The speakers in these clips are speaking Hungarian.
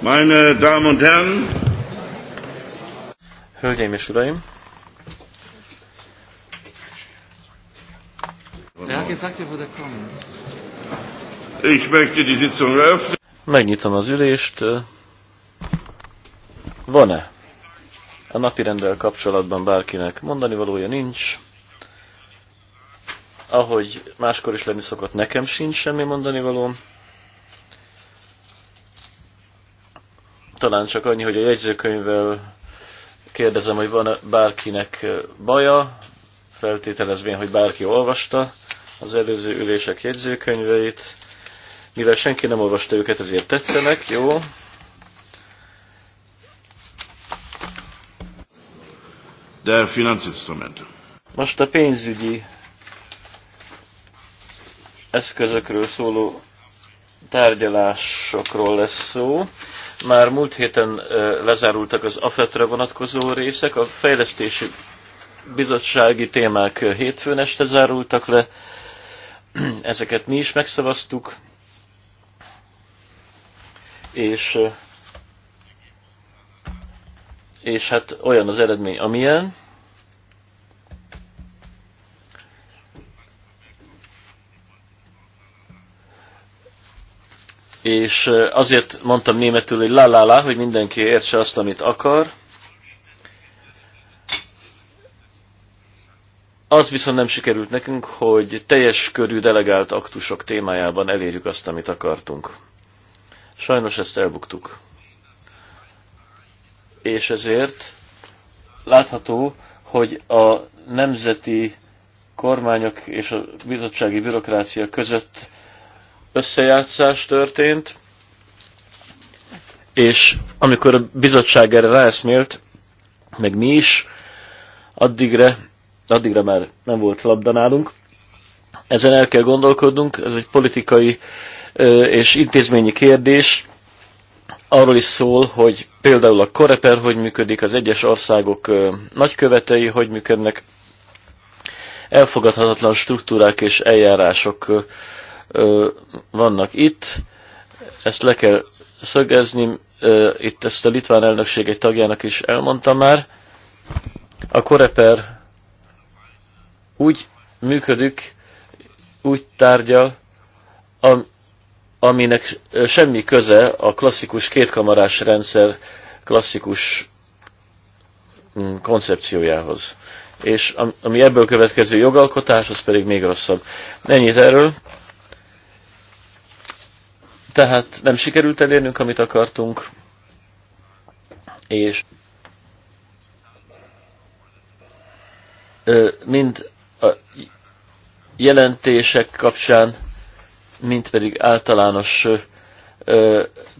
Meine Damen und Herren, Hölgyeim és Uraim! Er ich möchte die Sitzung Megnyitom az ülést. Van-e a napirenddel kapcsolatban bárkinek mondani valója nincs? Ahogy máskor is lenni szokott, nekem sincs semmi mondani valóm. Talán csak annyi, hogy a jegyzőkönyvvel kérdezem, hogy van -e bárkinek baja, feltételezvén, hogy bárki olvasta az előző ülések jegyzőkönyveit. Mivel senki nem olvasta őket, ezért tetszenek, jó? Der Finanzinstrument. Most a pénzügyi eszközökről szóló tárgyalásokról lesz szó. Már múlt héten lezárultak az AFET-re vonatkozó részek, a fejlesztési bizottsági témák hétfőn este zárultak le, ezeket mi is megszavaztuk, és, és hát olyan az eredmény, amilyen. és azért mondtam németül, hogy lalala, la la hogy mindenki értse azt, amit akar. Az viszont nem sikerült nekünk, hogy teljes körű delegált aktusok témájában elérjük azt, amit akartunk. Sajnos ezt elbuktuk. És ezért látható, hogy a nemzeti kormányok és a bizottsági bürokrácia között összejátszás történt, és amikor a bizottság erre ráeszmélt, meg mi is, addigre, addigra már nem volt labda nálunk. Ezen el kell gondolkodnunk, ez egy politikai és intézményi kérdés. Arról is szól, hogy például a koreper hogy működik, az egyes országok nagykövetei hogy működnek, elfogadhatatlan struktúrák és eljárások vannak itt, ezt le kell szögezni, itt ezt a litván elnökség egy tagjának is elmondtam már. A koreper úgy működik, úgy tárgyal, aminek semmi köze a klasszikus kétkamarás rendszer klasszikus mm, koncepciójához. És ami ebből következő jogalkotás, az pedig még rosszabb. Ennyit erről. Tehát nem sikerült elérnünk, amit akartunk, és mind a jelentések kapcsán, mint pedig általános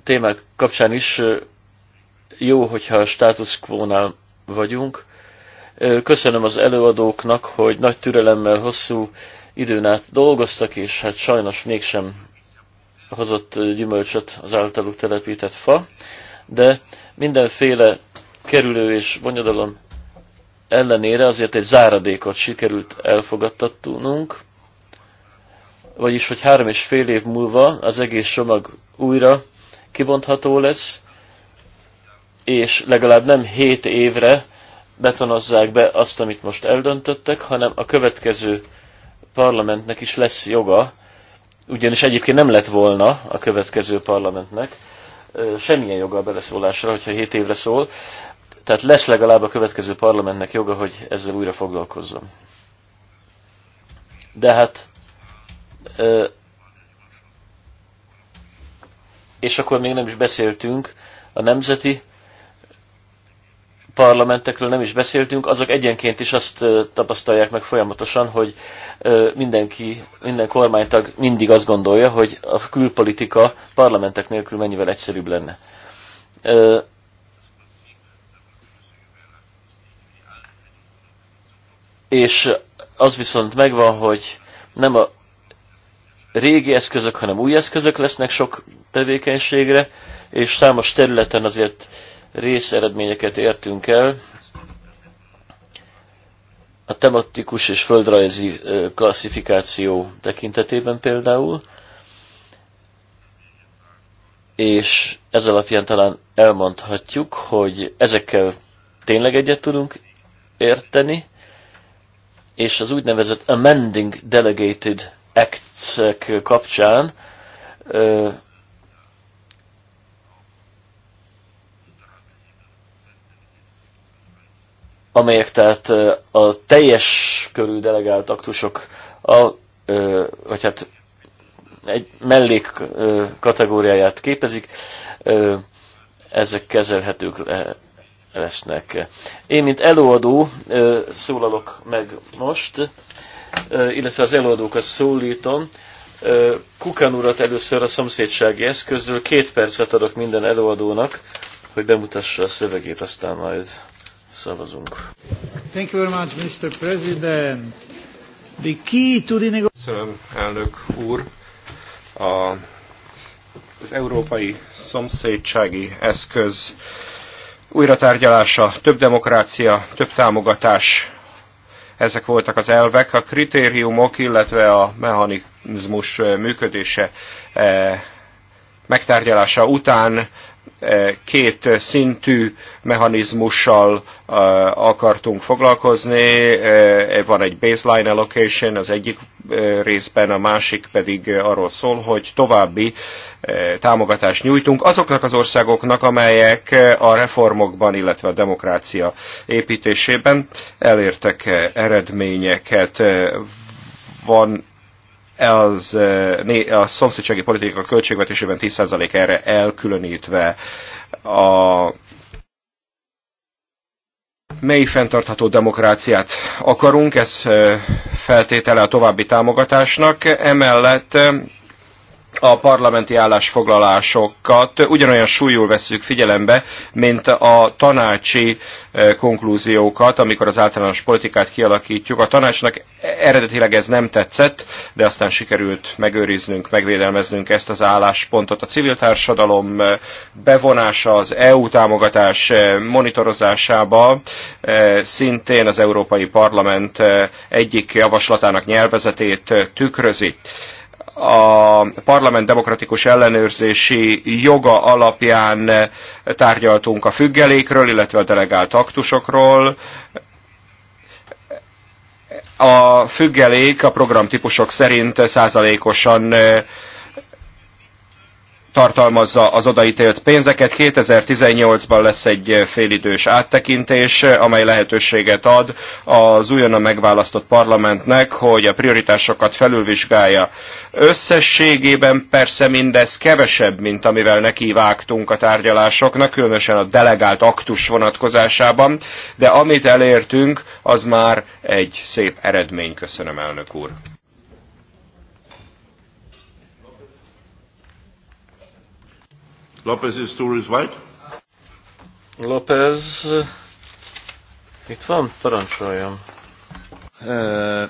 témák kapcsán is jó, hogyha a status quo-nál vagyunk. Köszönöm az előadóknak, hogy nagy türelemmel, hosszú időn át dolgoztak, és hát sajnos mégsem hozott gyümölcsöt az általuk telepített fa, de mindenféle kerülő és bonyodalom ellenére azért egy záradékot sikerült elfogadtatnunk, vagyis hogy három és fél év múlva az egész csomag újra kibontható lesz, és legalább nem hét évre betonozzák be azt, amit most eldöntöttek, hanem a következő parlamentnek is lesz joga ugyanis egyébként nem lett volna a következő parlamentnek semmilyen joga a beleszólásra, hogyha 7 évre szól, tehát lesz legalább a következő parlamentnek joga, hogy ezzel újra foglalkozzon. De hát és akkor még nem is beszéltünk a nemzeti parlamentekről nem is beszéltünk, azok egyenként is azt tapasztalják meg folyamatosan, hogy mindenki, minden kormánytag mindig azt gondolja, hogy a külpolitika parlamentek nélkül mennyivel egyszerűbb lenne. És az viszont megvan, hogy nem a régi eszközök, hanem új eszközök lesznek sok tevékenységre, és számos területen azért részeredményeket értünk el. A tematikus és földrajzi klasszifikáció tekintetében például, és ez alapján talán elmondhatjuk, hogy ezekkel tényleg egyet tudunk érteni, és az úgynevezett amending delegated acts kapcsán amelyek tehát a teljes körű delegált aktusok, a, vagy hát egy mellék kategóriáját képezik, ezek kezelhetők lesznek. Én, mint előadó szólalok meg most, illetve az előadókat szólítom. Kukán urat először a szomszédsági eszközről két percet adok minden előadónak, hogy bemutassa a szövegét, aztán majd Szavazunk. Thank you very much, Mr. President. The key to the Köszönöm, elnök úr. A, az európai szomszédsági eszköz újratárgyalása, több demokrácia, több támogatás, ezek voltak az elvek, a kritériumok, illetve a mechanizmus működése eh, megtárgyalása után E, két szintű mechanizmussal e, akartunk foglalkozni. E, van egy baseline allocation az egyik részben, a másik pedig arról szól, hogy további támogatást nyújtunk azoknak az országoknak, amelyek a reformokban, illetve a demokrácia építésében elértek eredményeket. Van az, a szomszédsági politika költségvetésében 10% erre elkülönítve a mely fenntartható demokráciát akarunk, ez feltétele a további támogatásnak. Emellett a parlamenti állásfoglalásokat ugyanolyan súlyul veszük figyelembe, mint a tanácsi eh, konklúziókat, amikor az általános politikát kialakítjuk. A tanácsnak eredetileg ez nem tetszett, de aztán sikerült megőriznünk, megvédelmeznünk ezt az álláspontot. A civil társadalom eh, bevonása az EU támogatás eh, monitorozásába szintén az Európai Parlament egyik javaslatának nyelvezetét tükrözi a parlament demokratikus ellenőrzési joga alapján tárgyaltunk a függelékről, illetve a delegált aktusokról. A függelék a programtípusok szerint százalékosan tartalmazza az odaítélt pénzeket. 2018-ban lesz egy félidős áttekintés, amely lehetőséget ad az újonnan megválasztott parlamentnek, hogy a prioritásokat felülvizsgálja. Összességében persze mindez kevesebb, mint amivel neki vágtunk a tárgyalásoknak, különösen a delegált aktus vonatkozásában, de amit elértünk, az már egy szép eredmény. Köszönöm, elnök úr. López is Turis White. itt van, parancsoljam. Uh,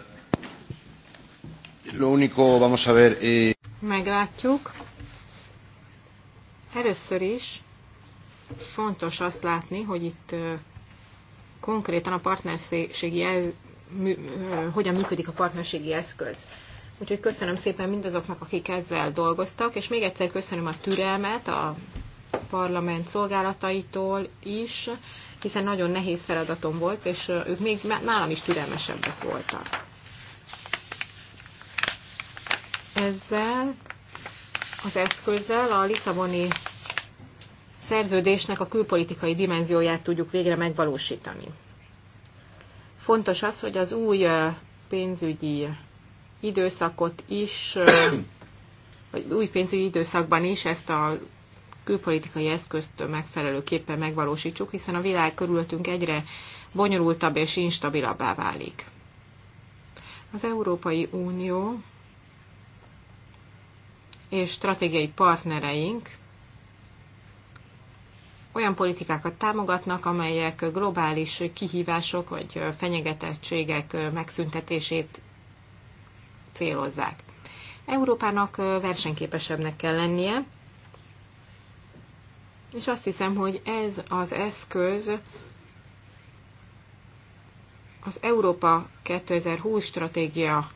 lo único, vamos a ver, eh... Meglátjuk. Először is fontos azt látni, hogy itt konkrétan a partnerségi el, mű, hogyan működik a partnerségi eszköz. Úgyhogy köszönöm szépen mindazoknak, akik ezzel dolgoztak, és még egyszer köszönöm a türelmet a parlament szolgálataitól is, hiszen nagyon nehéz feladatom volt, és ők még nálam is türelmesebbek voltak. Ezzel az eszközzel a Lisszaboni szerződésnek a külpolitikai dimenzióját tudjuk végre megvalósítani. Fontos az, hogy az új pénzügyi időszakot is, vagy új pénzügyi időszakban is ezt a külpolitikai eszközt megfelelőképpen megvalósítsuk, hiszen a világ körülöttünk egyre bonyolultabb és instabilabbá válik. Az Európai Unió és stratégiai partnereink olyan politikákat támogatnak, amelyek globális kihívások vagy fenyegetettségek megszüntetését célozzák. Európának versenyképesebbnek kell lennie, és azt hiszem, hogy ez az eszköz az Európa 2020 stratégia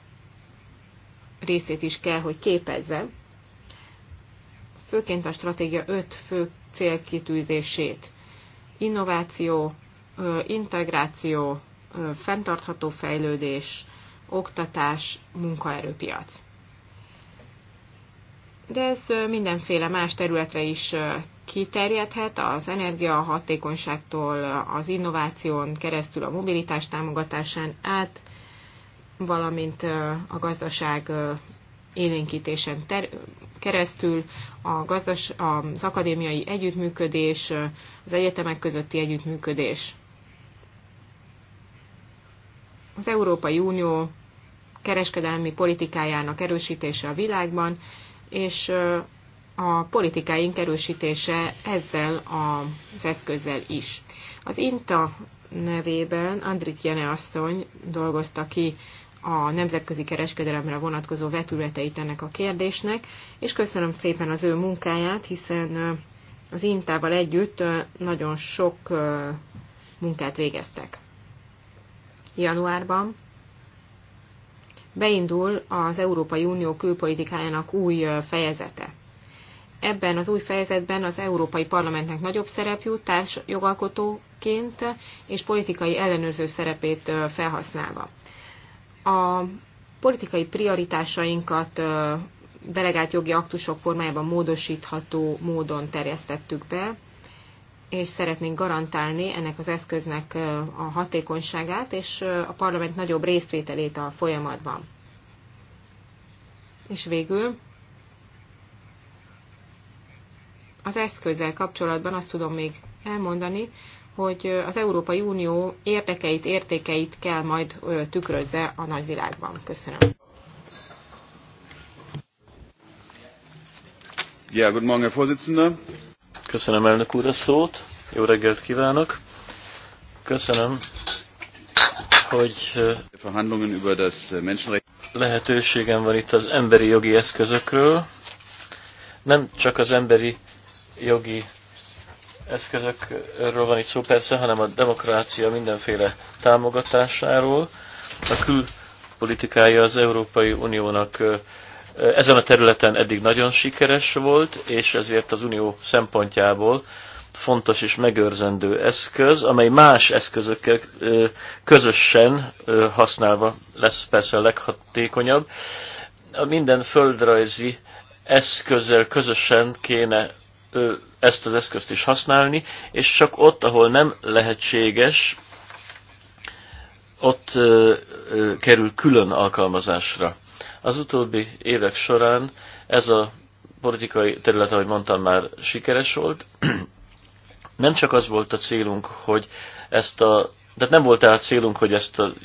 részét is kell, hogy képezze, főként a stratégia öt fő célkitűzését. Innováció, integráció, fenntartható fejlődés, oktatás, munkaerőpiac. De ez mindenféle más területre is kiterjedhet, az energia hatékonyságtól, az innováción keresztül a mobilitás támogatásán át, valamint a gazdaság élénkítésen ter- keresztül, a gazdas- az akadémiai együttműködés, az egyetemek közötti együttműködés. Az Európai Unió kereskedelmi politikájának erősítése a világban, és a politikáink erősítése ezzel az eszközzel is. Az INTA nevében Andrit Jene asszony dolgozta ki a nemzetközi kereskedelemre vonatkozó vetületeit ennek a kérdésnek, és köszönöm szépen az ő munkáját, hiszen az Intával együtt nagyon sok munkát végeztek. Januárban beindul az Európai Unió külpolitikájának új fejezete. Ebben az új fejezetben az Európai Parlamentnek nagyobb szerep jut társ jogalkotóként és politikai ellenőrző szerepét felhasználva. A politikai prioritásainkat delegált jogi aktusok formájában módosítható módon terjesztettük be, és szeretnénk garantálni ennek az eszköznek a hatékonyságát és a parlament nagyobb részvételét a folyamatban. És végül az eszközzel kapcsolatban azt tudom még elmondani, hogy az Európai Unió érdekeit, értékeit kell majd tükrözze a nagyvilágban. Köszönöm. Ja, guten Morgen, Herr Vorsitzender. Köszönöm elnök úr a szót. Jó reggelt kívánok. Köszönöm, hogy äh, lehetőségem van itt az emberi jogi eszközökről. Nem csak az emberi jogi eszközökről van itt szó persze, hanem a demokrácia mindenféle támogatásáról. A külpolitikája az Európai Uniónak ezen a területen eddig nagyon sikeres volt, és ezért az unió szempontjából fontos és megőrzendő eszköz, amely más eszközökkel közösen használva lesz persze a leghatékonyabb. A minden földrajzi eszközzel közösen kéne ezt az eszközt is használni, és csak ott, ahol nem lehetséges, ott kerül külön alkalmazásra. Az utóbbi évek során ez a politikai terület, ahogy mondtam, már sikeres volt. Nem csak az volt a célunk, hogy ezt a tehát nem volt el célunk, hogy ezt az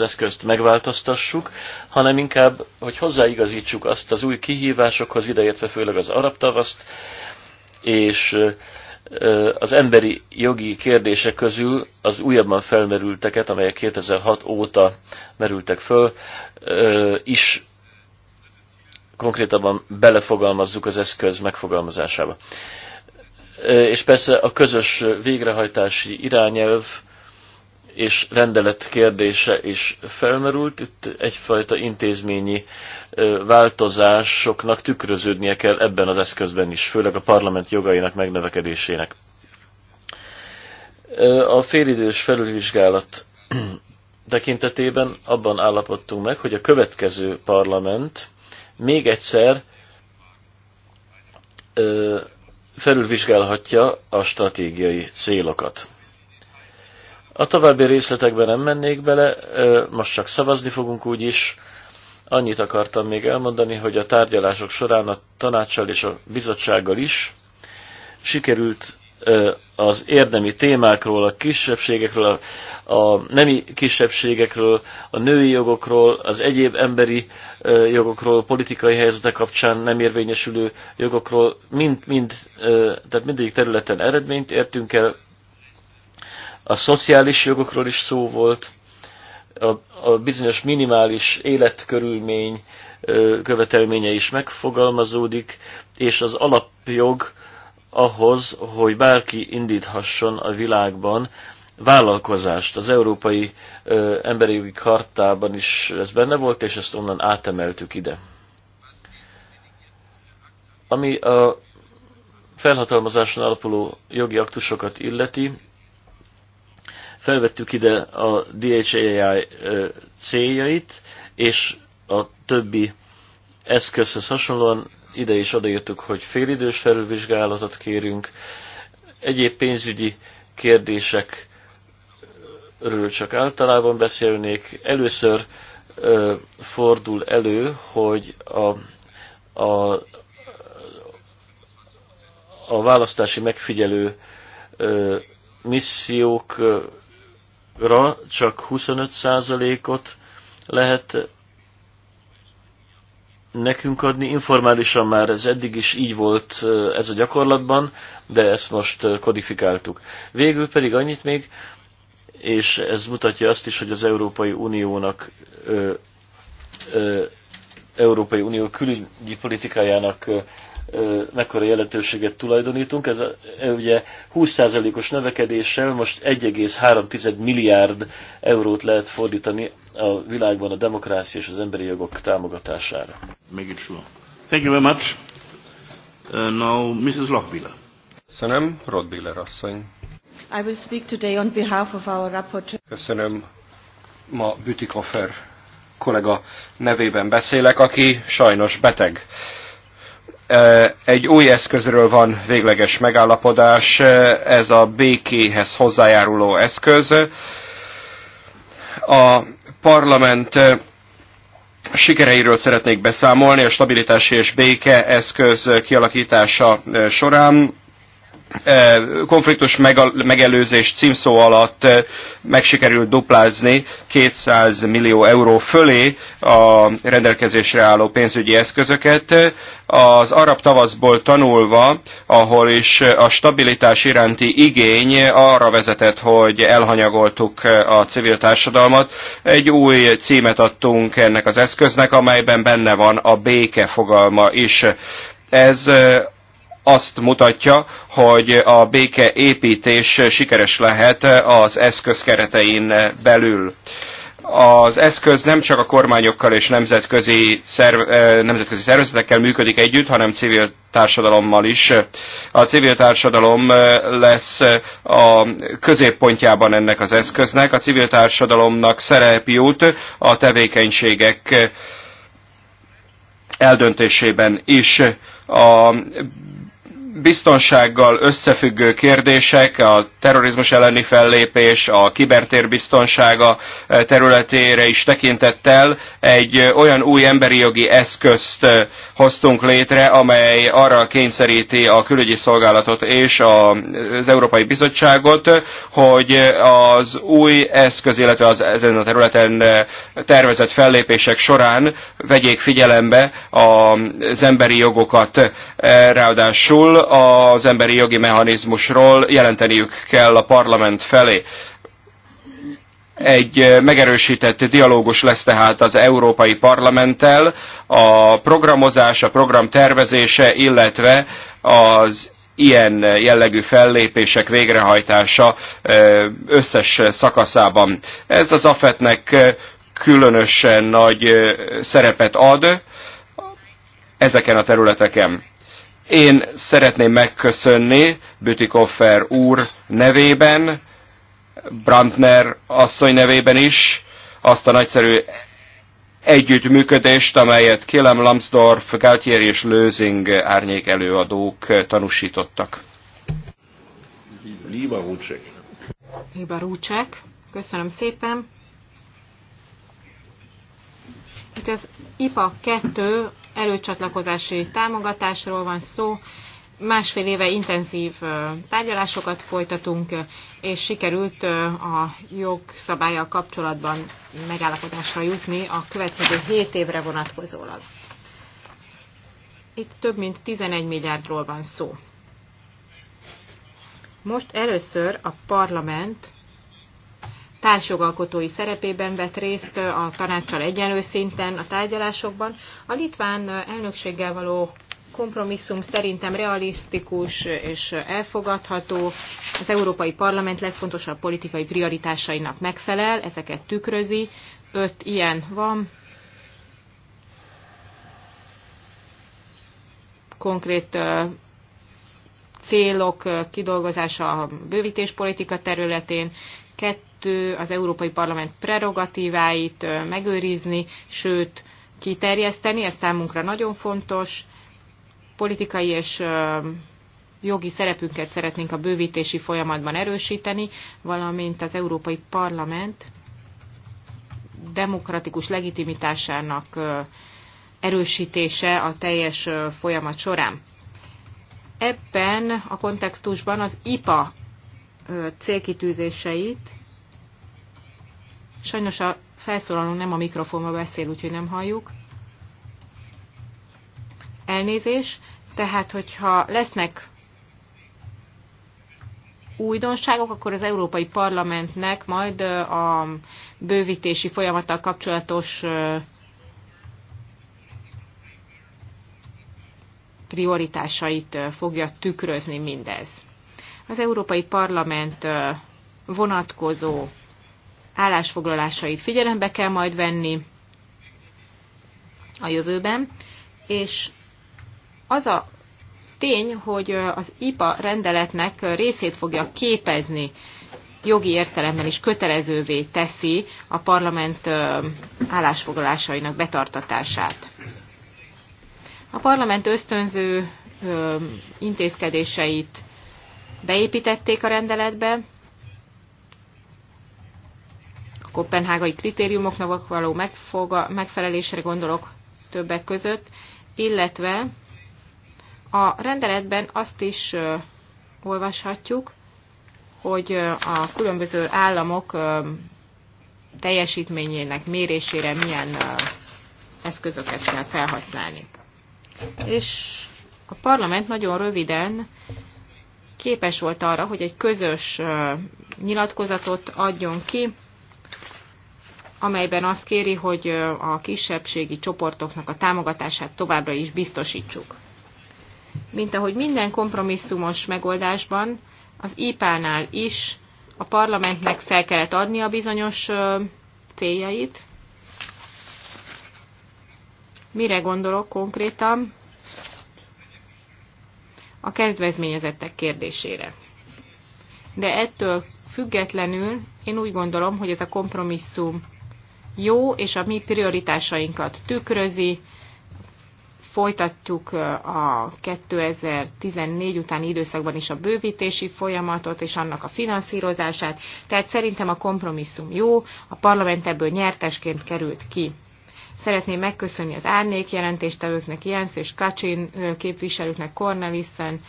eszközt megváltoztassuk, hanem inkább, hogy hozzáigazítsuk azt az új kihívásokhoz, ideértve főleg az arab tavaszt, és az emberi jogi kérdések közül az újabban felmerülteket, amelyek 2006 óta merültek föl, is konkrétabban belefogalmazzuk az eszköz megfogalmazásába. És persze a közös végrehajtási irányelv és rendelet kérdése is felmerült. Itt egyfajta intézményi változásoknak tükröződnie kell ebben az eszközben is, főleg a parlament jogainak megnövekedésének. A félidős felülvizsgálat tekintetében abban állapodtunk meg, hogy a következő parlament még egyszer ö, felülvizsgálhatja a stratégiai célokat. A további részletekben nem mennék bele, ö, most csak szavazni fogunk úgyis. Annyit akartam még elmondani, hogy a tárgyalások során a tanácssal és a bizottsággal is sikerült az érdemi témákról, a kisebbségekről, a, a nemi kisebbségekről, a női jogokról, az egyéb emberi jogokról, politikai helyzete kapcsán nem érvényesülő jogokról, mind, mind, tehát mindegyik területen eredményt értünk el. A szociális jogokról is szó volt, a, a bizonyos minimális életkörülmény követelménye is megfogalmazódik, és az alapjog, ahhoz, hogy bárki indíthasson a világban vállalkozást. Az Európai ö, Emberi Jogi Kartában is ez benne volt, és ezt onnan átemeltük ide. Ami a felhatalmazáson alapuló jogi aktusokat illeti, felvettük ide a DHAI céljait, és a többi eszközhöz hasonlóan ide is odaírtuk, hogy félidős felülvizsgálatot kérünk. Egyéb pénzügyi kérdésekről csak általában beszélnék. Először ö, fordul elő, hogy a, a, a választási megfigyelő ö, missziókra csak 25%-ot lehet nekünk adni. Informálisan már ez eddig is így volt ez a gyakorlatban, de ezt most kodifikáltuk. Végül pedig annyit még, és ez mutatja azt is, hogy az Európai Uniónak ö, ö, Európai Unió külügyi politikájának mekkora jelentőséget tulajdonítunk. Ez ugye 20%-os növekedéssel most 1,3 milliárd eurót lehet fordítani a világban a demokrácia és az emberi jogok támogatására. Még itt sure. Thank you very much. Uh, now Mrs. Lockbiller. Köszönöm, Rodbiller asszony. I will speak today on behalf of our rapporteur. Köszönöm. Ma Bütikofer kollega nevében beszélek, aki sajnos beteg egy új eszközről van végleges megállapodás, ez a békéhez hozzájáruló eszköz. A parlament sikereiről szeretnék beszámolni a stabilitási és béke eszköz kialakítása során konfliktus megelőzés címszó alatt meg sikerült duplázni 200 millió euró fölé a rendelkezésre álló pénzügyi eszközöket. Az arab tavaszból tanulva, ahol is a stabilitás iránti igény arra vezetett, hogy elhanyagoltuk a civil társadalmat, egy új címet adtunk ennek az eszköznek, amelyben benne van a béke fogalma is. Ez azt mutatja, hogy a béke építés sikeres lehet az eszköz keretein belül. Az eszköz nem csak a kormányokkal és nemzetközi, szerv, nemzetközi szervezetekkel működik együtt, hanem civil társadalommal is. A civil társadalom lesz a középpontjában ennek az eszköznek. A civil társadalomnak szerep jut a tevékenységek eldöntésében is a biztonsággal összefüggő kérdések, a terrorizmus elleni fellépés, a kibertér biztonsága eh, területére is tekintettel egy eh, olyan új emberi jogi eszközt eh, hoztunk létre, amely arra kényszeríti a külügyi szolgálatot és az Európai Bizottságot, hogy az új eszköz, illetve az ezen a területen tervezett fellépések során vegyék figyelembe az emberi jogokat. Ráadásul az emberi jogi mechanizmusról jelenteniük kell a parlament felé. Egy eh, megerősített dialógus lesz tehát az Európai Parlamenttel, a programozás, a program tervezése, illetve az ilyen jellegű fellépések végrehajtása eh, összes szakaszában. Ez az AFET-nek eh, különösen nagy szerepet ad ezeken a területeken. Én szeretném megköszönni Bütikoffer úr nevében, Brandner asszony nevében is azt a nagyszerű együttműködést, amelyet Kélem Lambsdorff, Galtier és Lőzing árnyék előadók tanúsítottak. Liba Rúcsek. Liba Rúcsek. Köszönöm szépen. Itt az IPA 2 előcsatlakozási támogatásról van szó. Másfél éve intenzív tárgyalásokat folytatunk, és sikerült a jogszabályal kapcsolatban megállapodásra jutni a következő 7 évre vonatkozólag. Itt több mint 11 milliárdról van szó. Most először a parlament társjogalkotói szerepében vett részt a tanácssal egyenlő szinten a tárgyalásokban. A litván elnökséggel való kompromisszum szerintem realisztikus és elfogadható, az Európai Parlament legfontosabb politikai prioritásainak megfelel, ezeket tükrözi, öt ilyen van, konkrét célok kidolgozása a bővítéspolitika területén, alapvető az Európai Parlament prerogatíváit megőrizni, sőt kiterjeszteni, ez számunkra nagyon fontos. Politikai és jogi szerepünket szeretnénk a bővítési folyamatban erősíteni, valamint az Európai Parlament demokratikus legitimitásának erősítése a teljes folyamat során. Ebben a kontextusban az IPA célkitűzéseit Sajnos a felszólalónk nem a mikrofonba beszél, úgyhogy nem halljuk. Elnézés. Tehát, hogyha lesznek újdonságok, akkor az Európai Parlamentnek majd a bővítési folyamattal kapcsolatos prioritásait fogja tükrözni mindez. Az Európai Parlament vonatkozó állásfoglalásait figyelembe kell majd venni a jövőben, és az a tény, hogy az IPA rendeletnek részét fogja képezni, jogi értelemben is kötelezővé teszi a parlament állásfoglalásainak betartatását. A parlament ösztönző intézkedéseit beépítették a rendeletbe, kopenhágai kritériumoknak való megfoga, megfelelésre gondolok többek között, illetve a rendeletben azt is olvashatjuk, hogy a különböző államok teljesítményének mérésére milyen eszközöket kell felhasználni. És a parlament nagyon röviden képes volt arra, hogy egy közös nyilatkozatot adjon ki amelyben azt kéri, hogy a kisebbségi csoportoknak a támogatását továbbra is biztosítsuk. Mint ahogy minden kompromisszumos megoldásban, az IPA-nál is a parlamentnek fel kellett adni a bizonyos céljait. Mire gondolok konkrétan? A kedvezményezettek kérdésére. De ettől függetlenül én úgy gondolom, hogy ez a kompromisszum jó, és a mi prioritásainkat tükrözi. Folytatjuk a 2014 utáni időszakban is a bővítési folyamatot és annak a finanszírozását, tehát szerintem a kompromisszum jó, a parlament ebből nyertesként került ki. Szeretném megköszönni az árnyék jelentéstevőknek, Jens és Kacsin képviselőknek, Cornelissen,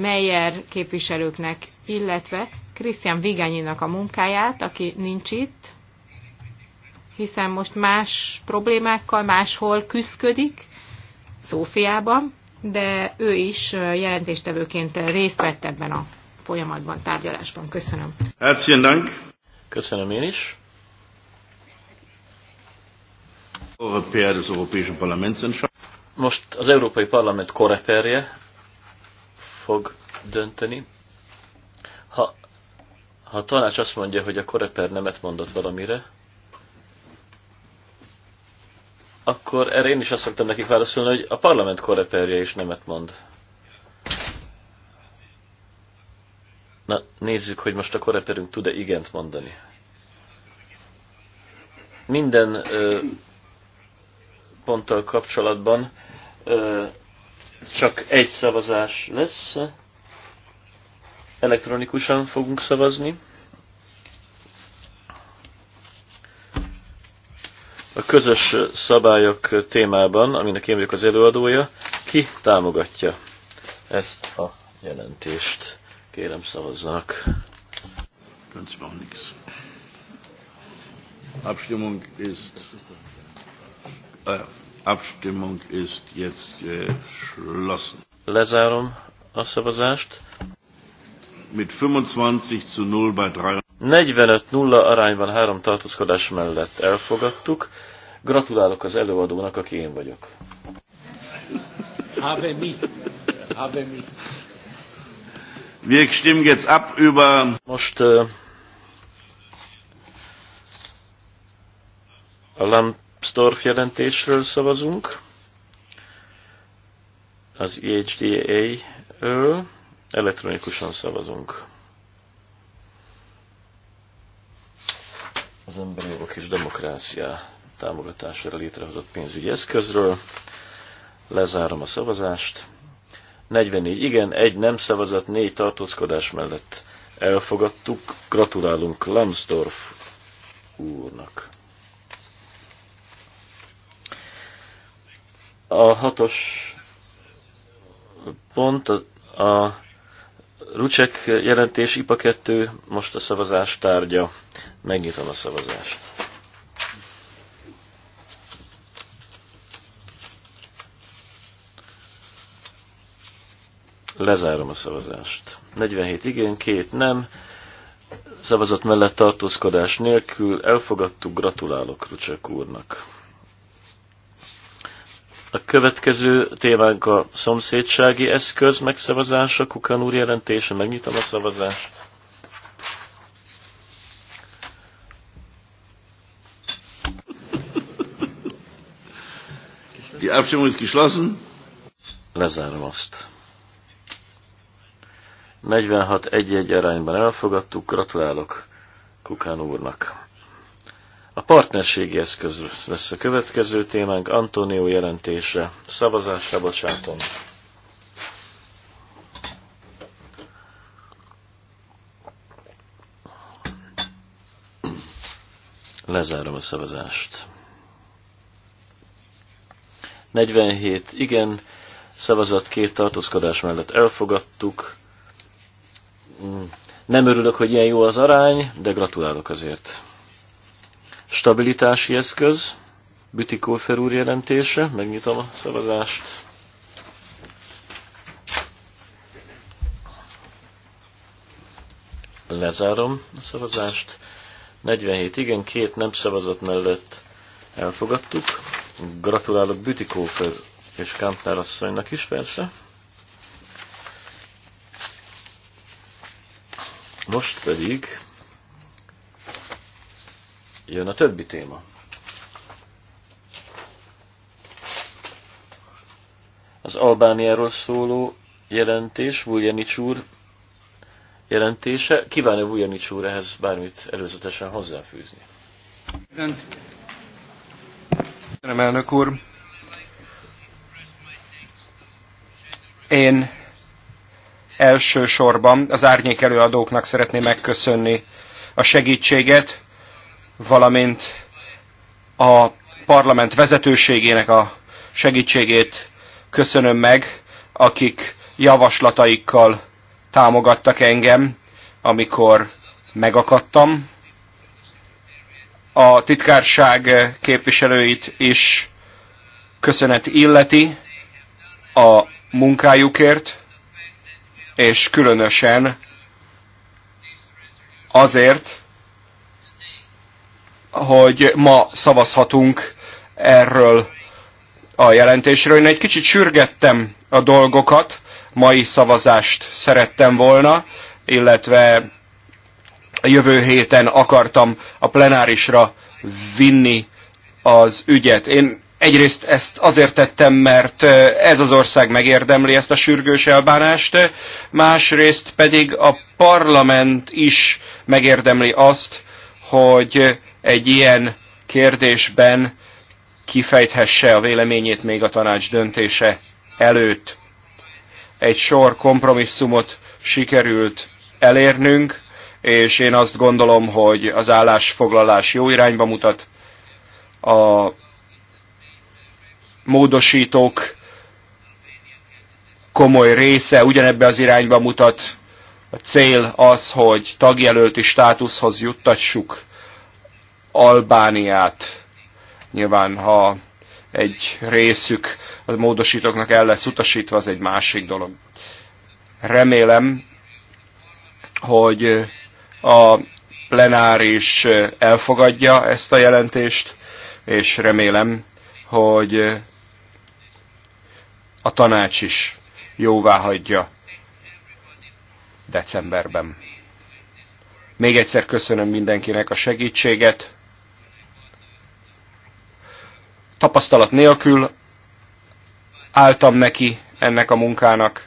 Meyer képviselőknek, illetve Krisztián Vigányinak a munkáját, aki nincs itt, hiszen most más problémákkal máshol küzdik, Szófiában, de ő is jelentéstevőként részt vett ebben a folyamatban, tárgyalásban. Köszönöm. Herzlichen Dank. Köszönöm én is. Most az Európai Parlament koreperje fog dönteni. Ha, ha a tanács azt mondja, hogy a koreper nemet mondott valamire, akkor erre én is azt szoktam nekik válaszolni, hogy a parlament korreperje is nemet mond. Na, nézzük, hogy most a korreperünk tud-e igent mondani. Minden ö, ponttal kapcsolatban ö, csak egy szavazás lesz. Elektronikusan fogunk szavazni. a közös szabályok témában, aminek én vagyok az előadója, ki támogatja ezt a jelentést. Kérem szavazzanak. Abstimmung ist, äh, Abstimmung ist jetzt geschlossen. Lezárom a szavazást. Mit 25 zu 0 bei 3. 45-0 arányban három tartózkodás mellett elfogadtuk. Gratulálok az előadónak, aki én vagyok. Habe mi. Habe mi. Wir stimmen jetzt ab über... Most uh, a Lambsdorff jelentésről szavazunk, az EHDA-ről, elektronikusan szavazunk. az emberi jogok és demokrácia támogatására létrehozott pénzügyi eszközről. Lezárom a szavazást. 44 igen, egy nem szavazat, négy tartózkodás mellett elfogadtuk. Gratulálunk Lambsdorff úrnak. A hatos pont a, a Rucsek jelentés IPA 2, most a szavazás tárgya. Megnyitom a szavazást. Lezárom a szavazást. 47 igen, két nem. Szavazat mellett tartózkodás nélkül elfogadtuk, gratulálok Rucsek úrnak. A következő tévánk a szomszédsági eszköz megszavazása, Kukan úr jelentése, megnyitom a szavazást. Die Abstimmung ist geschlossen. Lezárom azt. 46-1-1 arányban elfogadtuk, gratulálok Kukán úrnak. A partnerségi eszköz lesz a következő témánk. Antonio jelentése. Szavazásra bocsátom. Lezárom a szavazást. 47 igen, szavazat két tartózkodás mellett elfogadtuk. Nem örülök, hogy ilyen jó az arány, de gratulálok azért stabilitási eszköz, Kófer úr jelentése, megnyitom a szavazást. Lezárom a szavazást. 47 igen, két nem szavazat mellett elfogadtuk. Gratulálok Kófer és Kampnár asszonynak is persze. Most pedig jön a többi téma. Az Albániáról szóló jelentés, Vuljanics úr jelentése. Kívánja Vuljanics úr ehhez bármit előzetesen hozzáfűzni? Köszönöm, elnök úr. Én elsősorban az árnyék előadóknak szeretném megköszönni a segítséget, valamint a parlament vezetőségének a segítségét köszönöm meg, akik javaslataikkal támogattak engem, amikor megakadtam. A titkárság képviselőit is köszönet illeti a munkájukért, és különösen azért, hogy ma szavazhatunk erről a jelentésről. Én egy kicsit sürgettem a dolgokat, mai szavazást szerettem volna, illetve a jövő héten akartam a plenárisra vinni az ügyet. Én egyrészt ezt azért tettem, mert ez az ország megérdemli ezt a sürgős elbánást, másrészt pedig a parlament is megérdemli azt, hogy egy ilyen kérdésben kifejthesse a véleményét még a tanács döntése előtt. Egy sor kompromisszumot sikerült elérnünk, és én azt gondolom, hogy az állásfoglalás jó irányba mutat. A módosítók komoly része ugyanebbe az irányba mutat. A cél az, hogy tagjelölti státuszhoz juttassuk Albániát. Nyilván, ha egy részük a módosítóknak el lesz utasítva, az egy másik dolog. Remélem, hogy a plenáris elfogadja ezt a jelentést, és remélem, hogy a tanács is jóvá hagyja decemberben. Még egyszer köszönöm mindenkinek a segítséget, tapasztalat nélkül álltam neki ennek a munkának,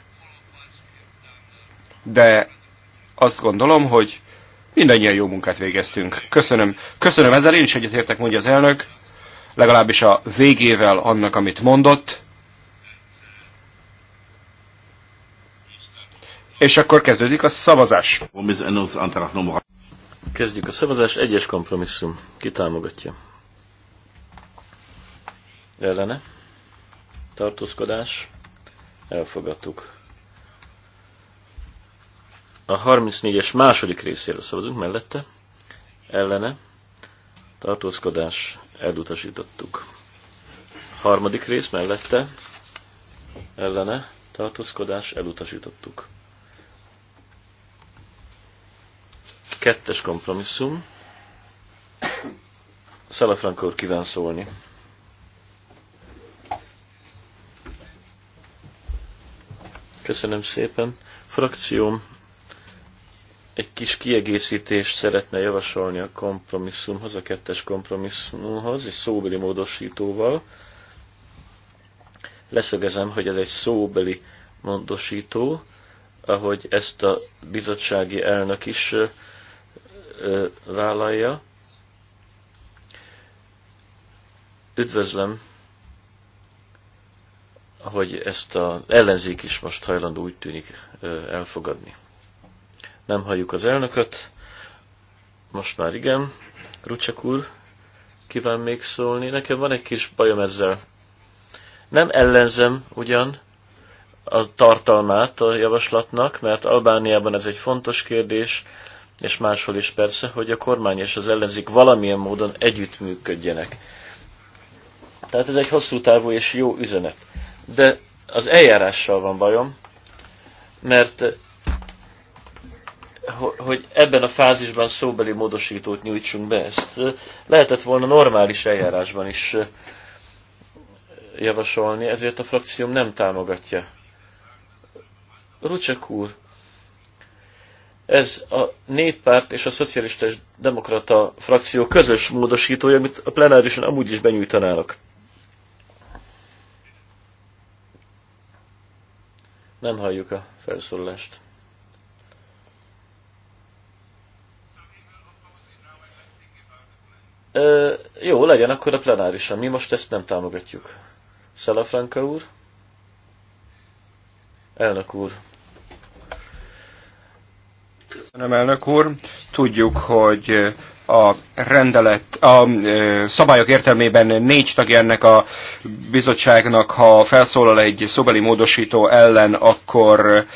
de azt gondolom, hogy mindannyian jó munkát végeztünk. Köszönöm. Köszönöm ezzel, én is egyetértek, mondja az elnök, legalábbis a végével annak, amit mondott. És akkor kezdődik a szavazás. Kezdjük a szavazás, egyes kompromisszum. Ki támogatja? ellene tartózkodás elfogadtuk. A 34-es második részéről szavazunk mellette ellene tartózkodás elutasítottuk. Harmadik rész mellette ellene tartózkodás elutasítottuk. Kettes kompromisszum. Szalafrankor kíván szólni. Köszönöm szépen. Frakcióm egy kis kiegészítést szeretne javasolni a kompromisszumhoz, a kettes kompromisszumhoz, egy szóbeli módosítóval. Leszögezem, hogy ez egy szóbeli módosító, ahogy ezt a bizottsági elnök is vállalja. Üdvözlöm hogy ezt az ellenzék is most hajlandó úgy tűnik elfogadni. Nem halljuk az elnököt, most már igen, Rucsak úr, kíván még szólni. Nekem van egy kis bajom ezzel. Nem ellenzem ugyan a tartalmát a javaslatnak, mert Albániában ez egy fontos kérdés, és máshol is persze, hogy a kormány és az ellenzék valamilyen módon együttműködjenek. Tehát ez egy hosszú távú és jó üzenet de az eljárással van bajom, mert eh, hogy ebben a fázisban szóbeli módosítót nyújtsunk be, ezt eh, lehetett volna normális eljárásban is eh, javasolni, ezért a frakcióm nem támogatja. Rucsek úr, ez a néppárt és a szocialista és demokrata frakció közös módosítója, amit a plenárison amúgy is benyújtanának. Nem halljuk a felszólást. Ö, jó, legyen akkor a plenárisan. Mi most ezt nem támogatjuk. Szelafranka úr? Elnök úr. Köszönöm, elnök úr. Tudjuk, hogy a rendelet, a e, szabályok értelmében négy tagja ennek a bizottságnak, ha felszólal egy szobeli módosító ellen, akkor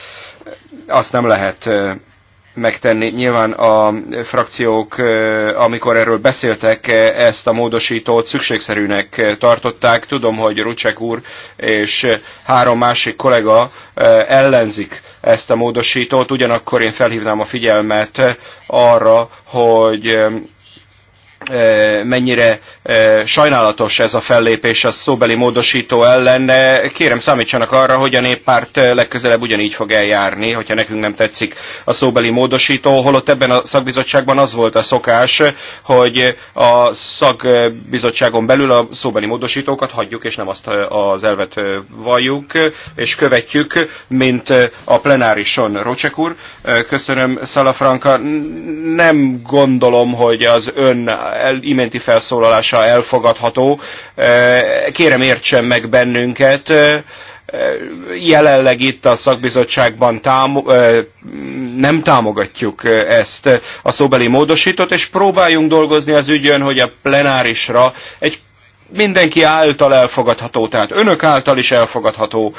azt nem lehet e, megtenni. Nyilván a frakciók, e, amikor erről beszéltek, ezt a módosítót szükségszerűnek tartották. Tudom, hogy Rucsek úr és három másik kollega ellenzik ezt a módosítót, ugyanakkor én felhívnám a figyelmet arra, hogy Eh, mennyire eh, sajnálatos ez a fellépés a szóbeli módosító ellen. Eh, kérem, számítsanak arra, hogy a néppárt legközelebb ugyanígy fog eljárni, hogyha nekünk nem tetszik a szóbeli módosító, holott ebben a szakbizottságban az volt a szokás, hogy a szakbizottságon belül a szóbeli módosítókat hagyjuk, és nem azt az elvet valljuk, és követjük, mint a plenárison. Rocsek úr, köszönöm, Szalafranka, nem gondolom, hogy az ön el, iménti felszólalása elfogadható. E, kérem értsen meg bennünket, e, jelenleg itt a szakbizottságban támo e, nem támogatjuk ezt a szóbeli módosítót, és próbáljunk dolgozni az ügyön, hogy a plenárisra egy mindenki által elfogadható, tehát önök által is elfogadható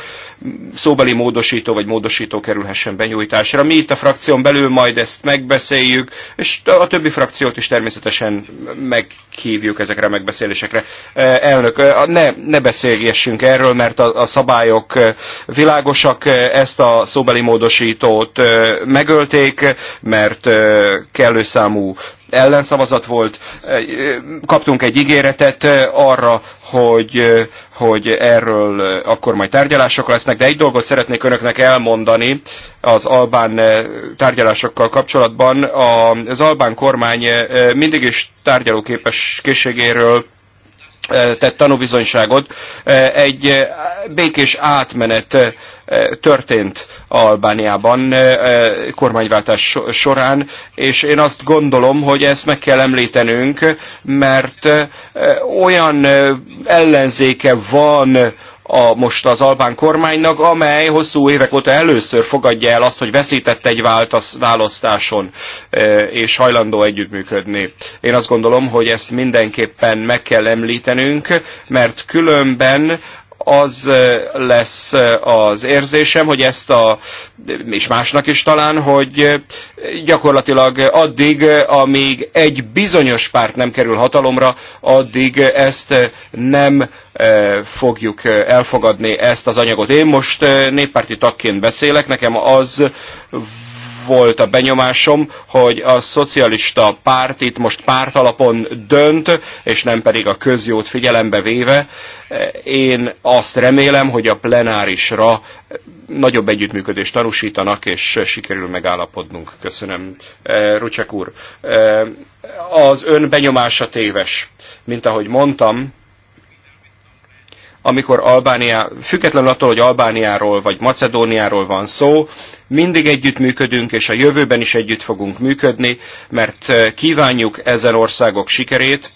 szóbeli módosító vagy módosító kerülhessen benyújtásra. Mi itt a frakción belül majd ezt megbeszéljük, és a többi frakciót is természetesen meghívjuk ezekre a megbeszélésekre. E, elnök, e, ne, ne beszélgessünk erről, mert a, a szabályok e, világosak, ezt a szóbeli módosítót megölték, mert kellő számú ellenszavazat volt, kaptunk egy ígéretet arra, hogy, hogy erről akkor majd tárgyalások lesznek, de egy dolgot szeretnék önöknek elmondani az albán tárgyalásokkal kapcsolatban. Az albán kormány mindig is tárgyalóképes készségéről tett tanúbizonyságot, egy békés átmenet történt Albániában kormányváltás során, és én azt gondolom, hogy ezt meg kell említenünk, mert olyan ellenzéke van a, most az albán kormánynak, amely hosszú évek óta először fogadja el azt, hogy veszített egy választáson, e, és hajlandó együttműködni. Én azt gondolom, hogy ezt mindenképpen meg kell említenünk, mert különben az eh, lesz eh, az érzésem, hogy ezt a, és másnak is talán, hogy eh, gyakorlatilag addig, amíg egy bizonyos párt nem kerül hatalomra, addig ezt nem fogjuk elfogadni ezt az anyagot. Én most néppárti tagként beszélek, nekem az volt a benyomásom, hogy a szocialista párt itt most pártalapon dönt, és nem pedig a közjót figyelembe véve. Én azt remélem, hogy a plenárisra nagyobb együttműködést tanúsítanak, és sikerül megállapodnunk. Köszönöm, e, Rucsek úr. E, az ön benyomása téves. Mint ahogy mondtam, amikor Albánia, függetlenül attól, hogy Albániáról vagy Macedóniáról van szó, mindig együttműködünk, és a jövőben is együtt fogunk működni, mert kívánjuk ezen országok sikerét,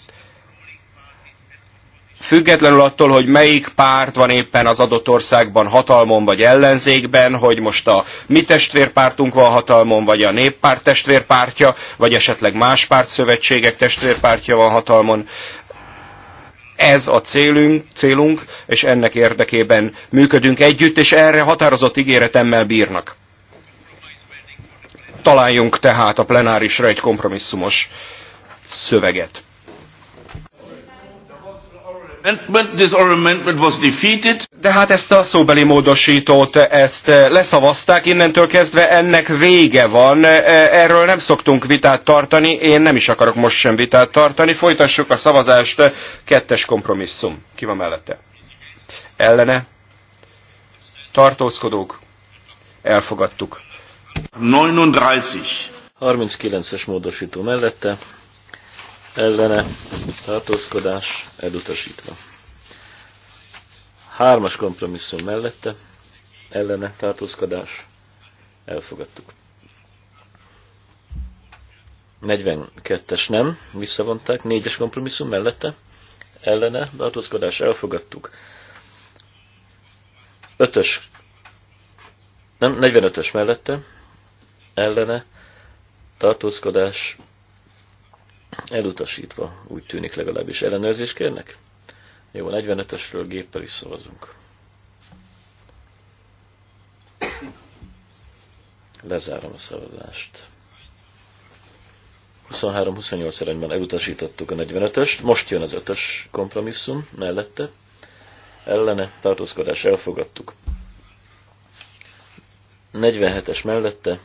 függetlenül attól, hogy melyik párt van éppen az adott országban hatalmon vagy ellenzékben, hogy most a mi testvérpártunk van hatalmon, vagy a néppárt testvérpártja, vagy esetleg más pártszövetségek testvérpártja van hatalmon. Ez a célunk, célunk, és ennek érdekében működünk együtt, és erre határozott ígéretemmel bírnak. Találjunk tehát a plenárisra egy kompromisszumos szöveget. De hát ezt a szóbeli módosítót, ezt eh, leszavazták, innentől kezdve ennek vége van. Eh, erről nem szoktunk vitát tartani, én nem is akarok most sem vitát tartani. Folytassuk a szavazást, kettes kompromisszum. Ki van mellette? Ellene? Tartózkodók? Elfogadtuk. 39. 39-es módosító mellette ellene tartózkodás elutasítva. Hármas kompromisszum mellette ellene tartózkodás elfogadtuk. 42-es nem, visszavonták, 4-es kompromisszum mellette ellene tartózkodás elfogadtuk. 5-ös, nem, 45-ös mellette ellene tartózkodás Elutasítva, úgy tűnik legalábbis. Ellenőrzést kérnek? Jó, 45 ösről géppel is szavazunk. Lezárom a szavazást. 23-28 szerenyben elutasítottuk a 45-öst, most jön az 5-ös kompromisszum mellette, ellene tartózkodás elfogadtuk. 47-es mellette,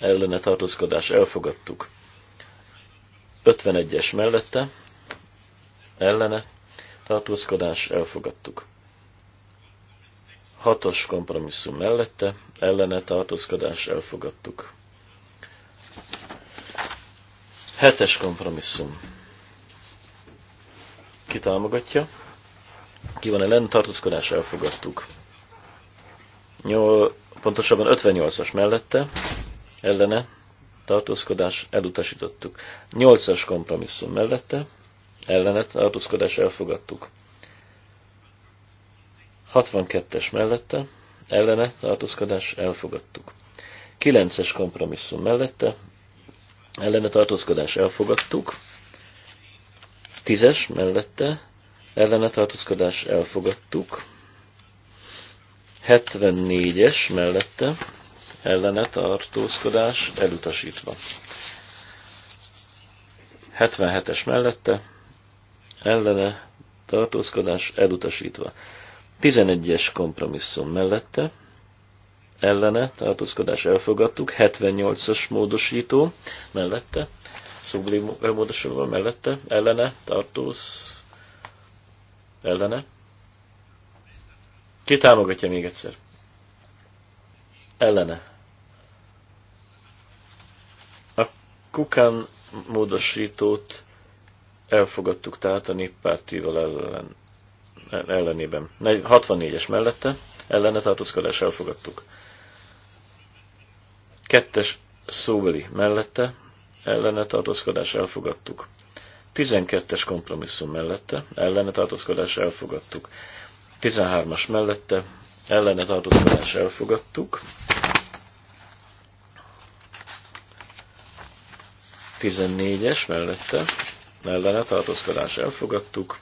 ellene tartózkodás elfogadtuk. 51-es mellette, ellene, tartózkodás, elfogadtuk. 6-os kompromisszum mellette, ellene, tartózkodás, elfogadtuk. 7-es kompromisszum. Ki támogatja? Ki van ellen? Tartózkodás, elfogadtuk. Nyol, pontosabban 58-as mellette, ellene, tartózkodás elutasítottuk. Nyolcas kompromisszum mellette ellene tartózkodás elfogadtuk. 62-es mellette ellene tartózkodás elfogadtuk. 9-es kompromisszum mellette ellene tartózkodás elfogadtuk. 10-es mellette ellene tartózkodás elfogadtuk. 74-es mellette ellene tartózkodás elutasítva. 77-es mellette ellene tartózkodás elutasítva. 11-es kompromisszum mellette ellene tartózkodás elfogadtuk, 78-as módosító mellette, szublimódosítva mellette, ellene tartóz, ellene. Ki támogatja még egyszer? Ellene Kukán módosítót elfogadtuk tehát a néppártival ellen, ellenében. 64-es mellette ellene tartózkodás elfogadtuk. Kettes szóbeli mellette ellene tartózkodás elfogadtuk. 12-es kompromisszum mellette ellene tartózkodás elfogadtuk. 13-as mellette ellene tartózkodás elfogadtuk. 14-es mellette mellene tartózkodás elfogadtuk.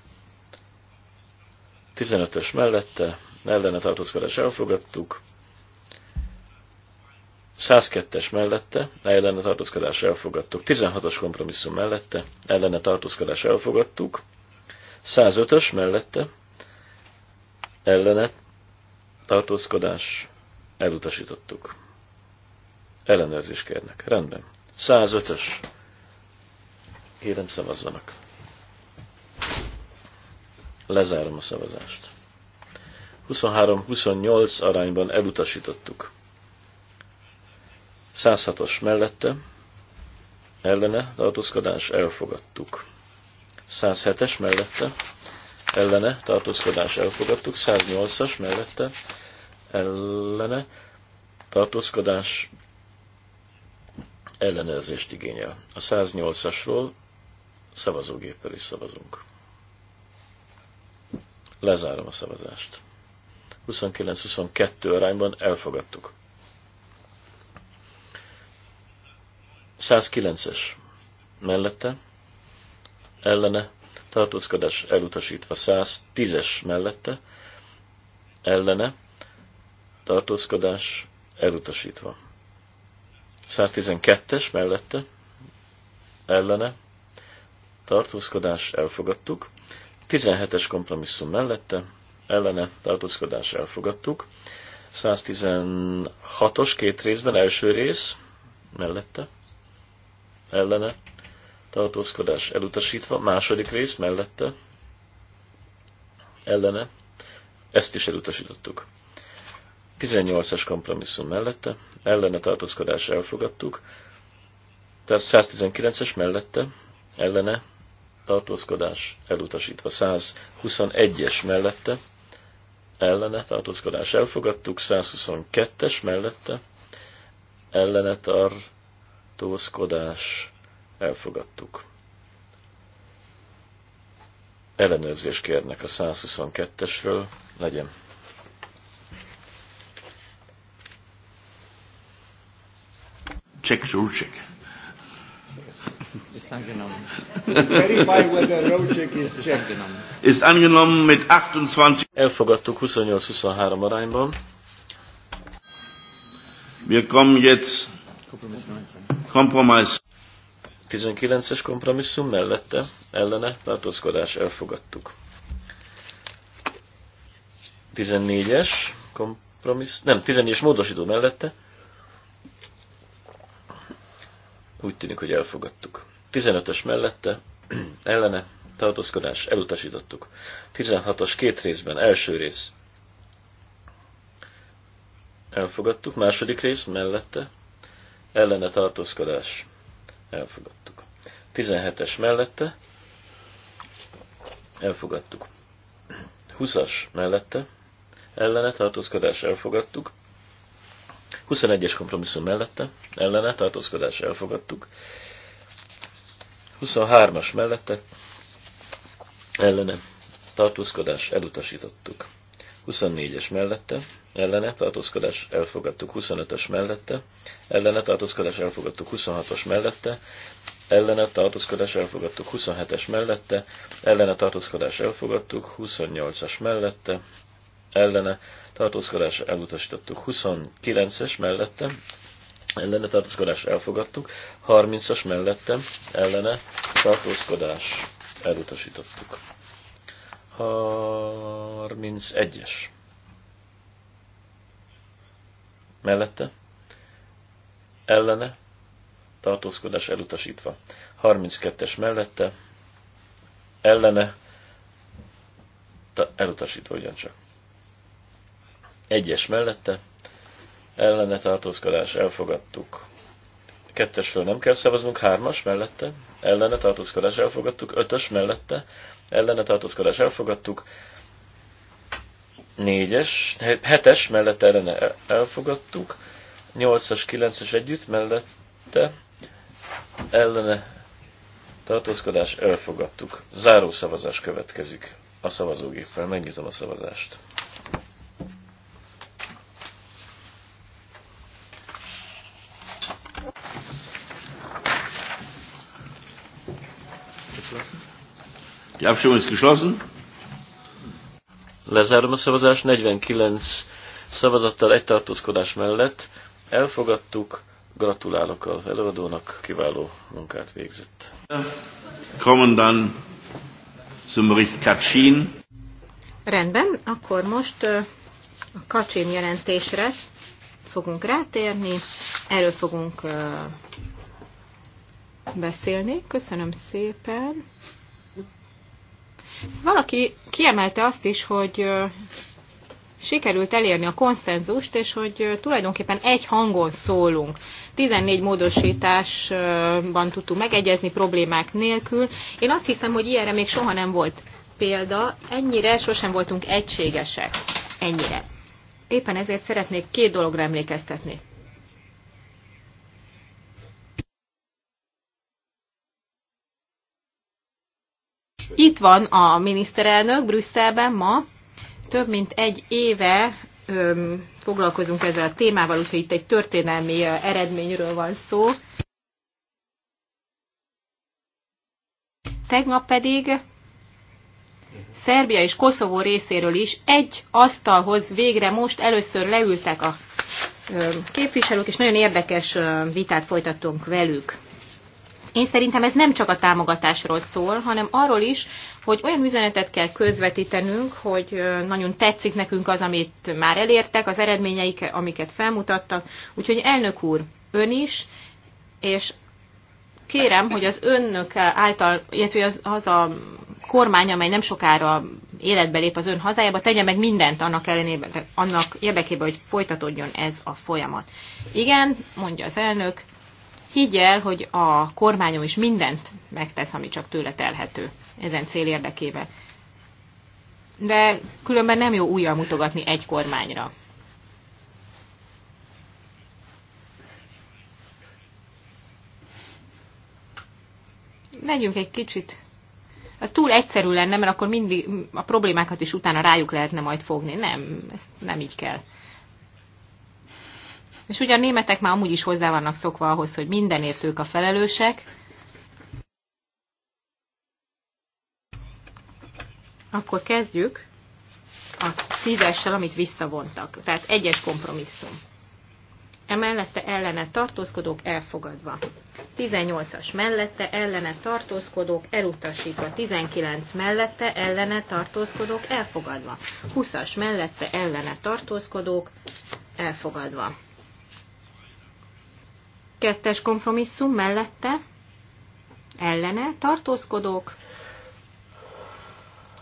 15-ös mellette mellene tartózkodás elfogadtuk. 102-es mellette ellene tartózkodás elfogadtuk. 16-os kompromisszum mellette ellene tartózkodás elfogadtuk. 105-ös mellette ellene tartózkodás elutasítottuk. Ellenőrzés kérnek. Rendben. 105-ös. Kérem szavazzanak. Lezárom a szavazást. 23-28 arányban elutasítottuk. 106-os mellette, ellene tartózkodás elfogadtuk. 107-es mellette, ellene tartózkodás elfogadtuk. 108-as mellette, ellene tartózkodás ellenőrzést igényel. A 108-asról Szavazógéppel is szavazunk. Lezárom a szavazást. 29-22 arányban elfogadtuk. 109-es mellette, ellene, tartózkodás elutasítva 110-es mellette, ellene, tartózkodás elutasítva. 112-es mellette, ellene, tartózkodás elfogadtuk. 17-es kompromisszum mellette, ellene tartózkodás elfogadtuk. 116-os két részben, első rész mellette, ellene tartózkodás elutasítva, második rész mellette, ellene, ezt is elutasítottuk. 18-as kompromisszum mellette, ellene tartózkodás elfogadtuk, tehát 119-es mellette, ellene tartózkodás elutasítva 121-es mellette, ellene tartózkodás elfogadtuk, 122-es mellette, ellene tartózkodás elfogadtuk. Ellenőrzést kérnek a 122-esről, legyen. Check, sure, check. Ist angenommen. Verify whether road check is Ist angenommen mit 28. Elfogadtuk 28-23 arányban. Wir kommen jetzt Kompromiss. 19-es kompromisszum mellette, ellene tartózkodás elfogadtuk. 14-es kompromisszum, nem, 14-es módosító mellette. Úgy tűnik, hogy elfogadtuk. 15-ös mellette, ellene, tartózkodás, elutasítottuk. 16-os két részben, első rész. Elfogadtuk, második rész mellette, ellene tartózkodás, elfogadtuk. 17-es mellette, elfogadtuk. 20-as mellette, ellene tartózkodás, elfogadtuk. 21-es kompromisszum mellette, ellene tartózkodás, elfogadtuk. 23-as mellette ellene tartózkodás elutasítottuk. 24-es mellette ellene tartózkodás elfogadtuk. 25-ös mellette ellene tartózkodás elfogadtuk. 26-os mellette ellene tartózkodás elfogadtuk. 27-es mellette ellene tartózkodás elfogadtuk. 28-as mellette ellene tartózkodás elutasítottuk. 29-es mellette ellene tartózkodás elfogadtuk, 30-as mellettem ellene tartózkodás elutasítottuk. 31-es. Mellette ellene tartózkodás elutasítva. 32-es mellette ellene elutasítva ugyancsak. Egyes mellette ellene tartózkodás elfogadtuk. föl nem kell szavaznunk, hármas mellette, ellene tartózkodás elfogadtuk, ötös mellette, ellene tartózkodás elfogadtuk, négyes, hetes mellette ellene elfogadtuk, nyolcas, kilences együtt mellette, ellene tartózkodás elfogadtuk. Záró szavazás következik a szavazógéppel. Megnyitom a szavazást. Die Abstimmung ist geschlossen. Lezárom a szavazás 49 szavazattal egy tartózkodás mellett. Elfogadtuk, gratulálok az előadónak, kiváló munkát végzett. Kommen dann zum Bericht Kacsin. Rendben, akkor most a Kacsin jelentésre fogunk rátérni, erről fogunk beszélni. Köszönöm szépen. Valaki kiemelte azt is, hogy sikerült elérni a konszenzust, és hogy tulajdonképpen egy hangon szólunk. 14 módosításban tudtunk megegyezni problémák nélkül. Én azt hiszem, hogy ilyenre még soha nem volt példa, ennyire sosem voltunk egységesek. Ennyire. Éppen ezért szeretnék két dologra emlékeztetni. Itt van a miniszterelnök Brüsszelben ma, több mint egy éve öm, foglalkozunk ezzel a témával, úgyhogy itt egy történelmi eredményről van szó. Tegnap pedig Szerbia és Koszovó részéről is egy asztalhoz végre most először leültek a képviselők, és nagyon érdekes vitát folytattunk velük. Én szerintem ez nem csak a támogatásról szól, hanem arról is, hogy olyan üzenetet kell közvetítenünk, hogy nagyon tetszik nekünk az, amit már elértek, az eredményeik, amiket felmutattak. Úgyhogy elnök úr, ön is, és kérem, hogy az önök által, illetve az, az a kormány, amely nem sokára életbe lép az ön hazájába, tegye meg mindent annak ellenében, annak érdekében, hogy folytatódjon ez a folyamat. Igen, mondja az elnök, Higgy el, hogy a kormányom is mindent megtesz, ami csak tőle telhető ezen cél érdekében. De különben nem jó újra mutogatni egy kormányra. Legyünk egy kicsit. Ez túl egyszerű lenne, mert akkor mindig a problémákat is utána rájuk lehetne majd fogni. Nem, ezt nem így kell. És ugye a németek már amúgy is hozzá vannak szokva ahhoz, hogy mindenért ők a felelősek. Akkor kezdjük a tízessel, amit visszavontak. Tehát egyes kompromisszum. Emellette ellene tartózkodók elfogadva. 18-as mellette ellene tartózkodók elutasítva, 19 mellette ellene tartózkodók elfogadva, 20-as mellette ellene tartózkodók elfogadva kettes kompromisszum mellette, ellene, tartózkodók,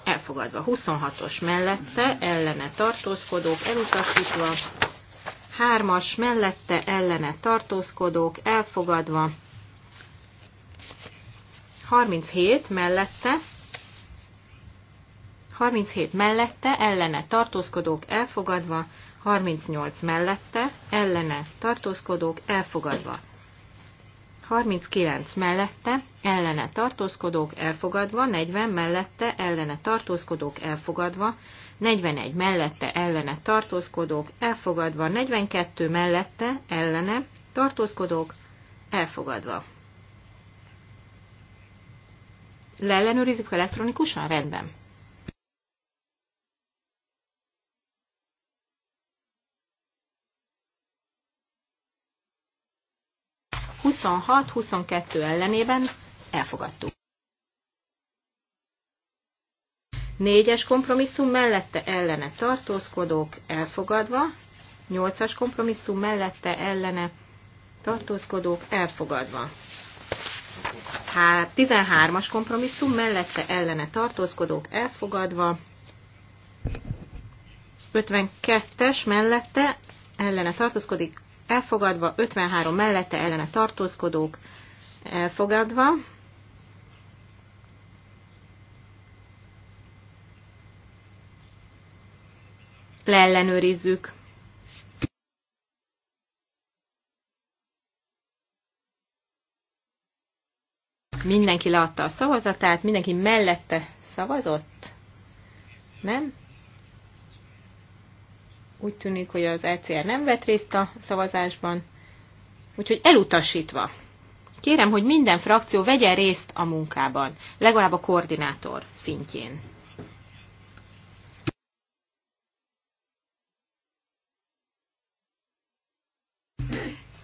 elfogadva. 26-os mellette, ellene, tartózkodók, elutasítva. 3-as mellette, ellene, tartózkodók, elfogadva. 37 mellette, 37 mellette, ellene, tartózkodók, elfogadva. 38 mellette, ellene tartózkodók elfogadva. 39 mellette, ellene tartózkodók elfogadva, 40 mellette, ellene tartózkodók elfogadva, 41 mellette, ellene tartózkodók elfogadva, 42 mellette, ellene tartózkodók elfogadva. Leellenőrizzük elektronikusan? Rendben. 26-22 ellenében elfogadtuk. Négyes kompromisszum mellette ellene tartózkodók elfogadva, nyolcas kompromisszum mellette ellene tartózkodók elfogadva. 13-as hát, kompromisszum mellette ellene tartózkodók elfogadva, 52-es mellette ellene tartózkodik elfogadva, 53 mellette ellene tartózkodók elfogadva. Leellenőrizzük. Mindenki leadta a szavazatát, mindenki mellette szavazott? Nem? Úgy tűnik, hogy az ECR nem vett részt a szavazásban, úgyhogy elutasítva. Kérem, hogy minden frakció vegyen részt a munkában, legalább a koordinátor szintjén.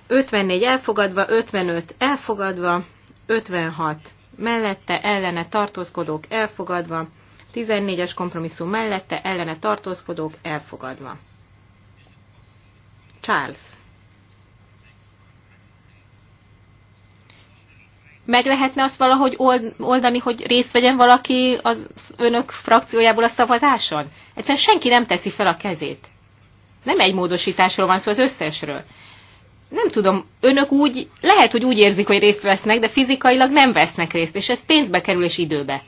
Ötvennégy elfogadva, 55 elfogadva, 56 mellette ellene tartózkodók elfogadva, 14-es kompromisszum mellette ellene tartózkodók elfogadva. Charles. Meg lehetne azt valahogy oldani, hogy részt vegyen valaki az önök frakciójából a szavazáson? Egyszerűen senki nem teszi fel a kezét. Nem egy módosításról van szó, az összesről. Nem tudom, önök úgy, lehet, hogy úgy érzik, hogy részt vesznek, de fizikailag nem vesznek részt, és ez pénzbe kerül és időbe.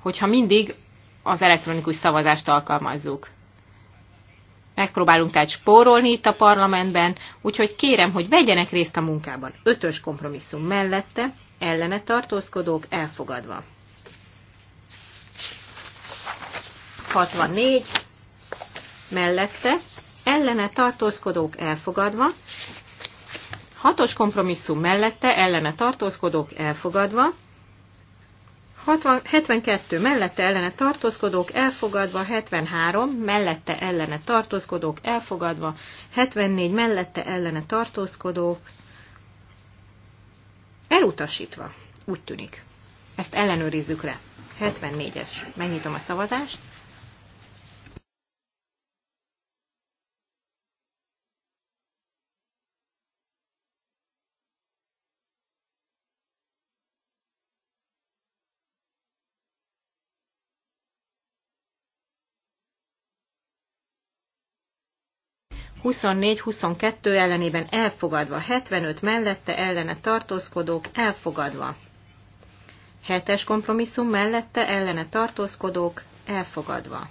Hogyha mindig az elektronikus szavazást alkalmazzuk. Megpróbálunk tehát spórolni itt a parlamentben, úgyhogy kérem, hogy vegyenek részt a munkában. Ötös kompromisszum mellette, ellene tartózkodók elfogadva. 64 mellette, ellene tartózkodók elfogadva, hatos kompromisszum mellette, ellene tartózkodók elfogadva, 60, 72 mellette ellene tartózkodók elfogadva, 73 mellette ellene tartózkodók elfogadva, 74 mellette ellene tartózkodók elutasítva, úgy tűnik. Ezt ellenőrizzük le. 74-es. Megnyitom a szavazást. 24-22 ellenében elfogadva, 75 mellette ellene tartózkodók elfogadva. 7-es kompromisszum mellette ellene tartózkodók elfogadva.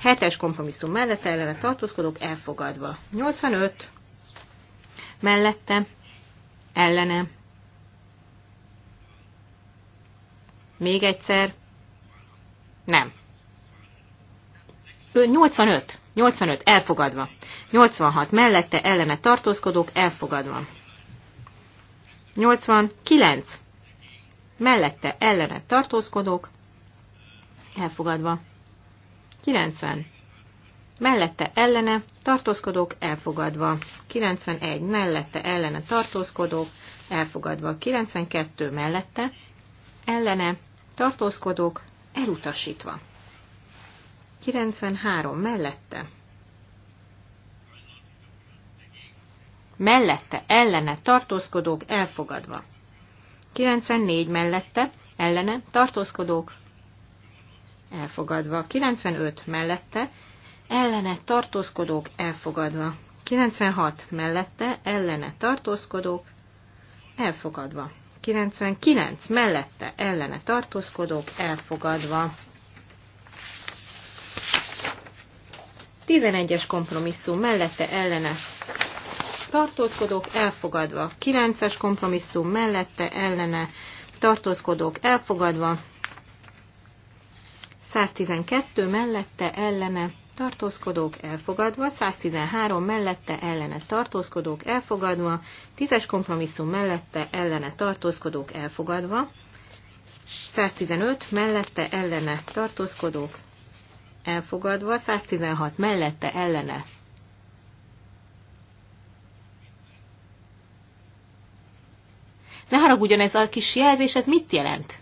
Hetes kompromisszum mellett ellene tartózkodók elfogadva. 85 mellette ellene. Még egyszer. Nem. 85. 85. Elfogadva. 86. Mellette ellene tartózkodók. Elfogadva. 89. Mellette ellene tartózkodók. Elfogadva. 90 mellette ellene tartózkodók elfogadva. 91 mellette ellene tartózkodók elfogadva. 92 mellette ellene tartózkodók elutasítva. 93 mellette mellette ellene tartózkodók elfogadva. 94 mellette ellene tartózkodók elfogadva. 95 mellette ellene tartózkodók elfogadva. 96 mellette ellene tartózkodók elfogadva. 99 mellette ellene tartózkodók elfogadva. 11-es kompromisszum mellette ellene tartózkodók elfogadva. 9-es kompromisszum mellette ellene tartózkodók elfogadva. 112 mellette ellene tartózkodók elfogadva, 113 mellette ellene tartózkodók elfogadva, 10-es kompromisszum mellette ellene tartózkodók elfogadva, 115 mellette ellene tartózkodók elfogadva, 116 mellette ellene Ne haragudjon ez a kis jelzés, ez mit jelent?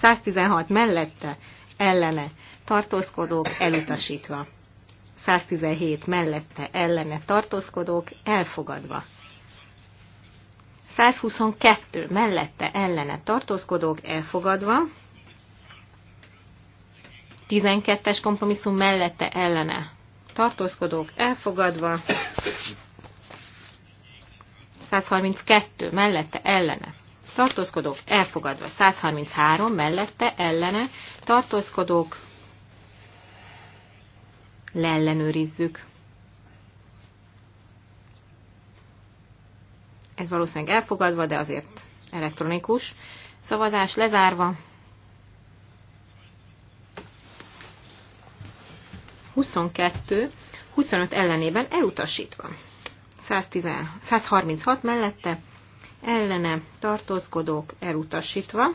116 mellette ellene tartózkodók elutasítva. 117 mellette ellene tartózkodók elfogadva. 122 mellette ellene tartózkodók elfogadva. 12-es kompromisszum mellette ellene tartózkodók elfogadva. 132 mellette ellene tartózkodók elfogadva. 133 mellette ellene tartózkodók leellenőrizzük. Ez valószínűleg elfogadva, de azért elektronikus. Szavazás lezárva. 22, 25 ellenében elutasítva. 110, 136 mellette ellene tartózkodók elutasítva.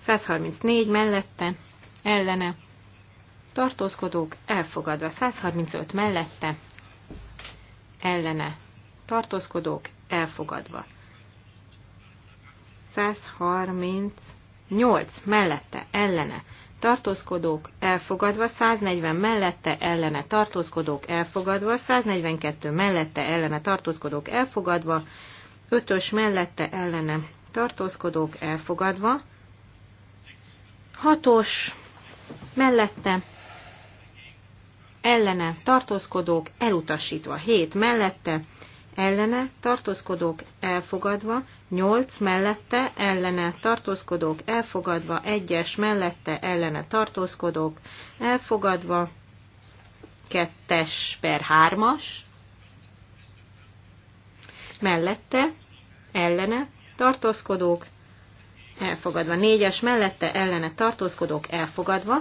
134 mellette, ellene, tartózkodók elfogadva, 135 mellette, ellene, tartózkodók elfogadva, 138 mellette, ellene, tartózkodók elfogadva, 140 mellette ellene tartózkodók elfogadva, 142 mellette ellene tartózkodók elfogadva, 5-ös mellette ellene tartózkodók elfogadva, 6-os mellette ellene tartózkodók elutasítva, 7 mellette ellene tartózkodók elfogadva, 8 mellette ellene tartózkodók elfogadva, 1-es mellette ellene tartózkodók elfogadva, 2-es per 3-as mellette ellene tartózkodók elfogadva, 4-es mellette ellene tartózkodók elfogadva,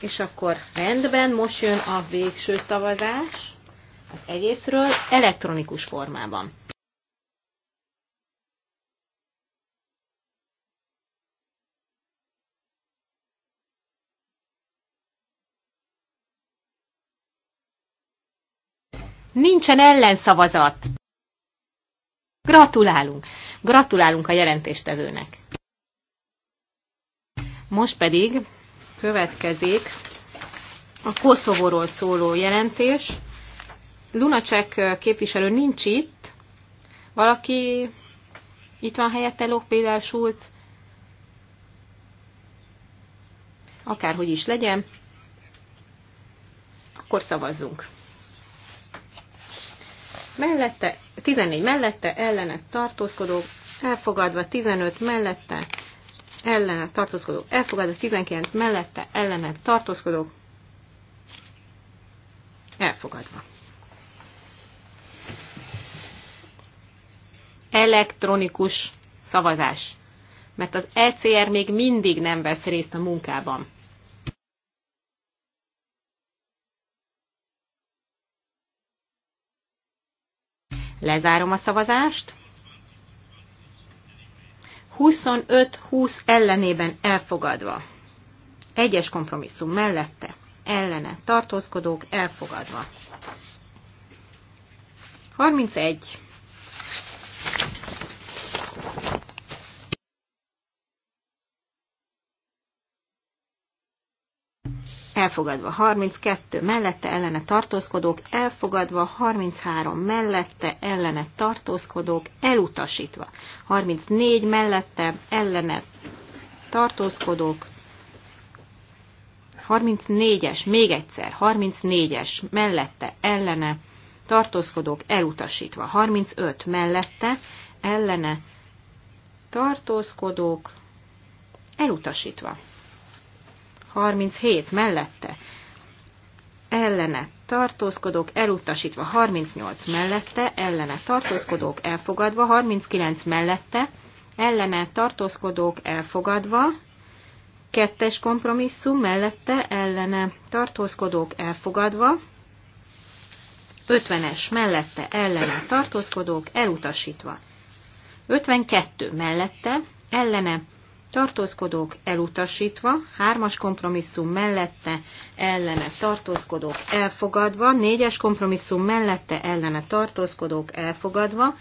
és akkor rendben, most jön a végső szavazás az egészről elektronikus formában. Nincsen ellenszavazat! Gratulálunk! Gratulálunk a jelentéstevőnek! Most pedig következik a Koszovóról szóló jelentés. Lunacek képviselő nincs itt. Valaki itt van helyette Lópédel Sult. Akárhogy is legyen, akkor szavazzunk. Mellette, 14 mellette, ellene tartózkodó, elfogadva 15 mellette, ellene tartózkodó, elfogadva 19 mellette, ellene tartózkodó, elfogadva. elektronikus szavazás. Mert az ECR még mindig nem vesz részt a munkában. Lezárom a szavazást. 25-20 ellenében elfogadva. Egyes kompromisszum mellette, ellene, tartózkodók elfogadva. 31. elfogadva 32 mellette ellene tartózkodók, elfogadva 33 mellette ellene tartózkodók, elutasítva 34 mellette ellene tartózkodók, 34-es, még egyszer, 34-es mellette ellene tartózkodók, elutasítva 35 mellette ellene tartózkodók, elutasítva 37 mellette ellene tartózkodók, elutasítva 38 mellette, ellene tartózkodók, elfogadva 39 mellette, ellene tartózkodók, elfogadva, kettes kompromisszum mellette, ellene tartózkodók, elfogadva, 50-es mellette, ellene tartózkodók, elutasítva, 52 mellette, ellene tartózkodók elutasítva, hármas kompromisszum mellette ellene tartózkodók elfogadva, négyes kompromisszum mellette ellene tartózkodók elfogadva,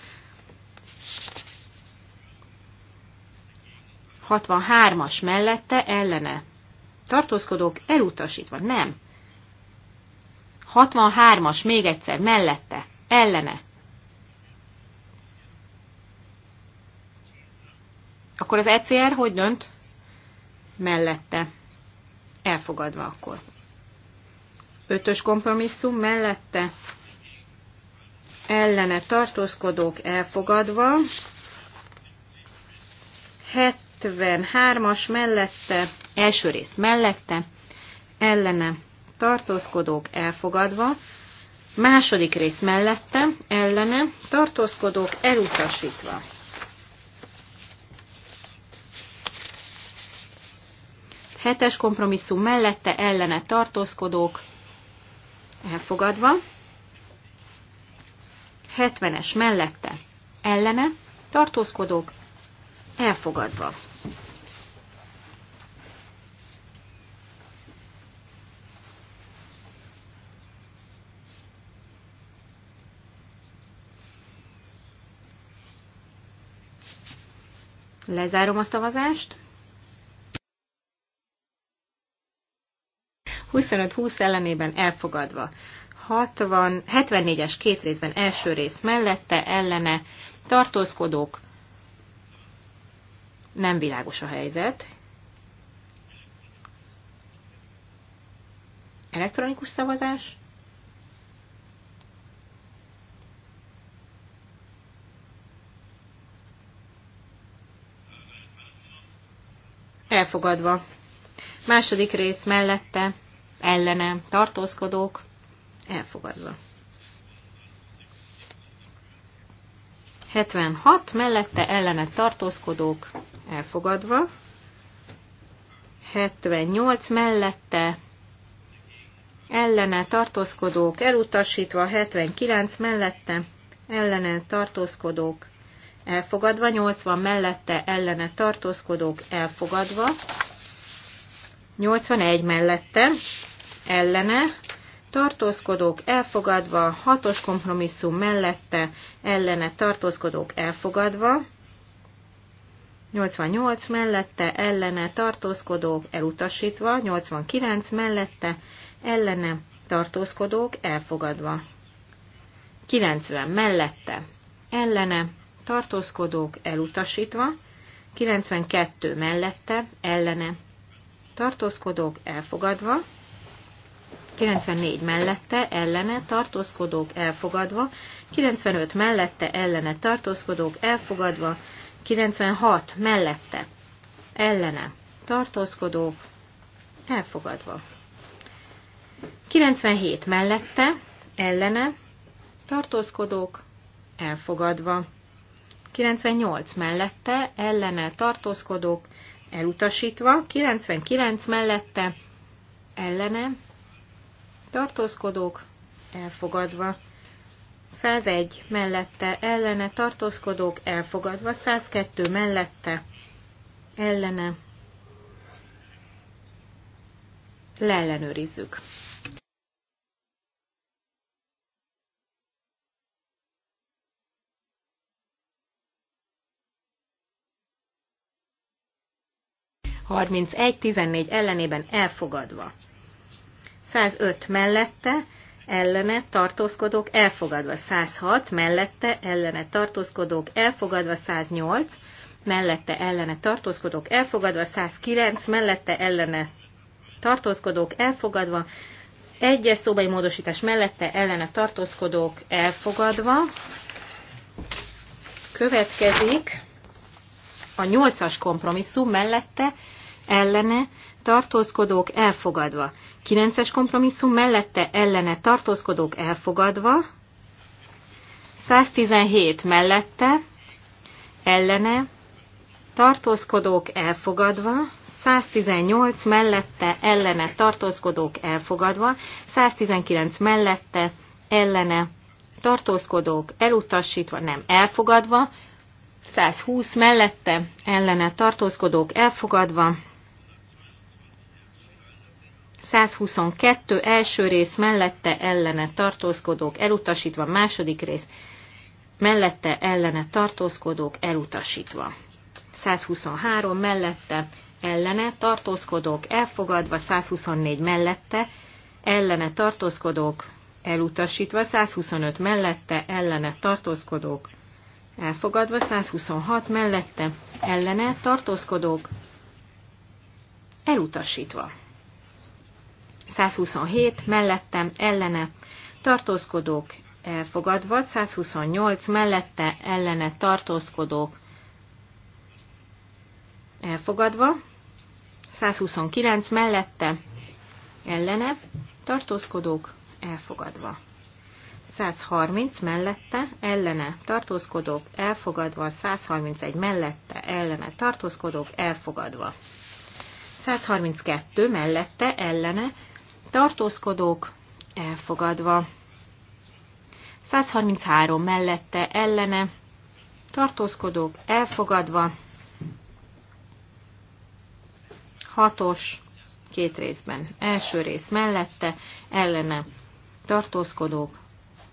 63-as mellette ellene tartózkodók elutasítva, nem. 63-as még egyszer mellette, ellene Akkor az ECR hogy dönt? Mellette. Elfogadva akkor. Ötös kompromisszum mellette. Ellene tartózkodók elfogadva. 73-as mellette, első rész mellette, ellene tartózkodók elfogadva, második rész mellette, ellene tartózkodók elutasítva. Hetes kompromisszum mellette ellene tartózkodók elfogadva. 70-es mellette ellene tartózkodók elfogadva. Lezárom a szavazást. 25-20 ellenében elfogadva. 60, 74-es két részben első rész mellette, ellene tartózkodók, nem világos a helyzet. Elektronikus szavazás? Elfogadva. Második rész mellette ellene tartózkodók elfogadva. 76 mellette ellene tartózkodók elfogadva. 78 mellette ellene tartózkodók elutasítva, 79 mellette ellene tartózkodók elfogadva, 80 mellette ellene tartózkodók elfogadva, 81 mellette ellene, tartózkodók elfogadva, hatos kompromisszum mellette, ellene tartózkodók elfogadva, 88 mellette, ellene tartózkodók elutasítva, 89 mellette, ellene tartózkodók elfogadva, 90 mellette, ellene tartózkodók elutasítva, 92 mellette, ellene tartózkodók elfogadva, 94 mellette ellene tartózkodók elfogadva, 95 mellette ellene tartózkodók elfogadva, 96 mellette ellene tartózkodók elfogadva. 97 mellette ellene tartózkodók elfogadva. 98 mellette ellene tartózkodók elutasítva, 99 mellette ellene tartózkodók elfogadva. 101 mellette ellene tartózkodók elfogadva, 102 mellette ellene leellenőrizzük. Harminc egy tizennégy ellenében elfogadva. 105 mellette, ellene tartózkodók elfogadva 106, mellette ellene tartózkodók elfogadva 108, mellette ellene tartózkodók elfogadva 109, mellette ellene tartózkodók elfogadva, egyes szóbai módosítás mellette ellene tartózkodók elfogadva, következik a 8-as kompromisszum mellette ellene tartózkodók elfogadva. 9-es kompromisszum mellette ellene tartózkodók elfogadva, 117 mellette ellene tartózkodók elfogadva, 118 mellette ellene tartózkodók elfogadva, 119 mellette ellene tartózkodók elutasítva, nem elfogadva, 120 mellette ellene tartózkodók elfogadva, 122 első rész mellette ellene tartózkodók elutasítva, második rész mellette ellene tartózkodók elutasítva. 123 mellette ellene tartózkodók elfogadva, 124 mellette ellene tartózkodók elutasítva, 125 mellette ellene tartózkodók elfogadva, 126 mellette ellene tartózkodók elutasítva. 127 mellettem ellene tartózkodók elfogadva, 128 mellette ellene tartózkodók elfogadva, 129 mellette ellene tartózkodók elfogadva. 130 mellette, ellene tartózkodók elfogadva, 131 mellette, ellene tartózkodók elfogadva. 132 mellette, ellene tartózkodók elfogadva. 133 mellette ellene, tartózkodók elfogadva. 6-os két részben. Első rész mellette, ellene tartózkodók,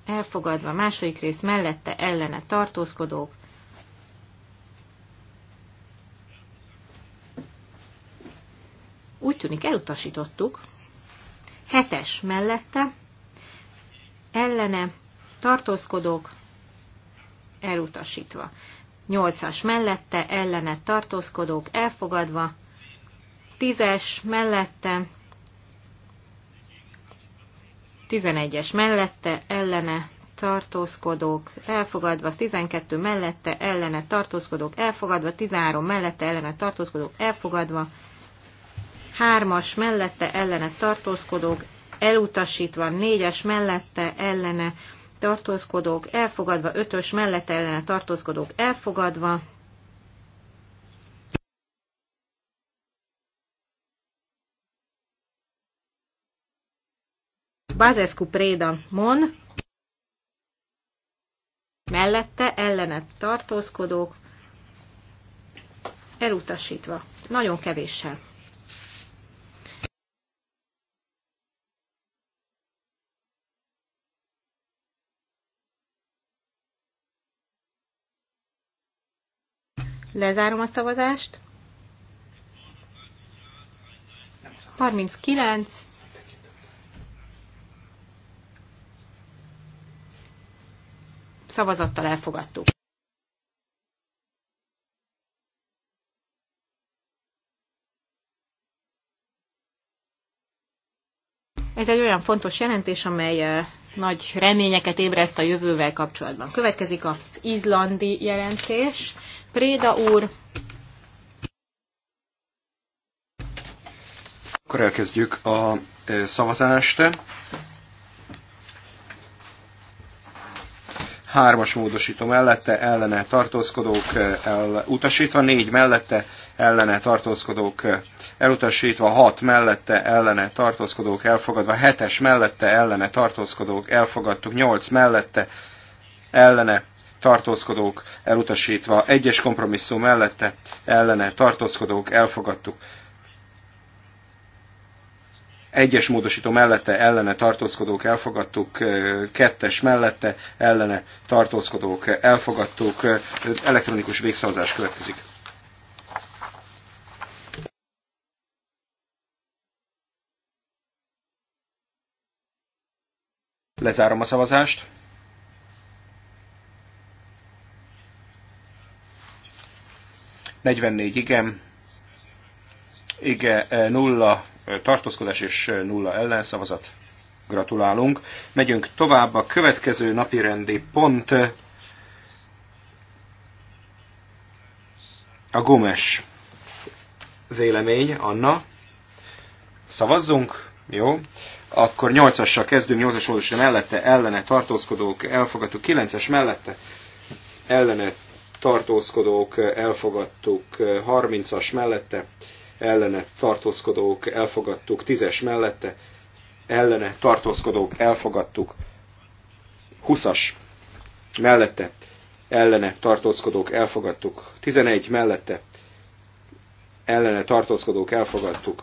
elfogadva. Második rész mellette, ellene tartózkodók. Úgy tűnik elutasítottuk, Hetes mellette, ellene, tartózkodók, elutasítva. Nyolcas mellette, ellene, tartózkodók, elfogadva. Tízes mellette, tizenegyes mellette, ellene, tartózkodók elfogadva, 12 mellette ellene tartózkodók elfogadva, 13 mellette ellene tartózkodók elfogadva, hármas mellette ellene tartózkodók, elutasítva négyes mellette ellene tartózkodók, elfogadva ötös mellette ellene tartózkodók, elfogadva. Bazescu Préda Mon, mellette ellenet tartózkodók, elutasítva, nagyon kevéssel. Lezárom a szavazást. 39. Szavazattal elfogadtuk. Ez egy olyan fontos jelentés, amely eh, nagy reményeket ébreszt a jövővel kapcsolatban. Következik az izlandi jelentés. Préda úr. Akkor elkezdjük a e, szavazást. Hármas módosító mellette, ellene tartózkodók e, elutasítva, négy mellette, ellene tartózkodók elutasítva, hat mellette ellene tartózkodók elfogadva, hetes mellette ellene tartózkodók elfogadtuk, nyolc mellette ellene tartózkodók elutasítva, egyes kompromisszum mellette ellene tartózkodók elfogadtuk, egyes módosító mellette ellene tartózkodók elfogadtuk, kettes mellette ellene tartózkodók elfogadtuk, elektronikus végszavazás következik. Lezárom a szavazást. Negyvennégy igen, igen, eh, nulla eh, tartózkodás és eh, nulla ellenszavazat. Gratulálunk. Megyünk tovább a következő napi rendi pont. A Gomes vélemény, Anna. Szavazzunk? Jó akkor 8-assal kezdünk, 8-as oldalra mellette, ellene tartózkodók, elfogadtuk, 9-es mellette, ellene tartózkodók, elfogadtuk, 30-as mellette, ellene tartózkodók, elfogadtuk, 10-es mellette, ellene tartózkodók, elfogadtuk, 20-as mellette, ellene tartózkodók, elfogadtuk, 11 mellette, ellene tartózkodók, elfogadtuk,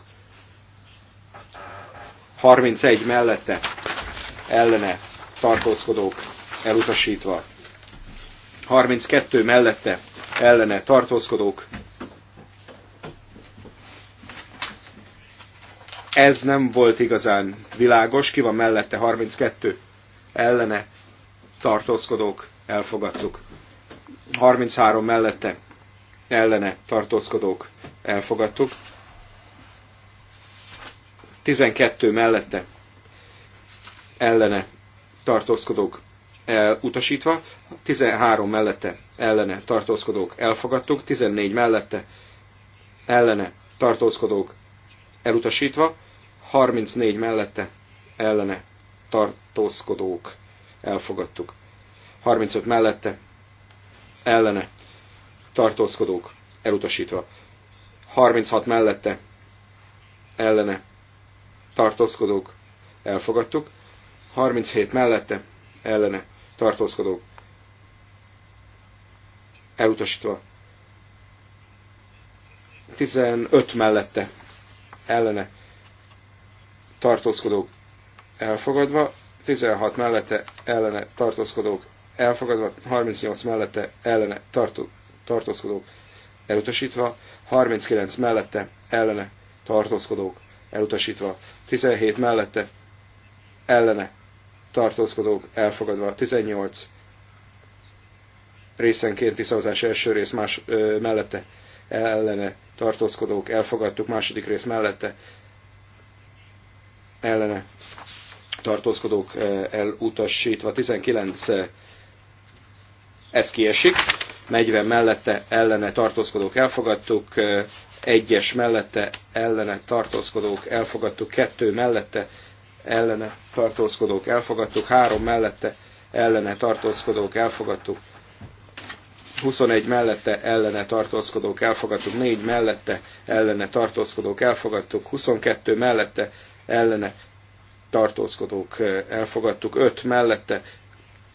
31 mellette ellene tartózkodók elutasítva. 32 mellette ellene tartózkodók. Ez nem volt igazán világos, ki van mellette 32 ellene tartózkodók, elfogadtuk. 33 mellette ellene tartózkodók, elfogadtuk. 12 mellette ellene tartózkodók elutasítva, 13 mellette ellene tartózkodók elfogadtuk, 14 mellette ellene tartózkodók elutasítva, 34 mellette ellene tartózkodók elfogadtuk, 35 mellette ellene tartózkodók elutasítva, 36 mellette ellene tartózkodók, elfogadtuk. 37 mellette, ellene, tartózkodók, elutasítva. 15 mellette, ellene, tartózkodók, elfogadva. 16 mellette, ellene, tartózkodók, elfogadva. 38 mellette, ellene, tartó, tartózkodók, elutasítva. 39 mellette, ellene, tartózkodók, elutasítva. 17 mellette ellene tartózkodók elfogadva. 18 részenkénti szavazás első rész más, ö, mellette ellene tartózkodók elfogadtuk, második rész mellette ellene tartózkodók elutasítva. 19 ez kiesik. 40 mellette ellene tartózkodók elfogadtuk, egyes mellette ellene tartózkodók elfogadtuk, kettő mellette ellene tartózkodók elfogadtuk, három mellette ellene tartózkodók elfogadtuk, 21 mellette ellene tartózkodók elfogadtuk, 4 mellette ellene tartózkodók elfogadtuk, 22 mellette ellene tartózkodók elfogadtuk, 5 mellette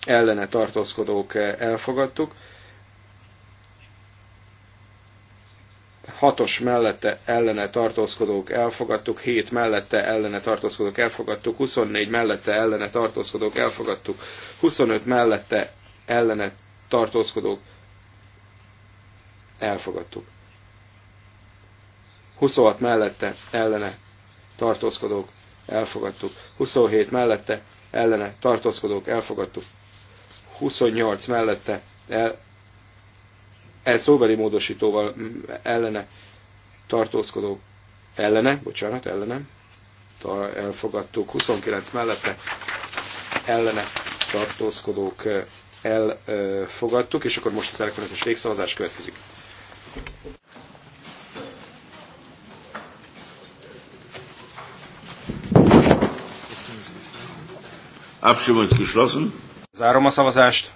ellene tartózkodók elfogadtuk, hatos mellette ellene tartózkodók elfogadtuk, 7 mellette ellene tartózkodók elfogadtuk, 24 mellette ellene tartózkodók elfogadtuk, 25 mellette ellene tartózkodók elfogadtuk. 26 mellette ellene tartózkodók elfogadtuk, 27 mellette ellene tartózkodók elfogadtuk, 28 mellette el, e szóbeli módosítóval mm, ellene tartózkodó ellene, bocsánat, ellene, elfogadtuk 29 mellette ellene tartózkodók e, elfogadtuk, és akkor most az elektronikus végszavazás következik. Abszolút ist Zárom a szavazást.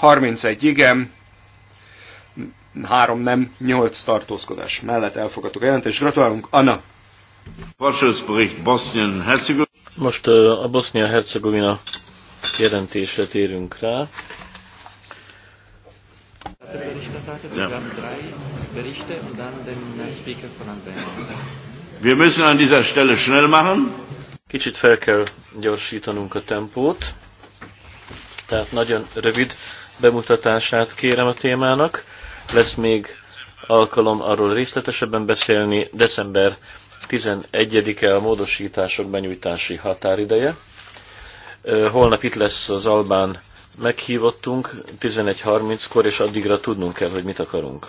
31 igen, 3 nem, 8 tartózkodás mellett elfogadtuk a jelentést. Gratulálunk, Anna! Most a Bosznia-Hercegovina jelentésre térünk rá. Wir müssen an dieser Stelle schnell machen. Kicsit fel kell gyorsítanunk a tempót, tehát nagyon rövid bemutatását kérem a témának. Lesz még alkalom arról részletesebben beszélni. December 11-e a módosítások benyújtási határideje. Holnap itt lesz az Albán meghívottunk 11.30-kor, és addigra tudnunk kell, hogy mit akarunk.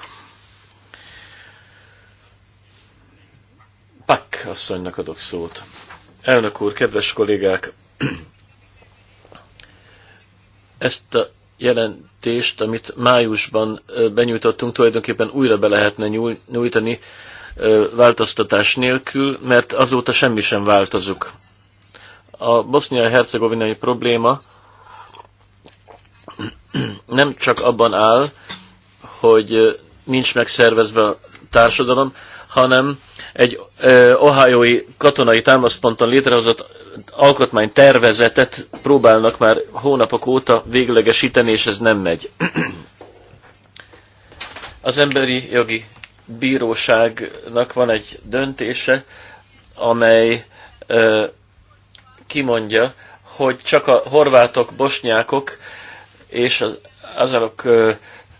Pak asszonynak adok szót. Elnök úr, kedves kollégák, ezt a jelentést, amit májusban benyújtottunk, tulajdonképpen újra be lehetne nyújtani változtatás nélkül, mert azóta semmi sem változik. A bosznia-hercegovinai probléma nem csak abban áll, hogy nincs megszervezve a társadalom, hanem egy ohio katonai támaszponton létrehozott alkotmánytervezetet próbálnak már hónapok óta véglegesíteni, és ez nem megy. Az emberi jogi bíróságnak van egy döntése, amely ö, kimondja, hogy csak a horvátok, bosnyákok és az azok ö,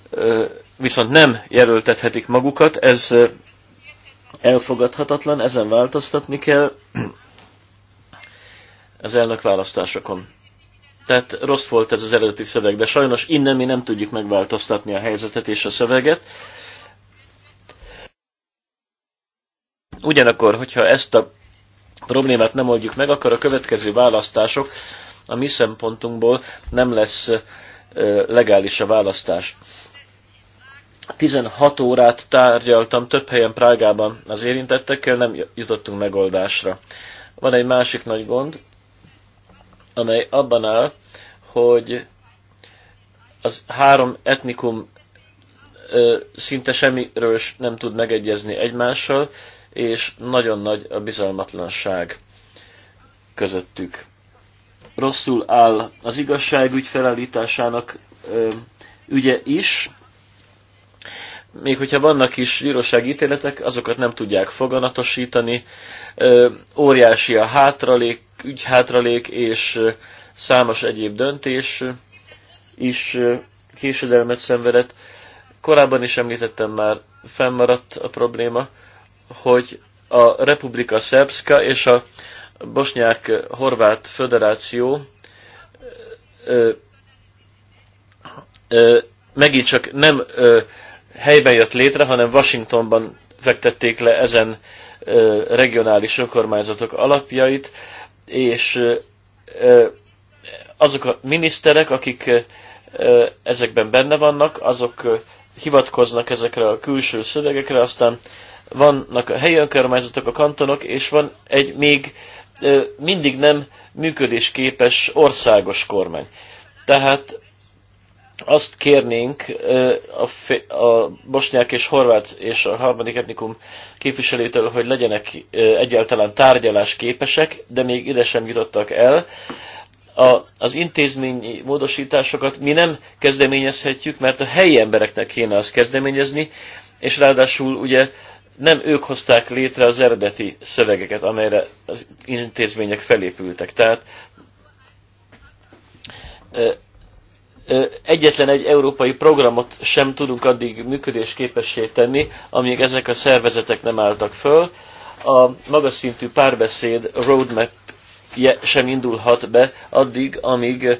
ö, viszont nem jelöltethetik magukat, ez elfogadhatatlan, ezen változtatni kell, az elnök választásokon. Tehát rossz volt ez az eredeti szöveg, de sajnos innen mi nem tudjuk megváltoztatni a helyzetet és a szöveget. Ugyanakkor, hogyha ezt a problémát nem oldjuk meg, akkor a következő választások a mi szempontunkból nem lesz legális a választás. 16 órát tárgyaltam több helyen Prágában az érintettekkel, nem jutottunk megoldásra. Van egy másik nagy gond, amely abban áll, hogy az három etnikum ö, szinte semmiről nem tud megegyezni egymással, és nagyon nagy a bizalmatlanság közöttük. Rosszul áll az igazságügy felállításának ö, ügye is, még hogyha vannak is bírósági ítéletek, azokat nem tudják foganatosítani. Óriási a hátralék, ügyhátralék és számos egyéb döntés is késedelmet szenvedett. Korábban is említettem már, fennmaradt a probléma, hogy a Republika Szerbszka és a Bosnyák-Horvát Föderáció ö, ö, megint csak nem ö, helyben jött létre, hanem Washingtonban fektették le ezen regionális önkormányzatok alapjait, és azok a miniszterek, akik ezekben benne vannak, azok hivatkoznak ezekre a külső szövegekre, aztán vannak a helyi önkormányzatok, a kantonok, és van egy még mindig nem működésképes országos kormány. Tehát azt kérnénk a, a bosnyák és horvát és a harmadik etnikum képviselőtől, hogy legyenek egyáltalán tárgyalás képesek, de még ide sem jutottak el. A, az intézményi módosításokat mi nem kezdeményezhetjük, mert a helyi embereknek kéne azt kezdeményezni, és ráadásul ugye nem ők hozták létre az eredeti szövegeket, amelyre az intézmények felépültek. Tehát egyetlen egy európai programot sem tudunk addig működésképessé tenni, amíg ezek a szervezetek nem álltak föl. A magas szintű párbeszéd roadmap sem indulhat be addig, amíg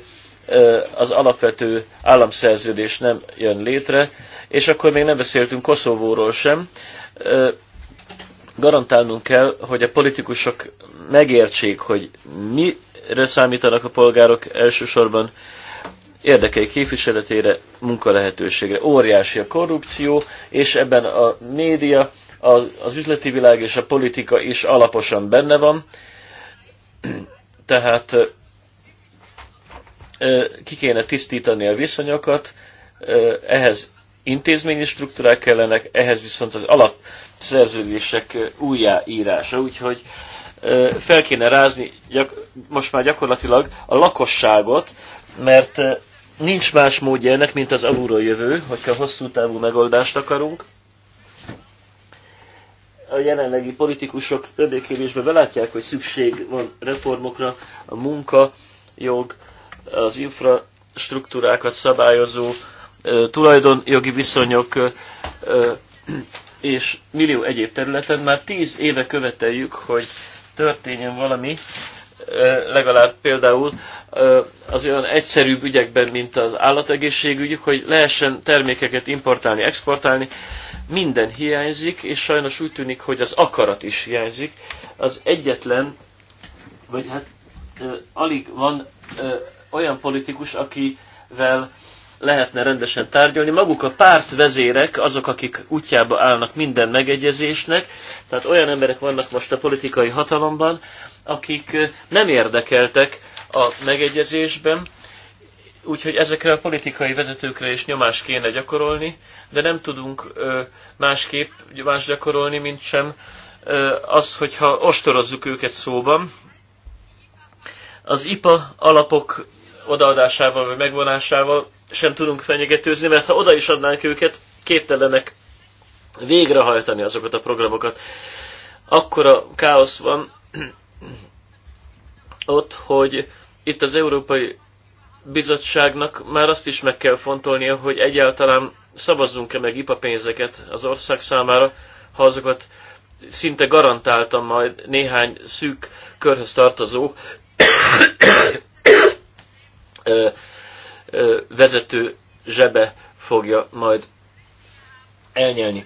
az alapvető államszerződés nem jön létre, és akkor még nem beszéltünk Koszovóról sem. Garantálnunk kell, hogy a politikusok megértsék, hogy mire számítanak a polgárok elsősorban, érdekei képviseletére, munkalehetőségre. Óriási a korrupció, és ebben a média, az, az üzleti világ és a politika is alaposan benne van. Tehát ki kéne tisztítani a viszonyokat, ehhez intézményi struktúrák kellenek, ehhez viszont az alapszerződések újjáírása, úgyhogy fel kéne rázni gyak, most már gyakorlatilag a lakosságot, mert Nincs más módja ennek, mint az alulról jövő, hogyha hosszú távú megoldást akarunk. A jelenlegi politikusok többé-kevésbé belátják, hogy szükség van reformokra, a munka, jog, az infrastruktúrákat szabályozó tulajdonjogi viszonyok és millió egyéb területen. Már tíz éve követeljük, hogy történjen valami legalább például az olyan egyszerűbb ügyekben, mint az állategészségügy, hogy lehessen termékeket importálni, exportálni. Minden hiányzik, és sajnos úgy tűnik, hogy az akarat is hiányzik. Az egyetlen, vagy hát alig van olyan politikus, akivel lehetne rendesen tárgyalni. Maguk a pártvezérek, azok, akik útjába állnak minden megegyezésnek, tehát olyan emberek vannak most a politikai hatalomban, akik nem érdekeltek a megegyezésben, úgyhogy ezekre a politikai vezetőkre is nyomást kéne gyakorolni, de nem tudunk másképp más gyakorolni, mint sem az, hogyha ostorozzuk őket szóban. Az IPA alapok odaadásával vagy megvonásával sem tudunk fenyegetőzni, mert ha oda is adnánk őket, képtelenek végrehajtani azokat a programokat. Akkor a káosz van ott, hogy itt az Európai Bizottságnak már azt is meg kell fontolnia, hogy egyáltalán szavazzunk-e meg IPA pénzeket az ország számára, ha azokat szinte garantáltan majd néhány szűk körhöz tartozó vezető zsebe fogja majd elnyelni.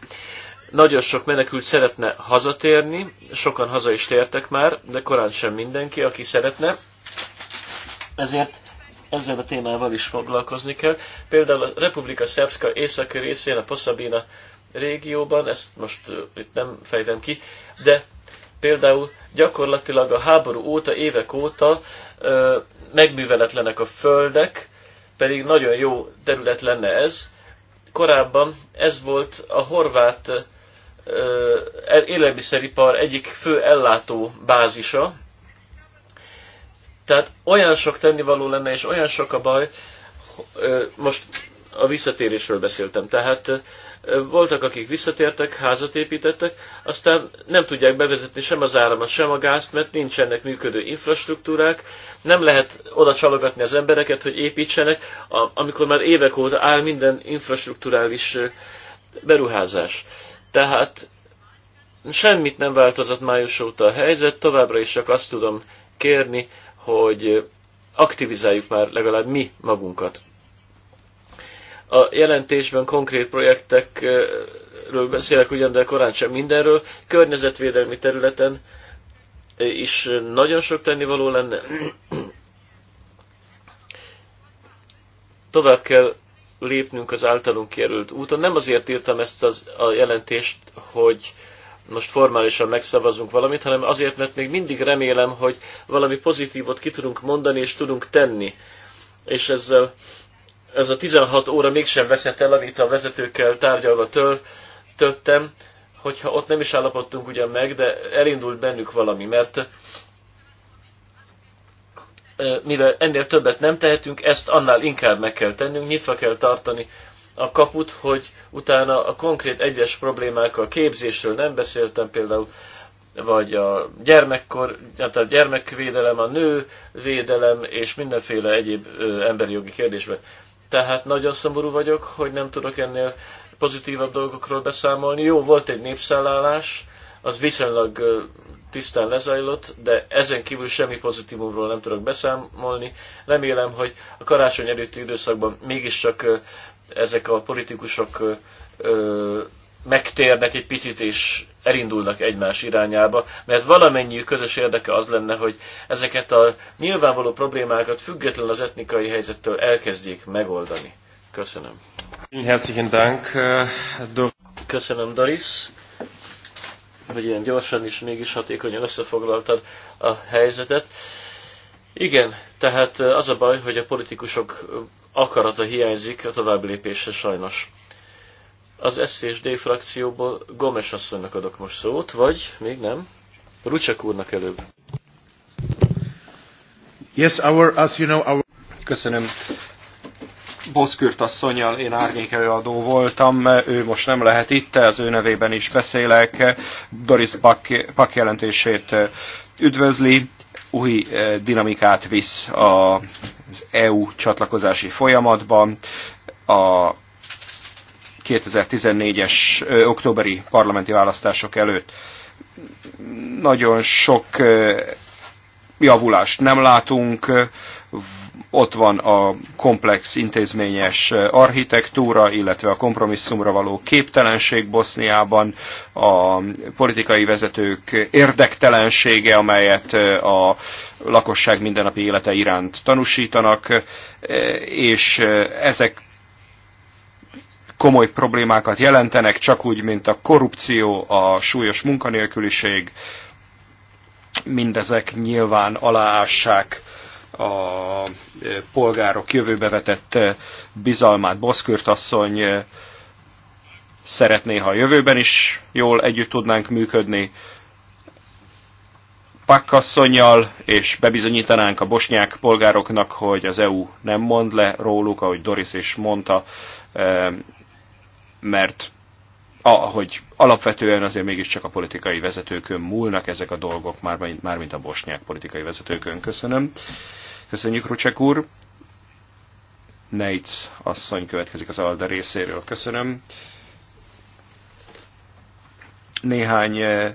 Nagyon sok menekült szeretne hazatérni, sokan haza is tértek már, de korán sem mindenki, aki szeretne. Ezért ezzel a témával is foglalkozni kell. Például a Republika Szerbszka északi részén, a Poszabina régióban, ezt most itt nem fejtem ki, de például gyakorlatilag a háború óta, évek óta ö, megműveletlenek a földek, pedig nagyon jó terület lenne ez. Korábban ez volt a horvát élelmiszeripar egyik fő ellátó bázisa. Tehát olyan sok tennivaló lenne, és olyan sok a baj, most a visszatérésről beszéltem. Tehát voltak, akik visszatértek, házat építettek, aztán nem tudják bevezetni sem az áramat, sem a gázt, mert nincsenek működő infrastruktúrák, nem lehet oda csalogatni az embereket, hogy építsenek, amikor már évek óta áll minden infrastruktúrális beruházás. Tehát semmit nem változott május óta a helyzet, továbbra is csak azt tudom kérni, hogy aktivizáljuk már legalább mi magunkat. A jelentésben konkrét projektekről beszélek ugyan, de korán sem mindenről. Környezetvédelmi területen eh, is nagyon sok tennivaló lenne. Tovább kell lépnünk az általunk kijelölt úton. Nem azért írtam ezt az, a jelentést, hogy most formálisan megszavazunk valamit, hanem azért, mert még mindig remélem, hogy valami pozitívot ki tudunk mondani és tudunk tenni. És ezzel ez a 16 óra mégsem veszett el, amit a vezetőkkel tárgyalva töltöttem, hogyha ott nem is állapodtunk ugyan meg, de elindult bennük valami, mert mivel ennél többet nem tehetünk, ezt annál inkább meg kell tennünk, nyitva kell tartani a kaput, hogy utána a konkrét egyes problémákkal, képzésről nem beszéltem például, vagy a gyermekkor, tehát a gyermekvédelem, a nővédelem és mindenféle egyéb emberi jogi kérdésben. Tehát nagyon szomorú vagyok, hogy nem tudok ennél pozitívabb dolgokról beszámolni. Jó, volt egy népszállálás, az viszonylag tisztán lezajlott, de ezen kívül semmi pozitívumról nem tudok beszámolni. Remélem, hogy a karácsony előtti időszakban mégiscsak ezek a politikusok megtérnek egy picit, és elindulnak egymás irányába, mert valamennyi közös érdeke az lenne, hogy ezeket a nyilvánvaló problémákat független az etnikai helyzettől elkezdjék megoldani. Köszönöm. Herzlichen Dank. Äh, Köszönöm, Doris, hogy ilyen gyorsan is, mégis hatékonyan összefoglaltad a helyzetet. Igen, tehát az a baj, hogy a politikusok akarata hiányzik a további lépésre sajnos. Az SZSD frakcióból Gomes asszonynak adok most szót, vagy még nem? Rucsak úrnak előbb. Yes, our, as you know, our... Köszönöm. Boszkürt asszonyjal én előadó voltam, ő most nem lehet itt, az ő nevében is beszélek. Doris Pak, Pak jelentését eh, üdvözli, új eh, dinamikát visz az EU csatlakozási folyamatban. A 2014-es októberi parlamenti választások előtt. Nagyon sok javulást nem látunk, ott van a komplex intézményes architektúra, illetve a kompromisszumra való képtelenség Boszniában, a politikai vezetők érdektelensége, amelyet a lakosság mindennapi élete iránt tanúsítanak, és ezek komoly problémákat jelentenek, csak úgy, mint a korrupció, a súlyos munkanélküliség, mindezek nyilván aláássák a e, polgárok jövőbe vetett e, bizalmát. Boszkürt asszony e, szeretné, ha a jövőben is jól együtt tudnánk működni, pakkasszonyjal, és bebizonyítanánk a bosnyák polgároknak, hogy az EU nem mond le róluk, ahogy Doris is mondta, mert ahogy alapvetően azért mégiscsak a politikai vezetőkön múlnak ezek a dolgok, már, már mint a bosnyák politikai vezetőkön. Köszönöm. Köszönjük, Rucsek úr. Neitz asszony következik az Alda részéről. Köszönöm. Néhány eh,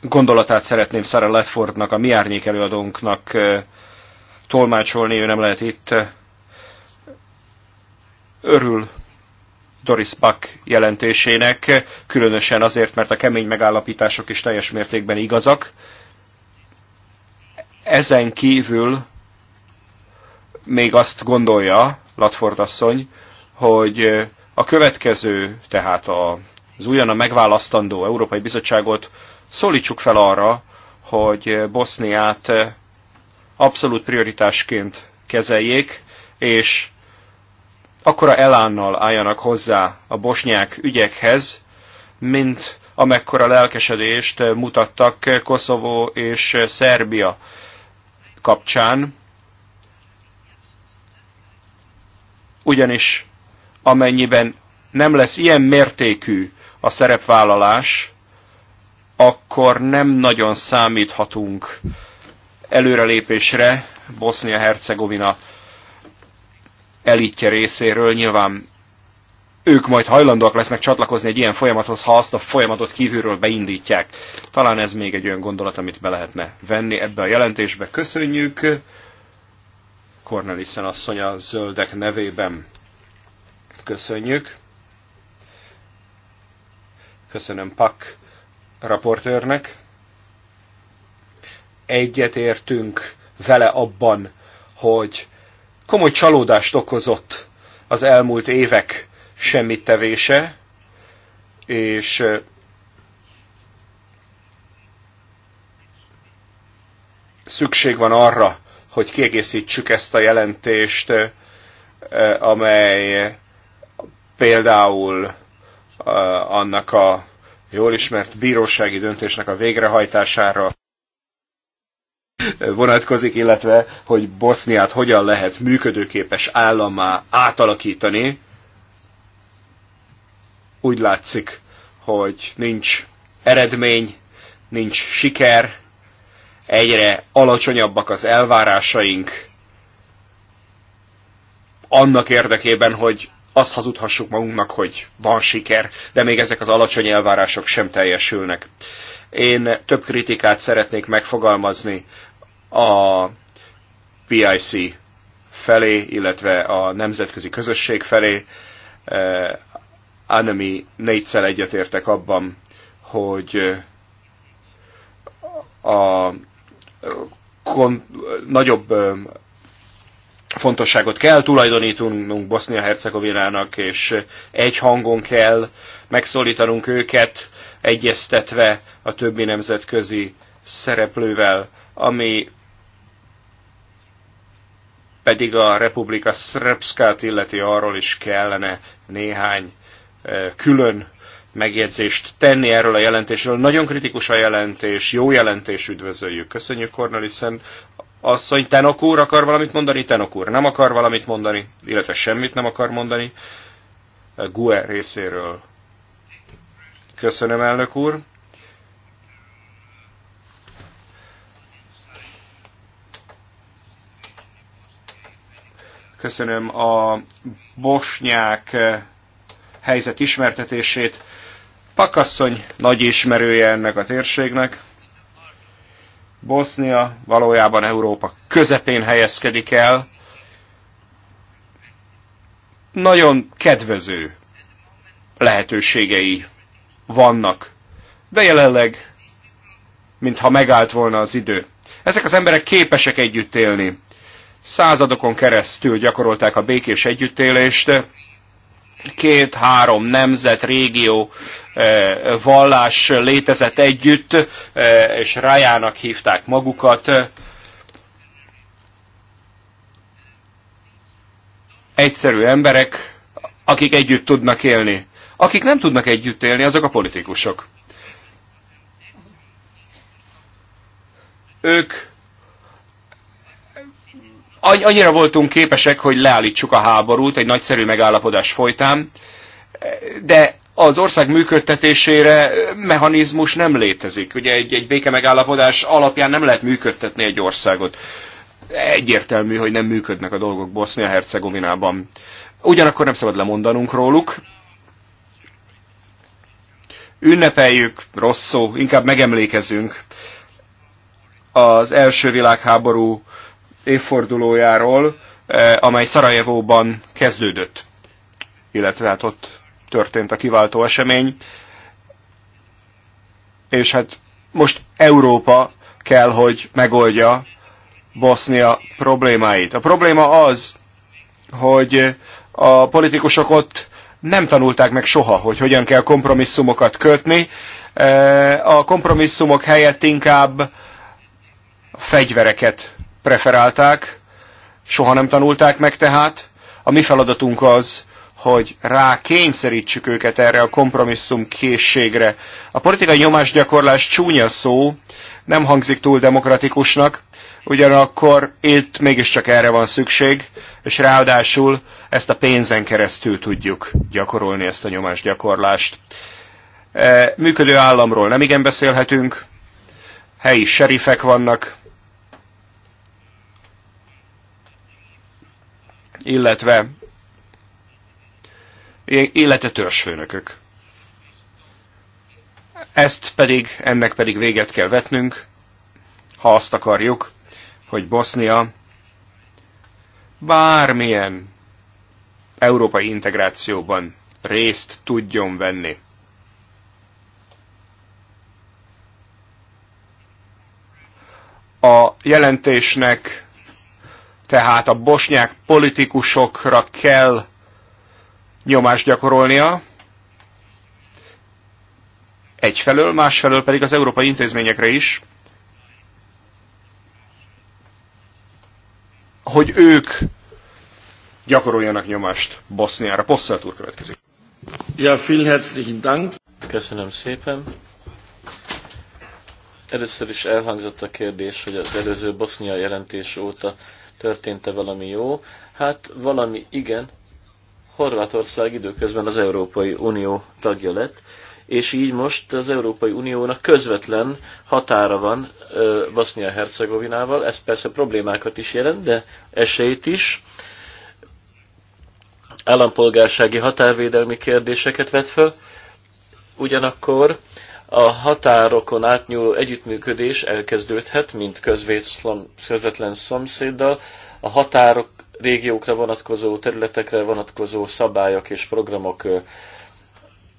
gondolatát szeretném Sarah Ledfordnak, a mi árnyék előadónknak eh, tolmácsolni, ő nem lehet itt eh, örül Doris Buck jelentésének, különösen azért, mert a kemény megállapítások is teljes mértékben igazak. Ezen kívül még azt gondolja Latford asszony, hogy a következő, tehát az újonnan megválasztandó Európai Bizottságot szólítsuk fel arra, hogy Boszniát abszolút prioritásként kezeljék, és akkora elánnal álljanak hozzá a bosnyák ügyekhez, mint amekkora lelkesedést mutattak Koszovó és Szerbia kapcsán, ugyanis amennyiben nem lesz ilyen mértékű a szerepvállalás, akkor nem nagyon számíthatunk előrelépésre Bosznia-Hercegovina elitje részéről nyilván ők majd hajlandóak lesznek csatlakozni egy ilyen folyamathoz, ha azt a folyamatot kívülről beindítják. Talán ez még egy olyan gondolat, amit be lehetne venni ebbe a jelentésbe. Köszönjük Cornelissen asszony a zöldek nevében. Köszönjük. Köszönöm Pak raportőrnek. Egyetértünk vele abban, hogy komoly csalódást okozott az elmúlt évek tevése, és szükség van arra, hogy kiegészítsük ezt a jelentést, amely például annak a jól ismert bírósági döntésnek a végrehajtására vonatkozik, illetve hogy Boszniát hogyan lehet működőképes állammá átalakítani. Úgy látszik, hogy nincs eredmény, nincs siker, egyre alacsonyabbak az elvárásaink annak érdekében, hogy azt hazudhassuk magunknak, hogy van siker, de még ezek az alacsony elvárások sem teljesülnek. Én több kritikát szeretnék megfogalmazni a PIC felé, illetve a nemzetközi közösség felé. E, Anami négyszer egyetértek abban, hogy a kon, nagyobb e, fontosságot kell tulajdonítunk Bosznia-Hercegovinának, és egy hangon kell megszólítanunk őket, egyeztetve a többi nemzetközi szereplővel, ami pedig a Republika Srpskát illeti arról is kellene néhány külön megjegyzést tenni erről a jelentésről. Nagyon kritikus a jelentés, jó jelentés, üdvözöljük. Köszönjük Cornelissen asszony. Tenok úr akar valamit mondani, Tenok úr nem akar valamit mondani, illetve semmit nem akar mondani. GUE részéről. Köszönöm, elnök úr. Köszönöm a bosnyák eh, helyzet ismertetését. Pakasszony nagy ismerője ennek a térségnek. Bosznia valójában Európa közepén helyezkedik el. Nagyon kedvező lehetőségei vannak, de jelenleg, mintha megállt volna az idő. Ezek az emberek képesek együtt élni. Századokon keresztül gyakorolták a békés együttélést, két-három nemzet, régió, eh, vallás létezett együtt, eh, és rájának hívták magukat. Egyszerű emberek, akik együtt tudnak élni. Akik nem tudnak együtt élni, azok a politikusok. Ők annyira voltunk képesek, hogy leállítsuk a háborút egy nagyszerű megállapodás folytán, de az ország működtetésére mechanizmus nem létezik. Ugye egy, egy béke megállapodás alapján nem lehet működtetni egy országot. Egyértelmű, hogy nem működnek a dolgok Bosznia-Hercegovinában. Ugyanakkor nem szabad lemondanunk róluk. Ünnepeljük, rossz szó, inkább megemlékezünk az első világháború évfordulójáról, eh, amely Szarajevóban kezdődött, illetve hát ott történt a kiváltó esemény, és hát most Európa kell, hogy megoldja Bosznia problémáit. A probléma az, hogy a politikusok ott nem tanulták meg soha, hogy hogyan kell kompromisszumokat kötni. Eh, a kompromisszumok helyett inkább fegyvereket preferálták, soha nem tanulták meg tehát. A mi feladatunk az, hogy rá kényszerítsük őket erre a kompromisszum készségre. A politikai nyomásgyakorlás csúnya szó, nem hangzik túl demokratikusnak, ugyanakkor itt mégiscsak erre van szükség, és ráadásul ezt a pénzen keresztül tudjuk gyakorolni ezt a nyomásgyakorlást. E, működő államról nem igen beszélhetünk, helyi serifek vannak, illetve élete törzsfőnökök. Ezt pedig, ennek pedig véget kell vetnünk, ha azt akarjuk, hogy Bosznia bármilyen európai integrációban részt tudjon venni. A jelentésnek tehát a bosnyák politikusokra kell nyomást gyakorolnia, egyfelől, másfelől pedig az európai intézményekre is, hogy ők gyakoroljanak nyomást Boszniára. Posszelt úr következik. Ja, vielen herzlichen Dank. Köszönöm szépen. Először is elhangzott a kérdés, hogy az előző Bosznia jelentés óta történt-e valami jó? Hát valami igen. Horvátország időközben az Európai Unió tagja lett, és így most az Európai Uniónak közvetlen határa van Bosnia-Hercegovinával. Ez persze problémákat is jelent, de esélyt is. Állampolgársági határvédelmi kérdéseket vet föl. Ugyanakkor a határokon átnyúló együttműködés elkezdődhet, mint közvetlen szomszéddal, a határok régiókra vonatkozó, területekre vonatkozó szabályok és programok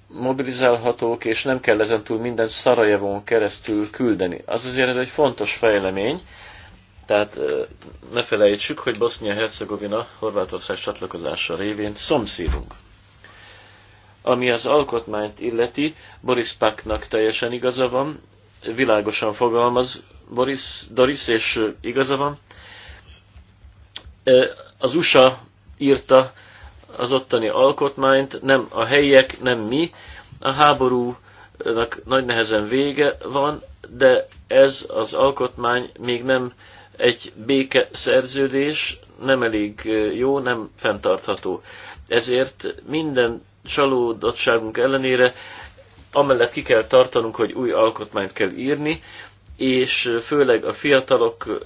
mobilizálhatók, és nem kell ezentúl minden Szarajevon keresztül küldeni. Az azért ez egy fontos fejlemény, tehát ne felejtsük, hogy Bosznia-Hercegovina Horvátország csatlakozása révén szomszédunk. Ami az alkotmányt illeti, Boris Paknak teljesen igaza van, világosan fogalmaz Boris, Doris, és igaza van. Az USA írta az ottani alkotmányt, nem a helyiek, nem mi. A háborúnak nagy nehezen vége van, de ez az alkotmány még nem egy béke szerződés, nem elég jó, nem fenntartható. Ezért minden csalódottságunk ellenére amellett ki kell tartanunk, hogy új alkotmányt kell írni, és főleg a fiatalok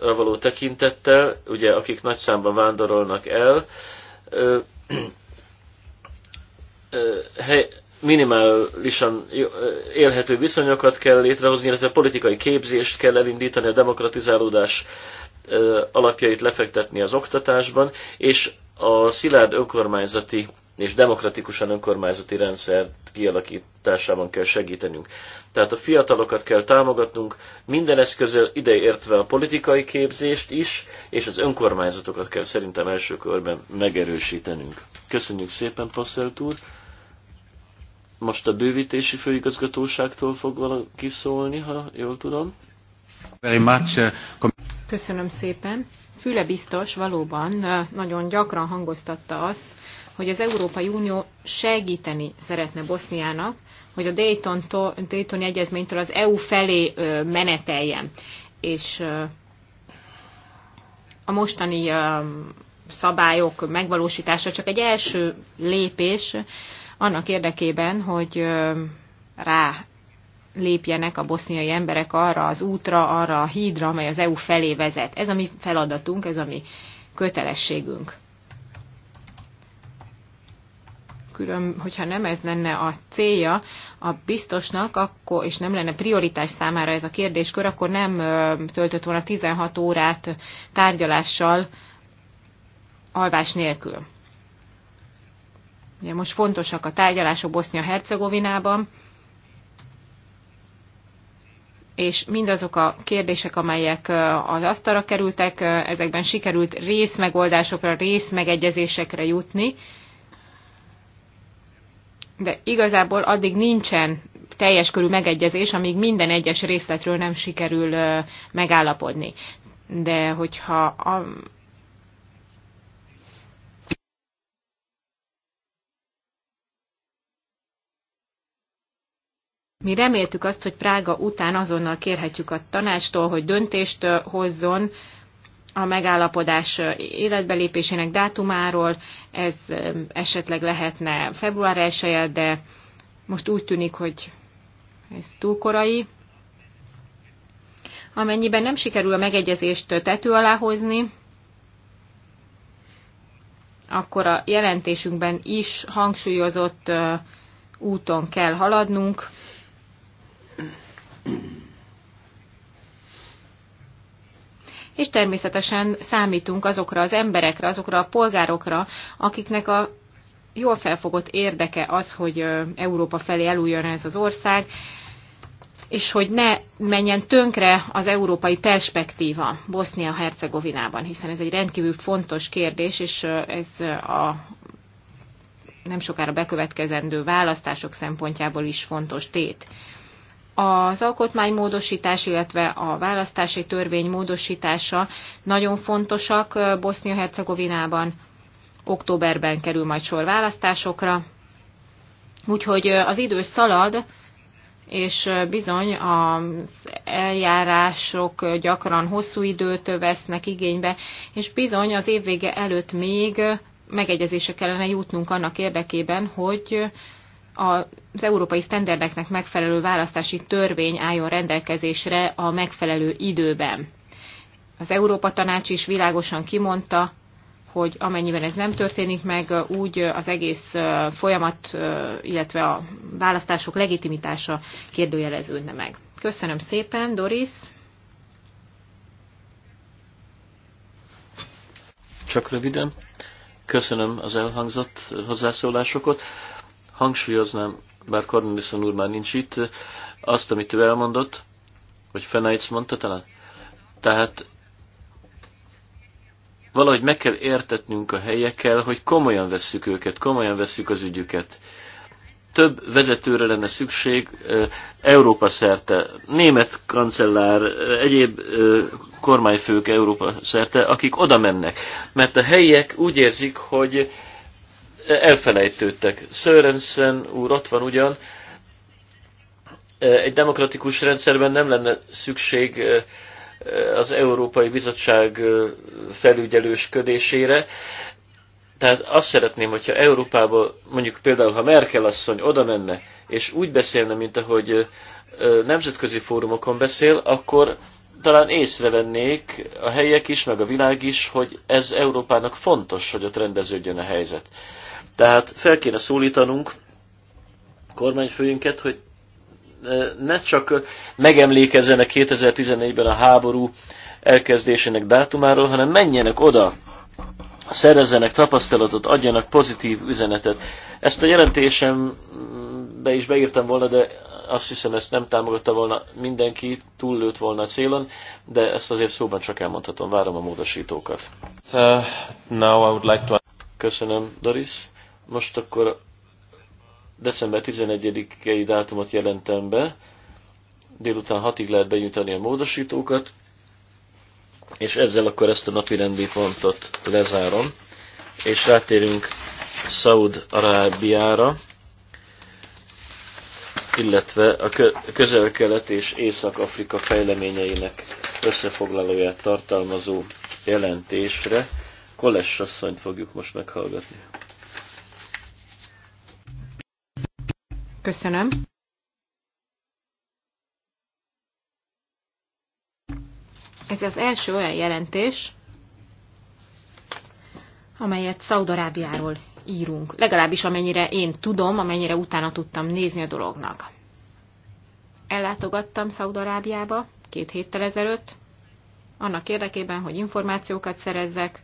való tekintettel, ugye akik nagy számban vándorolnak el, minimálisan élhető viszonyokat kell létrehozni, illetve politikai képzést kell elindítani, a demokratizálódás alapjait lefektetni az oktatásban, és a szilárd önkormányzati és demokratikusan önkormányzati rendszer kialakításában kell segítenünk. Tehát a fiatalokat kell támogatnunk, minden eszközzel ideértve a politikai képzést is, és az önkormányzatokat kell szerintem első körben megerősítenünk. Köszönjük szépen, Passzelt úr! Most a bővítési főigazgatóságtól fog valaki szólni, ha jól tudom. Uh, Köszönöm szépen. Füle biztos valóban nagyon gyakran hangoztatta azt, hogy az Európai Unió segíteni szeretne Boszniának, hogy a Daytoni egyezménytől az EU felé meneteljen. És a mostani szabályok megvalósítása csak egy első lépés annak érdekében, hogy rá lépjenek a boszniai emberek arra az útra, arra a hídra, amely az EU felé vezet. Ez a mi feladatunk, ez a mi kötelességünk. Külön, hogyha nem ez lenne a célja a biztosnak, akkor, és nem lenne prioritás számára ez a kérdéskör, akkor nem töltött volna 16 órát tárgyalással alvás nélkül. Ugye most fontosak a tárgyalások Bosznia-Hercegovinában, és mindazok a kérdések, amelyek az asztalra kerültek, ezekben sikerült részmegoldásokra, részmegegyezésekre jutni, de igazából addig nincsen teljes körű megegyezés, amíg minden egyes részletről nem sikerül megállapodni. De hogyha a Mi reméltük azt, hogy Prága után azonnal kérhetjük a tanácstól, hogy döntést hozzon a megállapodás életbelépésének dátumáról. Ez esetleg lehetne február 1 de most úgy tűnik, hogy ez túl korai. Amennyiben nem sikerül a megegyezést tető alá hozni, akkor a jelentésünkben is hangsúlyozott úton kell haladnunk. És természetesen számítunk azokra az emberekre, azokra a polgárokra, akiknek a jól felfogott érdeke az, hogy Európa felé elújjon ez az ország, és hogy ne menjen tönkre az európai perspektíva Bosznia-Hercegovinában, hiszen ez egy rendkívül fontos kérdés, és ez a nem sokára bekövetkezendő választások szempontjából is fontos tét az alkotmánymódosítás, illetve a választási törvény módosítása nagyon fontosak eh, Bosznia-Hercegovinában. Októberben kerül majd sor választásokra. Úgyhogy eh, az idő szalad, és eh, bizony az eljárások gyakran hosszú időt vesznek igénybe, és bizony az évvége előtt még megegyezése kellene jutnunk annak érdekében, hogy az európai sztenderdeknek megfelelő választási törvény álljon rendelkezésre a megfelelő időben. Az Európa Tanács is világosan kimondta, hogy amennyiben ez nem történik meg, úgy az egész folyamat, illetve a választások legitimitása kérdőjeleződne meg. Köszönöm szépen, Doris! Csak röviden. Köszönöm az elhangzott hozzászólásokat hangsúlyoznám, bár Cornelison úr már nincs itt, azt, amit ő elmondott, hogy Fenaitz mondta talán. Tehát valahogy meg kell értetnünk a helyekkel, hogy komolyan vesszük őket, komolyan vesszük az ügyüket. Több vezetőre lenne szükség Európa szerte, német kancellár, egyéb kormányfők Európa szerte, akik oda mennek. Mert a helyiek úgy érzik, hogy elfelejtődtek. Sörensen úr ott van ugyan, e, egy demokratikus rendszerben nem lenne szükség e, e, az Európai Bizottság felügyelősködésére. Tehát azt szeretném, hogyha Európába, mondjuk például, ha Merkel asszony oda menne, és úgy beszélne, mint ahogy nemzetközi fórumokon beszél, akkor talán észrevennék a helyek is, meg a világ is, hogy ez Európának fontos, hogy ott rendeződjön a helyzet. Tehát fel kéne szólítanunk kormányfőjünket, hogy e, ne csak megemlékezzenek 2014-ben a háború elkezdésének dátumáról, hanem menjenek oda, szerezzenek tapasztalatot, adjanak pozitív üzenetet. Ezt a jelentésem, mm, be is beírtam volna, de azt hiszem ezt nem támogatta volna mindenki, túllőtt volna a célon, de ezt azért szóban csak elmondhatom, várom a módosítókat. So, now I would like to... Köszönöm, Doris. Most akkor december 11-i dátumot jelentem be, délután 6-ig lehet benyújtani a módosítókat, és ezzel akkor ezt a napi rendi pontot lezárom, és rátérünk Saud arábiára illetve a közel-kelet és Észak-Afrika fejleményeinek összefoglalóját tartalmazó jelentésre. Koless asszonyt fogjuk most meghallgatni. Köszönöm. Ez az első olyan jelentés, amelyet Szaudarábiáról írunk. Legalábbis amennyire én tudom, amennyire utána tudtam nézni a dolognak. Ellátogattam Szaudarábiába két héttel ezelőtt, annak érdekében, hogy információkat szerezzek,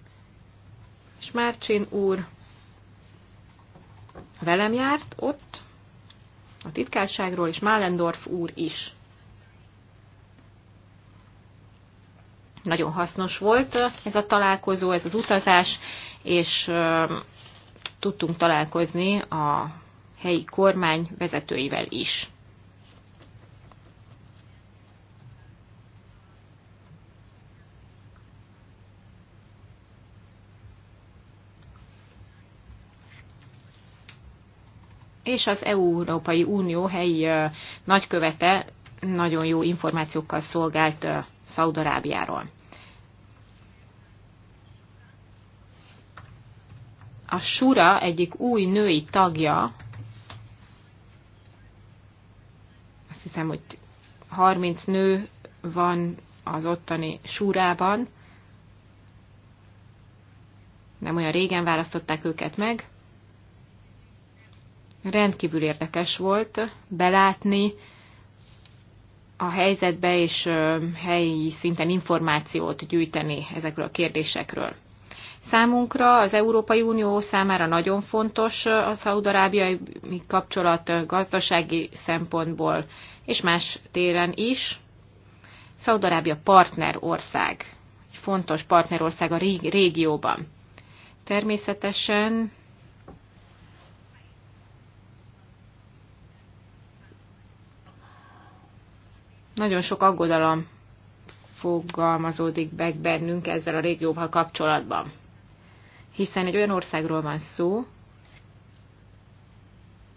és Márcsin úr velem járt ott, a titkárságról, és Málendorf úr is. Nagyon hasznos volt ez a találkozó, ez az utazás, és tudtunk találkozni a helyi kormány vezetőivel is. és az Európai Unió helyi nagykövete nagyon jó információkkal szolgált Szaudarábiáról. A Sura egyik új női tagja, azt hiszem, hogy 30 nő van az ottani Súrában, nem olyan régen választották őket meg, rendkívül érdekes volt belátni a helyzetbe és helyi szinten információt gyűjteni ezekről a kérdésekről. Számunkra az Európai Unió számára nagyon fontos a szaudarábiai kapcsolat gazdasági szempontból és más téren is. Szaudarábia partner ország, egy fontos partnerország a régióban. Természetesen Nagyon sok aggodalom fogalmazódik meg bennünk ezzel a régióval kapcsolatban. Hiszen egy olyan országról van szó,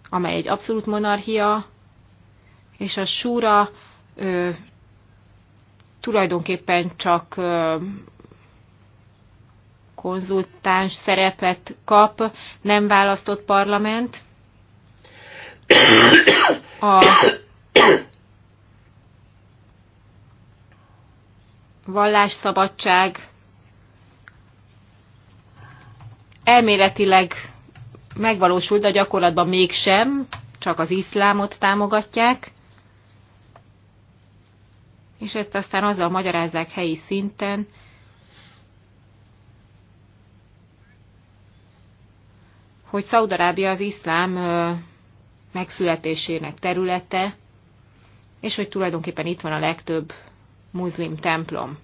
amely egy abszolút monarchia, és a súra ö, tulajdonképpen csak ö, konzultáns szerepet kap, nem választott parlament. A vallásszabadság elméletileg megvalósult de gyakorlatban mégsem, csak az iszlámot támogatják, és ezt aztán azzal magyarázzák helyi szinten, hogy Szaudarábia az iszlám megszületésének területe, és hogy tulajdonképpen itt van a legtöbb muzlim templom.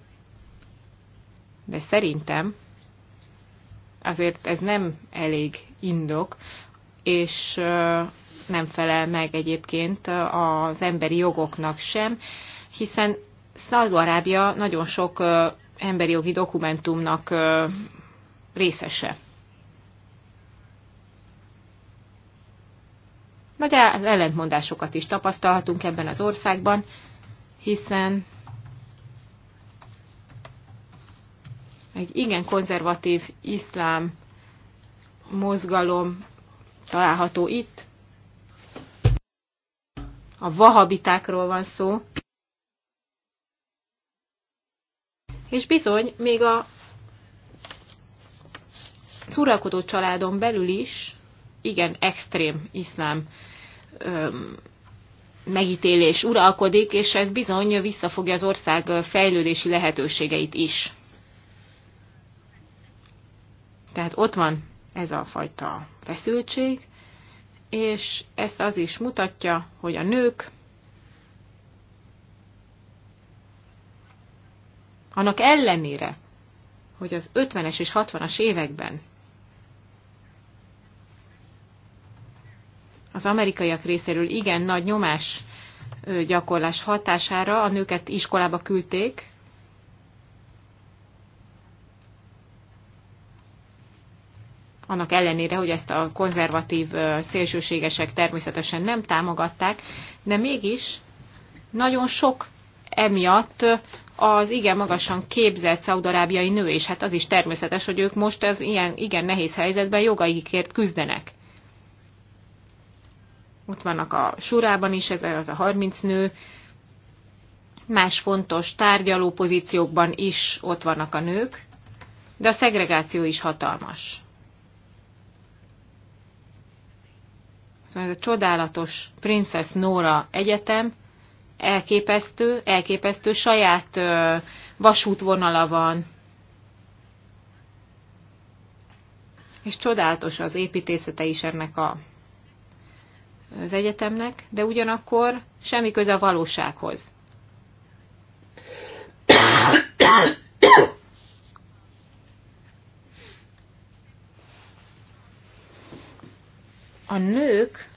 De szerintem azért ez nem elég indok, és nem felel meg egyébként az emberi jogoknak sem, hiszen Szalgarábia nagyon sok emberi jogi dokumentumnak részese. Nagy ellentmondásokat is tapasztalhatunk ebben az országban, hiszen egy igen konzervatív iszlám mozgalom található itt. A vahabitákról van szó. És bizony, még a uralkodó családon belül is, igen, extrém iszlám öm, megítélés uralkodik, és ez bizony visszafogja az ország fejlődési lehetőségeit is. Tehát ott van ez a fajta feszültség, és ezt az is mutatja, hogy a nők annak ellenére, hogy az 50-es és 60-as években az amerikaiak részéről igen nagy nyomás gyakorlás hatására a nőket iskolába küldték, annak ellenére, hogy ezt a konzervatív szélsőségesek természetesen nem támogatták, de mégis nagyon sok emiatt az igen magasan képzett szaudarábiai nő, és hát az is természetes, hogy ők most az ilyen igen nehéz helyzetben jogaikért küzdenek. Ott vannak a surában is, ez az a 30 nő, más fontos tárgyaló pozíciókban is ott vannak a nők, de a szegregáció is hatalmas. Szóval ez a csodálatos Princess Nora Egyetem elképesztő, elképesztő, saját ö, vasútvonala van, és csodálatos az építészete is ennek a, az egyetemnek, de ugyanakkor semmi köze a valósághoz. a nők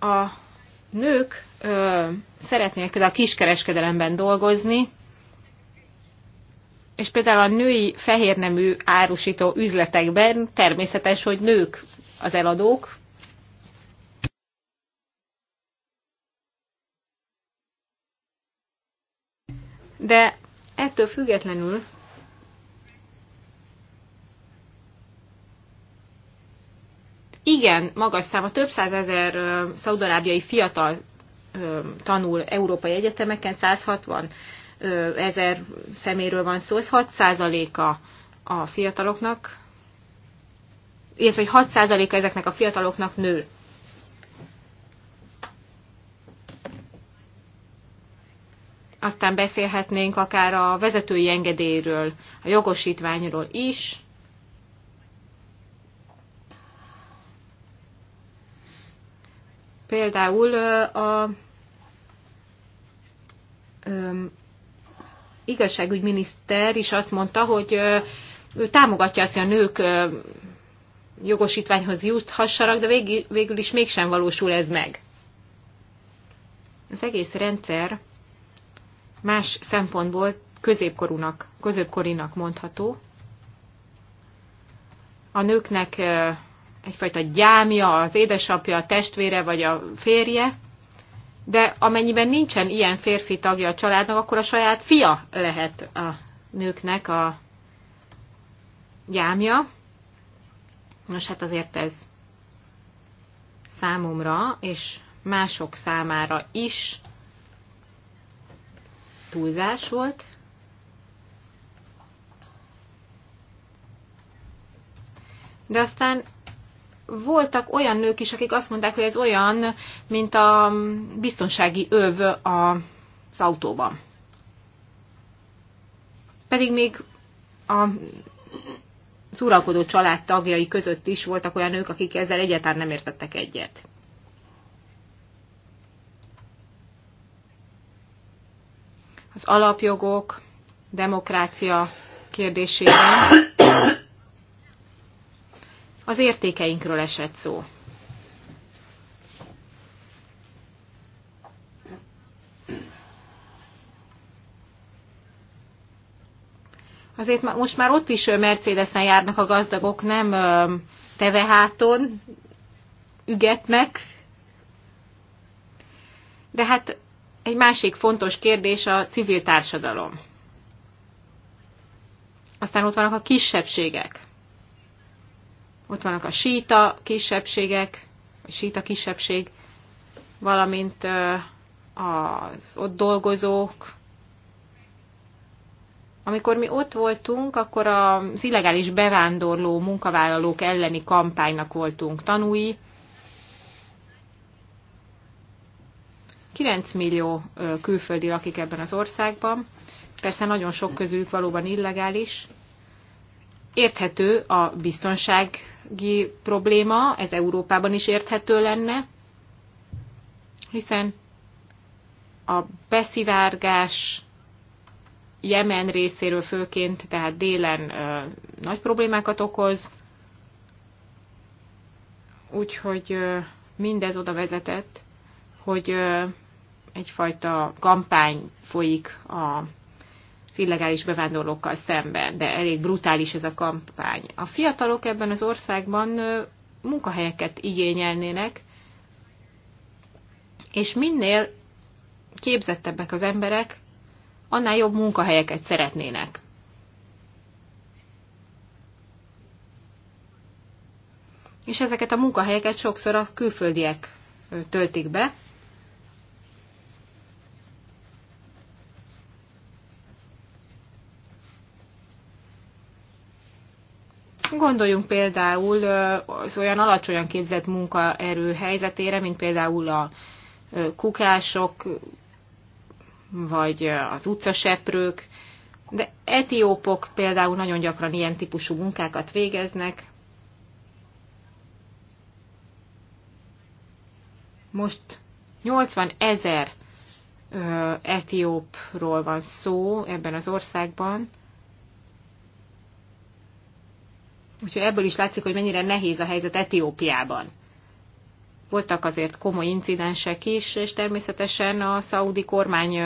a nők ö, szeretnének például a kiskereskedelemben dolgozni, és például a női fehérnemű árusító üzletekben természetes, hogy nők az eladók, De ettől függetlenül igen magas száma, több százezer szaudarábiai fiatal tanul európai egyetemeken, 160 ezer szeméről van szó, ez 6 a a fiataloknak, illetve 6 ezeknek a fiataloknak nő. Aztán beszélhetnénk akár a vezetői engedélyről, a jogosítványról is. Például a igazságügyminiszter is azt mondta, hogy ő támogatja azt, hogy a nők jogosítványhoz juthassanak, de végül is mégsem valósul ez meg. Az egész rendszer más szempontból középkorúnak, középkorinak mondható. A nőknek egyfajta gyámja, az édesapja, a testvére vagy a férje, de amennyiben nincsen ilyen férfi tagja a családnak, akkor a saját fia lehet a nőknek a gyámja. Nos, hát azért ez számomra és mások számára is túlzás volt. De aztán voltak olyan nők is, akik azt mondták, hogy ez olyan, mint a biztonsági öv az autóban. Pedig még a szuralkodó család tagjai között is voltak olyan nők, akik ezzel egyáltalán nem értettek egyet. az alapjogok, demokrácia kérdésében az értékeinkről esett szó. Azért most már ott is Mercedesen járnak a gazdagok, nem teveháton ügetnek. De hát egy másik fontos kérdés a civil társadalom. Aztán ott vannak a kisebbségek. Ott vannak a síta kisebbségek, a síta kisebbség, valamint az ott dolgozók. Amikor mi ott voltunk, akkor az illegális bevándorló munkavállalók elleni kampánynak voltunk tanúi, 9 millió külföldi lakik ebben az országban, persze nagyon sok közülük valóban illegális. Érthető a biztonsági probléma, ez Európában is érthető lenne, hiszen a beszivárgás Jemen részéről főként, tehát délen ö, nagy problémákat okoz, úgyhogy ö, mindez oda vezetett, hogy egyfajta kampány folyik a illegális bevándorlókkal szemben, de elég brutális ez a kampány. A fiatalok ebben az országban munkahelyeket igényelnének, és minél képzettebbek az emberek, annál jobb munkahelyeket szeretnének. És ezeket a munkahelyeket sokszor a külföldiek töltik be, Gondoljunk például az olyan alacsonyan képzett munkaerő helyzetére, mint például a kukások, vagy az utcaseprők, de etiópok például nagyon gyakran ilyen típusú munkákat végeznek. Most 80 ezer etiópról van szó ebben az országban, Úgyhogy ebből is látszik, hogy mennyire nehéz a helyzet Etiópiában. Voltak azért komoly incidensek is, és természetesen a szaudi kormány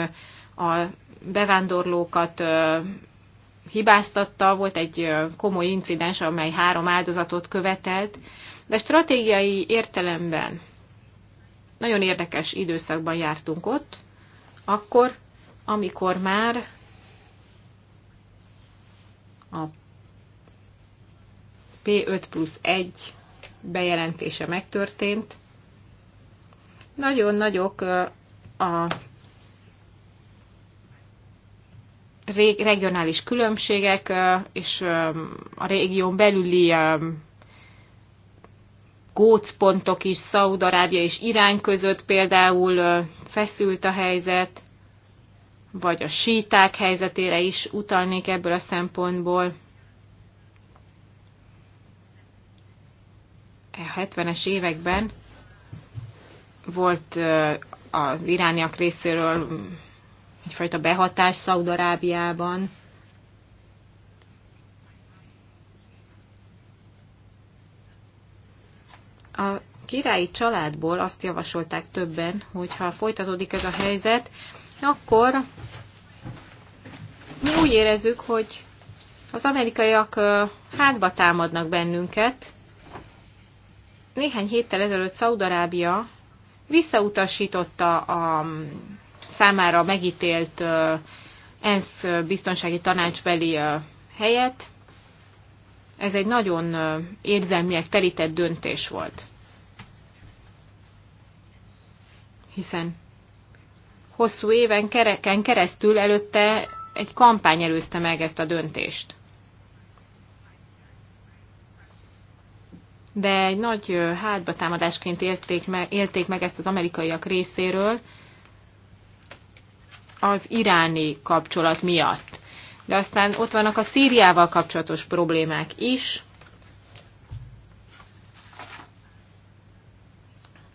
a bevándorlókat hibáztatta, volt egy komoly incidens, amely három áldozatot követelt, de stratégiai értelemben nagyon érdekes időszakban jártunk ott, akkor, amikor már a P5 plusz 1 bejelentése megtörtént. Nagyon nagyok a regionális különbségek és a régión belüli gócpontok is, Szaudarábia és Irán között például feszült a helyzet, vagy a síták helyzetére is utalnék ebből a szempontból. 70-es években volt az irániak részéről egyfajta behatás Szaudarábiában. A királyi családból azt javasolták többen, hogy ha folytatódik ez a helyzet, akkor mi úgy érezzük, hogy az amerikaiak hátba támadnak bennünket, néhány héttel ezelőtt Szaudarábia visszautasította a számára megítélt ENSZ biztonsági tanácsbeli helyet. Ez egy nagyon érzelmileg telített döntés volt. Hiszen hosszú éven kereken keresztül előtte egy kampány előzte meg ezt a döntést. de egy nagy hátba támadásként élték meg, élték meg ezt az amerikaiak részéről az iráni kapcsolat miatt. De aztán ott vannak a Szíriával kapcsolatos problémák is,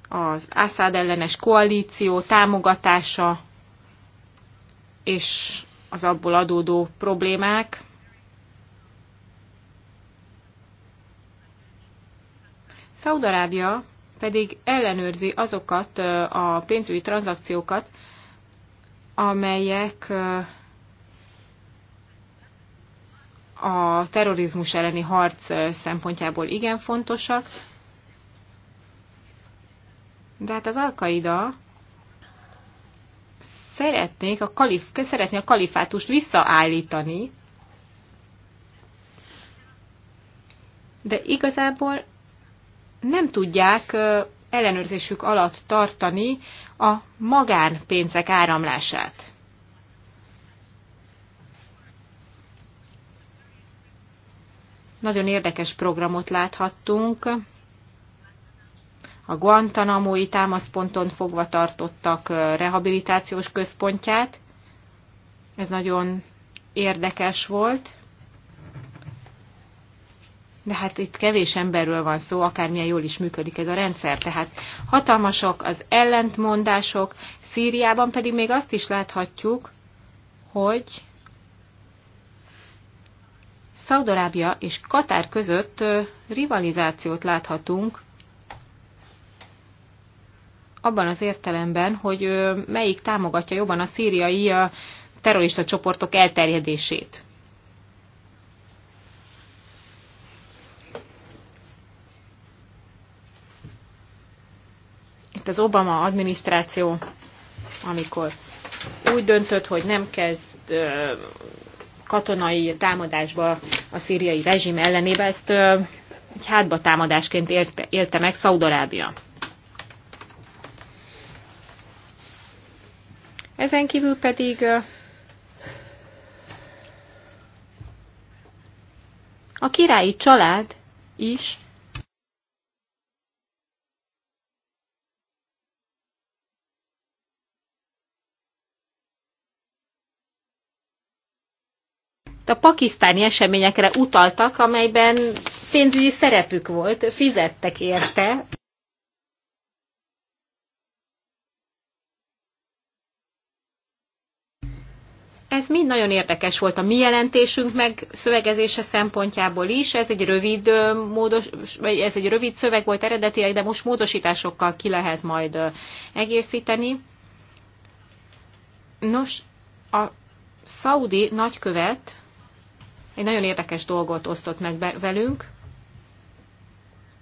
az Assad ellenes koalíció támogatása és az abból adódó problémák. Szaudarábia pedig ellenőrzi azokat a pénzügyi tranzakciókat, amelyek a terrorizmus elleni harc szempontjából igen fontosak. De hát az alkaida szeretnék a kalif, szeretné a kalifátust visszaállítani, de igazából nem tudják ellenőrzésük alatt tartani a magánpénzek áramlását. Nagyon érdekes programot láthattunk. A Guantanamo-i támaszponton fogva tartottak rehabilitációs központját. Ez nagyon érdekes volt de hát itt kevés emberről van szó, akármilyen jól is működik ez a rendszer. Tehát hatalmasok az ellentmondások, Szíriában pedig még azt is láthatjuk, hogy Szaudarábia és Katár között rivalizációt láthatunk, abban az értelemben, hogy melyik támogatja jobban a szíriai terrorista csoportok elterjedését. itt az Obama adminisztráció, amikor úgy döntött, hogy nem kezd katonai támadásba a szíriai rezsim ellenébe, ezt egy hátba támadásként élte, élte meg Szaudarábia. Ezen kívül pedig a királyi család is a pakisztáni eseményekre utaltak, amelyben pénzügyi szerepük volt, fizettek érte. Ez mind nagyon érdekes volt a mi jelentésünk meg szövegezése szempontjából is. Ez egy rövid, módos, vagy ez egy rövid szöveg volt eredetileg, de most módosításokkal ki lehet majd egészíteni. Nos, a szaudi nagykövet egy nagyon érdekes dolgot osztott meg velünk.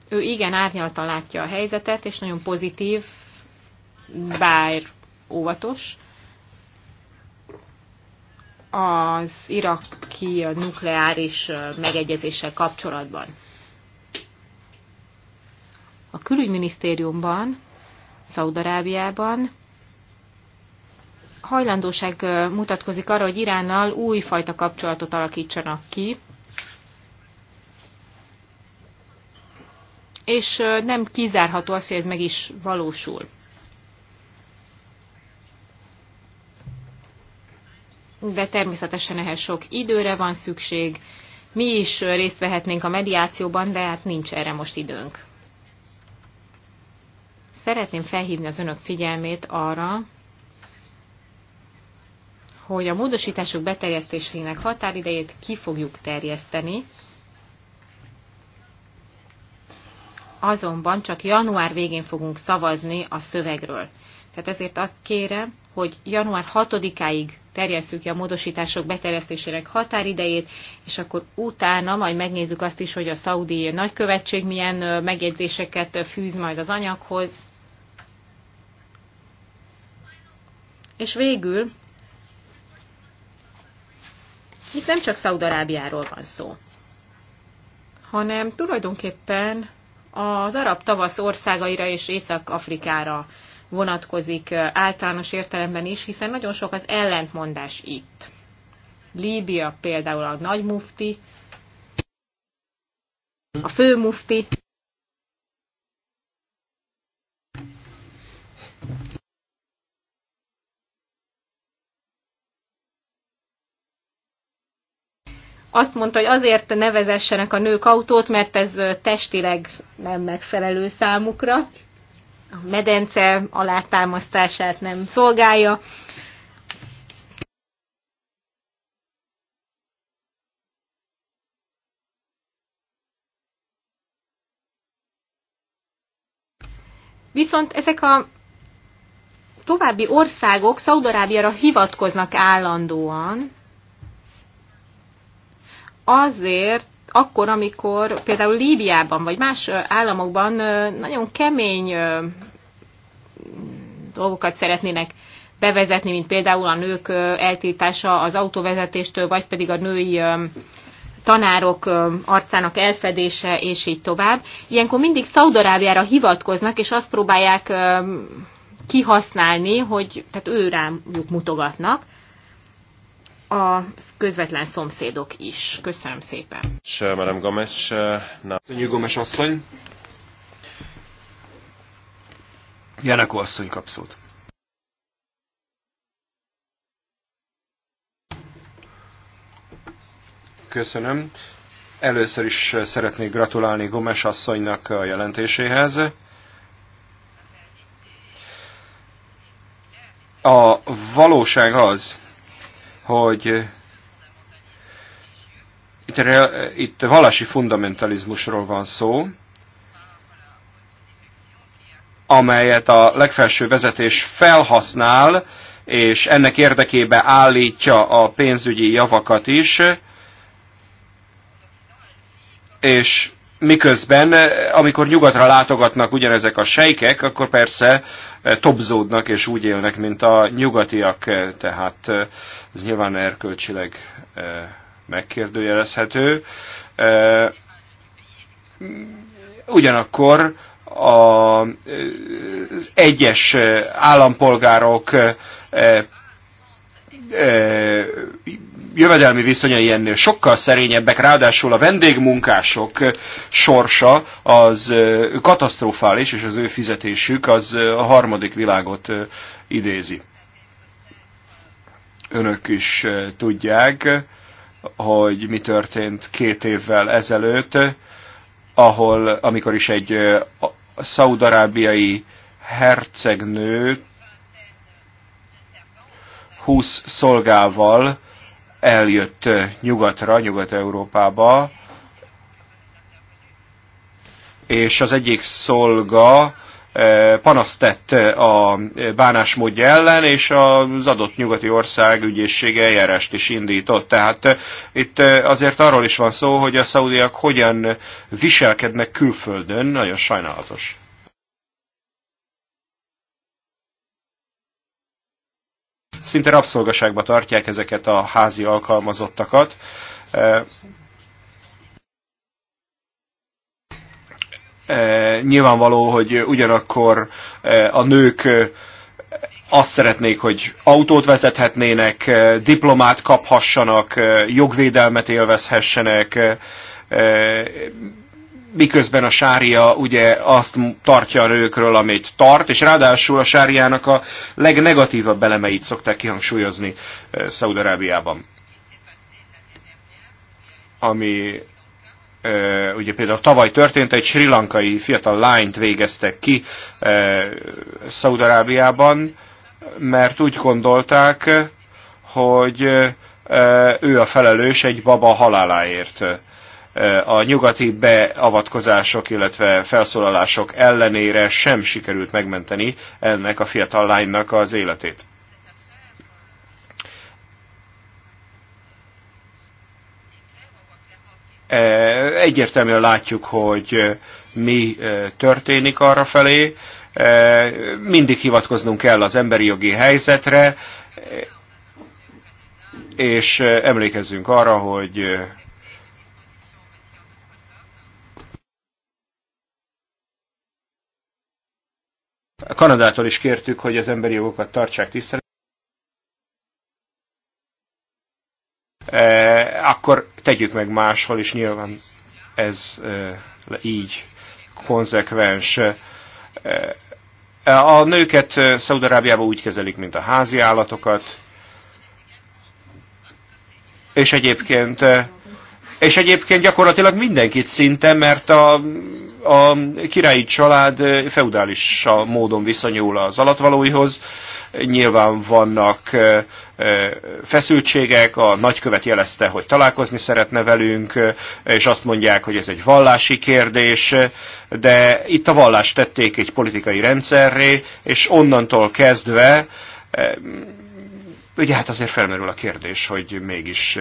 Ő igen árnyaltan látja a helyzetet, és nagyon pozitív, bár óvatos. Az iraki nukleáris megegyezéssel kapcsolatban. A külügyminisztériumban, Szaudarábiában hajlandóság mutatkozik arra, hogy Iránnal újfajta kapcsolatot alakítsanak ki, és nem kizárható az, hogy ez meg is valósul. De természetesen ehhez sok időre van szükség. Mi is részt vehetnénk a mediációban, de hát nincs erre most időnk. Szeretném felhívni az önök figyelmét arra, hogy a módosítások beterjesztésének határidejét ki fogjuk terjeszteni, azonban csak január végén fogunk szavazni a szövegről. Tehát ezért azt kérem, hogy január 6-áig terjesszük ki a módosítások beterjesztésének határidejét, és akkor utána majd megnézzük azt is, hogy a szaudi nagykövetség milyen megjegyzéseket fűz majd az anyaghoz. És végül itt nem csak Szaudarábiáról van szó, hanem tulajdonképpen az arab tavasz országaira és Észak-Afrikára vonatkozik általános értelemben is, hiszen nagyon sok az ellentmondás itt. Líbia például a nagy mufti, a fő mufti, azt mondta, hogy azért ne vezessenek a nők autót, mert ez testileg nem megfelelő számukra. A medence alátámasztását nem szolgálja. Viszont ezek a további országok Szaudarábiára hivatkoznak állandóan, azért, akkor, amikor például Líbiában vagy más államokban nagyon kemény dolgokat szeretnének bevezetni, mint például a nők eltiltása az autóvezetéstől, vagy pedig a női tanárok arcának elfedése, és így tovább. Ilyenkor mindig Szaudarábiára hivatkoznak, és azt próbálják kihasználni, hogy tehát ő rám mutogatnak a közvetlen szomszédok is. Köszönöm szépen. Sőmerem Gomes. Uh, Köszönjük, Gomes asszony. Janakó asszony kap szót. Köszönöm. Először is szeretnék gratulálni Gomes asszonynak a jelentéséhez. A valóság az, hogy eh, itt, re, eh, itt valási fundamentalizmusról van szó, amelyet a legfelső vezetés felhasznál, és ennek érdekébe állítja a pénzügyi javakat is, és miközben eh, amikor nyugatra látogatnak ugyanezek a sejkek, akkor persze eh, tobzódnak és úgy élnek, mint a nyugatiak, eh, tehát ez nyilván erkölcsileg megkérdőjelezhető. Ugyanakkor az egyes állampolgárok jövedelmi viszonyai ennél sokkal szerényebbek, ráadásul a vendégmunkások sorsa az katasztrofális, és az ő fizetésük az a harmadik világot idézi. Önök is tudják, hogy mi történt két évvel ezelőtt, ahol, amikor is egy szaudarábiai hercegnőt 20 szolgával eljött nyugatra, Nyugat-Európába, és az egyik szolga panasztett a bánásmódja ellen, és az adott nyugati ország ügyészsége eljárást is indított. Tehát itt azért arról is van szó, hogy a szaudiak hogyan viselkednek külföldön, nagyon sajnálatos. szinte rabszolgaságba tartják ezeket a házi alkalmazottakat. E, e, nyilvánvaló, hogy ugyanakkor e, a nők azt szeretnék, hogy autót vezethetnének, diplomát kaphassanak, jogvédelmet élvezhessenek, miközben a sária ugye azt tartja a nőkről, amit tart, és ráadásul a sáriának a legnegatívabb elemeit szokták kihangsúlyozni eh, Szaudarábiában. Ami eh, ugye például tavaly történt, egy sri lankai fiatal lányt végeztek ki eh, Szaudarábiában, mert úgy gondolták, hogy ő a felelős egy baba haláláért a nyugati beavatkozások, illetve felszólalások ellenére sem sikerült megmenteni ennek a fiatal lánynak az életét. E, egyértelműen látjuk, hogy mi e, történik arra felé. E, mindig hivatkoznunk kell az emberi jogi helyzetre, és emlékezzünk arra, hogy A Kanadától is kértük, hogy az emberi jogokat tartsák E, Akkor tegyük meg máshol is, nyilván ez e, így konzekvens. E, e, a nőket Szaudarábiában úgy kezelik, mint a házi állatokat, és egyébként és egyébként gyakorlatilag mindenkit szinte, mert a, a királyi család feudális módon viszonyul az alatvalóihoz, nyilván vannak feszültségek, a nagykövet jelezte, hogy találkozni szeretne velünk, és azt mondják, hogy ez egy vallási kérdés, de itt a vallást tették egy politikai rendszerré, és onnantól kezdve, ugye hát azért felmerül a kérdés, hogy mégis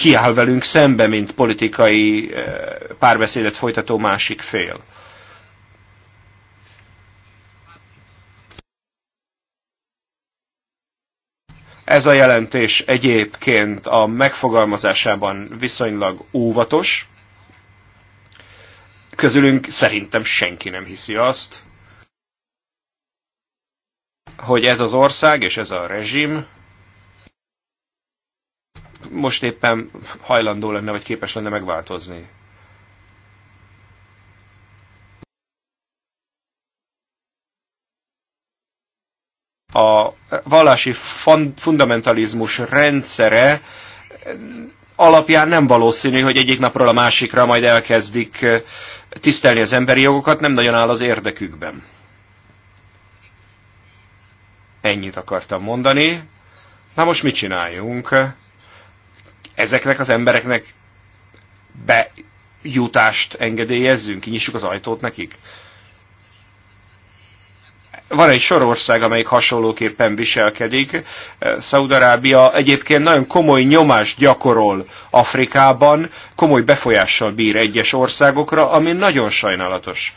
kiáll velünk szembe, mint politikai eh, párbeszédet folytató másik fél. Ez a jelentés egyébként a megfogalmazásában viszonylag óvatos. Közülünk szerintem senki nem hiszi azt, hogy ez az ország és ez a rezsim most éppen hajlandó lenne, vagy képes lenne megváltozni? A vallási fundamentalizmus rendszere alapján nem valószínű, hogy egyik napról a másikra majd elkezdik tisztelni az emberi jogokat, nem nagyon áll az érdekükben. Ennyit akartam mondani. Na most mit csináljunk? ezeknek az embereknek bejutást engedélyezzünk, kinyissuk az ajtót nekik? van egy sorország, amelyik hasonlóképpen viselkedik. Szaudarábia egyébként nagyon komoly nyomást gyakorol Afrikában, komoly befolyással bír egyes országokra, ami nagyon sajnálatos.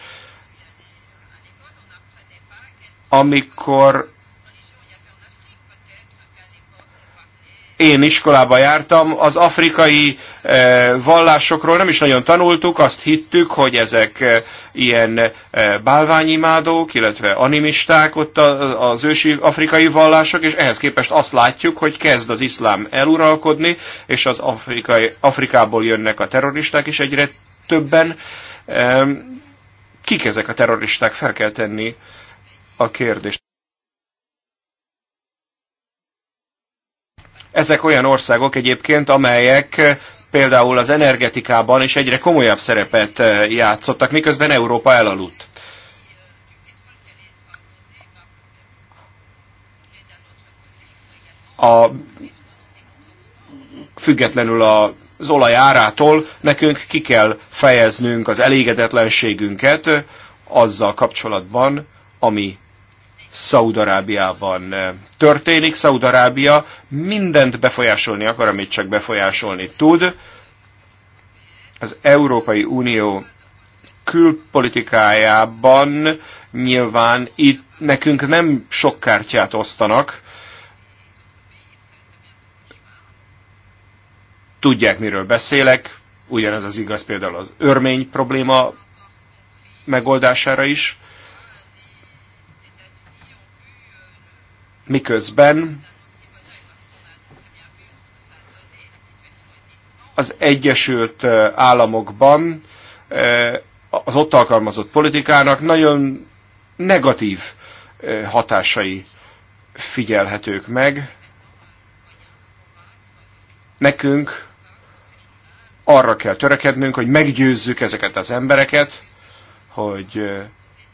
Amikor én iskolába jártam, az afrikai eh, vallásokról nem is nagyon tanultuk, azt hittük, hogy ezek eh, ilyen eh, bálványimádók, illetve animisták ott az ősi afrikai vallások, és ehhez képest azt látjuk, hogy kezd az iszlám eluralkodni, és az afrikai, Afrikából jönnek a terroristák is egyre többen. Kik ezek a terroristák? Fel kell tenni a kérdést. Ezek olyan országok egyébként, amelyek eh, például az energetikában is egyre komolyabb szerepet eh, játszottak, miközben Európa elaludt. A függetlenül az olaj árától nekünk ki kell fejeznünk az elégedetlenségünket eh, azzal kapcsolatban, ami Szaudarábiában eh, történik. Szaudarábia mindent befolyásolni akar, amit csak befolyásolni tud. Az Európai Unió külpolitikájában nyilván itt nekünk nem sok kártyát osztanak. Tudják, miről beszélek. Ugyanez az igaz például az örmény probléma megoldására is. miközben az Egyesült eh, Államokban eh, az ott alkalmazott politikának nagyon negatív eh, hatásai figyelhetők meg. Nekünk arra kell törekednünk, hogy meggyőzzük ezeket az embereket, hogy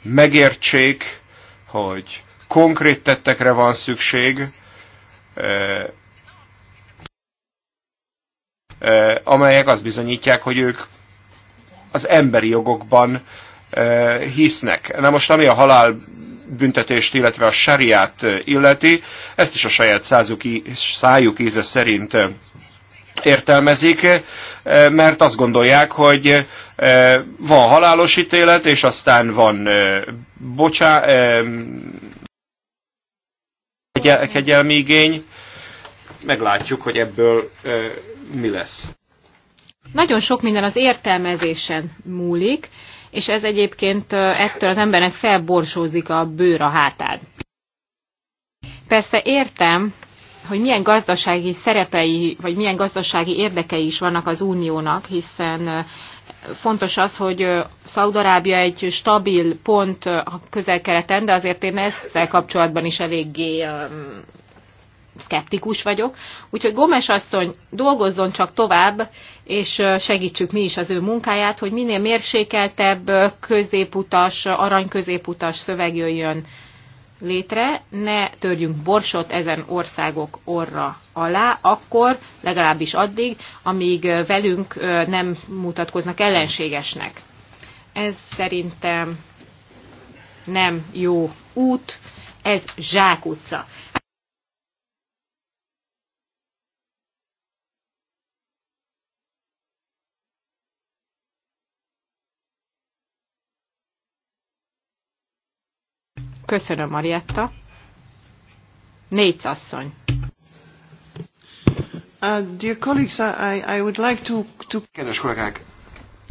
megértsék, hogy konkrét tettekre van szükség, amelyek azt bizonyítják, hogy ők az emberi jogokban hisznek. Na most, ami a halál büntetést, illetve a sariát illeti, ezt is a saját százuk, szájuk íze szerint értelmezik, mert azt gondolják, hogy van halálos ítélet, és aztán van bocsá, kegyelmi igény. Meglátjuk, hogy ebből mi lesz. Nagyon sok minden az értelmezésen múlik, és ez egyébként ettől az embernek felborsózik a bőr a hátán. Persze értem, hogy milyen gazdasági szerepei, vagy milyen gazdasági érdekei is vannak az uniónak, hiszen fontos az, hogy Szaudarábia egy stabil pont a közel-keleten, de azért én ezzel kapcsolatban is eléggé szkeptikus vagyok. Úgyhogy Gomes asszony, dolgozzon csak tovább, és segítsük mi is az ő munkáját, hogy minél mérsékeltebb középutas, arany középutas szöveg jöjjön létre, ne törjünk borsot ezen országok orra alá, akkor, legalábbis addig, amíg velünk nem mutatkoznak ellenségesnek. Ez szerintem nem jó út, ez zsákutca. Köszönöm, Marietta. Négy asszony. Uh, Kedves kollégák,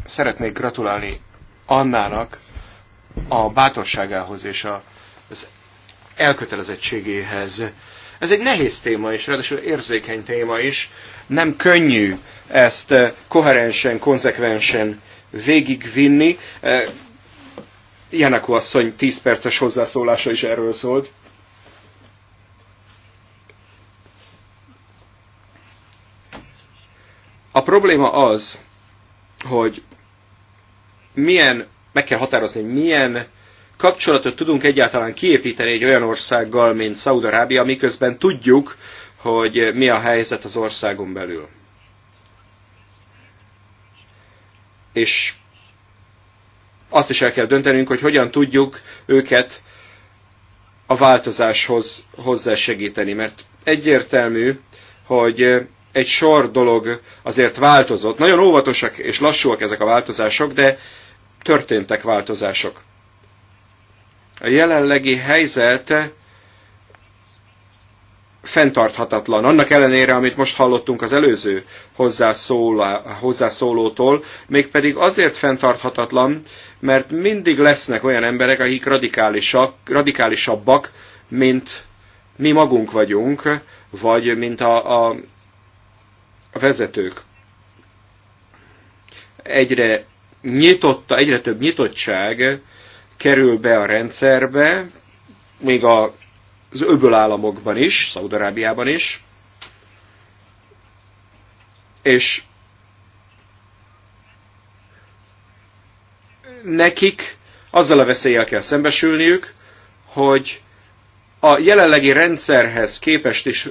szeretnék gratulálni Annának a bátorságához és az elkötelezettségéhez. Ez egy nehéz téma, is, ráadásul érzékeny téma is. Nem könnyű ezt uh, koherensen, konzekvensen végigvinni. Uh, Janakó asszony 10 perces hozzászólása is erről szólt. probléma az, hogy milyen, meg kell határozni, milyen kapcsolatot tudunk egyáltalán kiépíteni egy olyan országgal, mint Szaudarábia, miközben tudjuk, hogy mi a helyzet az országon belül. És azt is el kell döntenünk, hogy hogyan tudjuk őket a változáshoz hozzásegíteni, mert egyértelmű, hogy egy sor dolog azért változott. Nagyon óvatosak és lassúak ezek a változások, de történtek változások. A jelenlegi helyzet fenntarthatatlan. Annak ellenére, amit most hallottunk az előző hozzászólá, hozzászólótól, mégpedig azért fenntarthatatlan, mert mindig lesznek olyan emberek, akik radikálisak, radikálisabbak, mint mi magunk vagyunk, vagy mint a, a a vezetők egyre nyitotta, egyre több nyitottság kerül be a rendszerbe, még a, az öböl államokban is, Szaudarábiában is, és nekik azzal a veszéllyel kell szembesülniük, hogy a jelenlegi rendszerhez képest is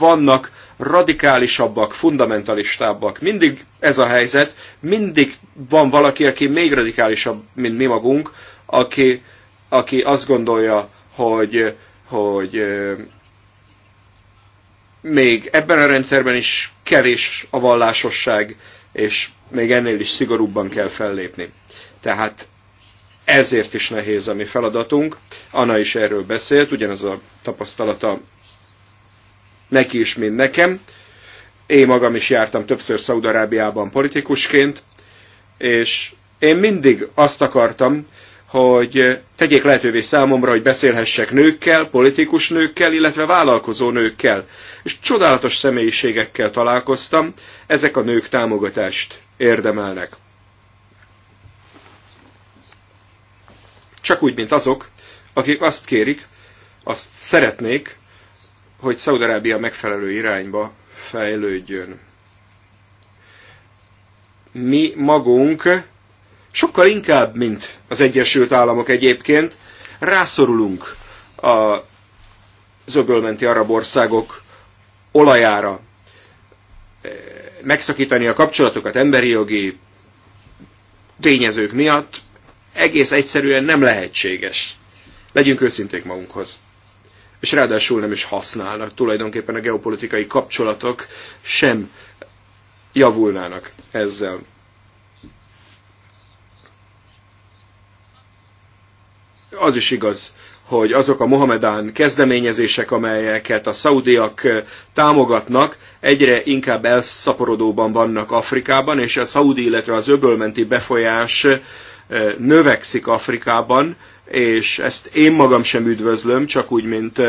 vannak radikálisabbak, fundamentalistábbak. Mindig ez a helyzet, mindig van valaki, aki még radikálisabb, mint mi magunk, aki, aki azt gondolja, hogy, hogy még ebben a rendszerben is kevés a vallásosság, és még ennél is szigorúbban kell fellépni. Tehát ezért is nehéz a mi feladatunk. Anna is erről beszélt, ugyanez a tapasztalata neki is, mint nekem. Én magam is jártam többször Szaudarábiában politikusként, és én mindig azt akartam, hogy tegyék lehetővé számomra, hogy beszélhessek nőkkel, politikus nőkkel, illetve vállalkozó nőkkel. És csodálatos személyiségekkel találkoztam, ezek a nők támogatást érdemelnek. Csak úgy, mint azok, akik azt kérik, azt szeretnék, hogy Szaudarábia megfelelő irányba fejlődjön. Mi magunk sokkal inkább, mint az Egyesült Államok egyébként, rászorulunk a zöbölmenti arab országok olajára. Megszakítani a kapcsolatokat emberi jogi tényezők miatt egész egyszerűen nem lehetséges. Legyünk őszinték magunkhoz és ráadásul nem is használnak. Tulajdonképpen a geopolitikai kapcsolatok sem javulnának ezzel. Az is igaz, hogy azok a Mohamedán kezdeményezések, amelyeket a szaudiak eh, támogatnak, egyre inkább elszaporodóban vannak Afrikában, és a szaudi, illetve az öbölmenti befolyás eh, növekszik Afrikában, és ezt én magam sem üdvözlöm, csak úgy, mint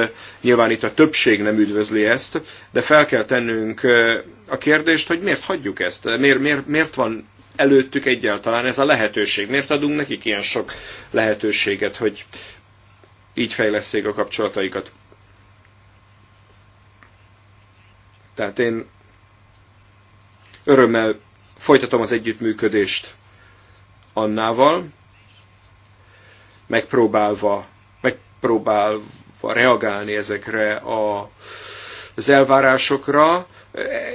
nyilván itt a többség nem üdvözli ezt, de fel kell tennünk a kérdést, hogy miért hagyjuk ezt, miért, miért, miért van előttük egyáltalán ez a lehetőség, miért adunk nekik ilyen sok lehetőséget, hogy így fejleszék a kapcsolataikat. Tehát én örömmel folytatom az együttműködést Annával, megpróbálva, megpróbálva reagálni ezekre a, az elvárásokra,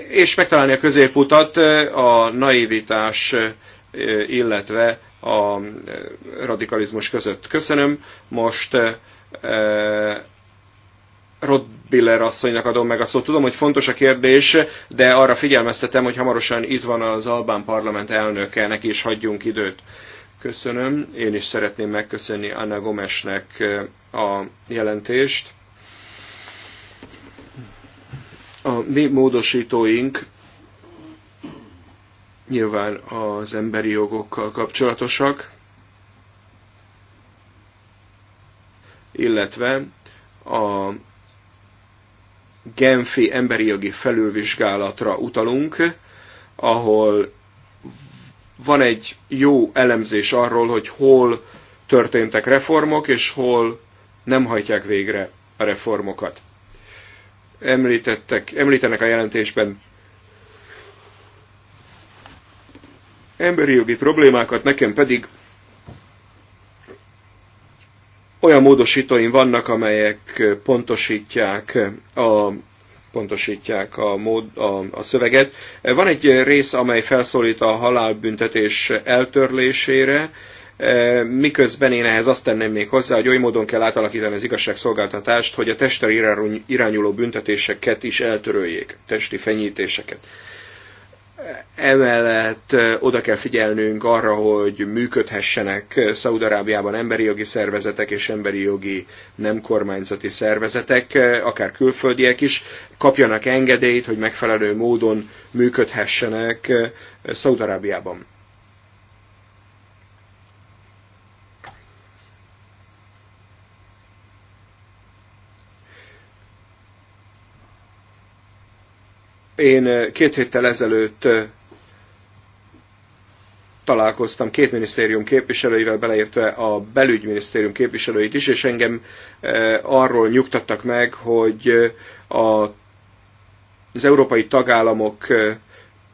és megtalálni a középutat a naivitás, illetve a radikalizmus között. Köszönöm, most e, Rodbiller asszonynak adom meg a szót. Tudom, hogy fontos a kérdés, de arra figyelmeztetem, hogy hamarosan itt van az Albán parlament elnöke, neki is hagyjunk időt. Köszönöm. Én is szeretném megköszönni Anna Gomesnek eh, a jelentést. A mi módosítóink nyilván az emberi jogokkal kapcsolatosak, illetve a Genfi emberi jogi felülvizsgálatra utalunk, ahol van egy jó elemzés arról, hogy hol történtek reformok, és hol nem hajtják végre a reformokat. Említettek, említenek a jelentésben emberi jogi problémákat, nekem pedig olyan módosítóim vannak, amelyek pontosítják a pontosítják a, mód, a, a szöveget. Van egy rész, amely felszólít a halálbüntetés eltörlésére, e, miközben én ehhez azt tenném még hozzá, hogy oly módon kell átalakítani az igazságszolgáltatást, hogy a testre irányuló büntetéseket is eltöröljék, testi fenyítéseket. Emellett oda kell figyelnünk arra, hogy működhessenek Szaudarábiában emberi jogi szervezetek és emberi jogi nem kormányzati szervezetek, akár külföldiek is, kapjanak engedélyt, hogy megfelelő módon működhessenek Szaudarábiában. Én két héttel ezelőtt találkoztam két minisztérium képviselőivel, beleértve a belügyminisztérium képviselőit is, és engem arról nyugtattak meg, hogy a, az európai tagállamok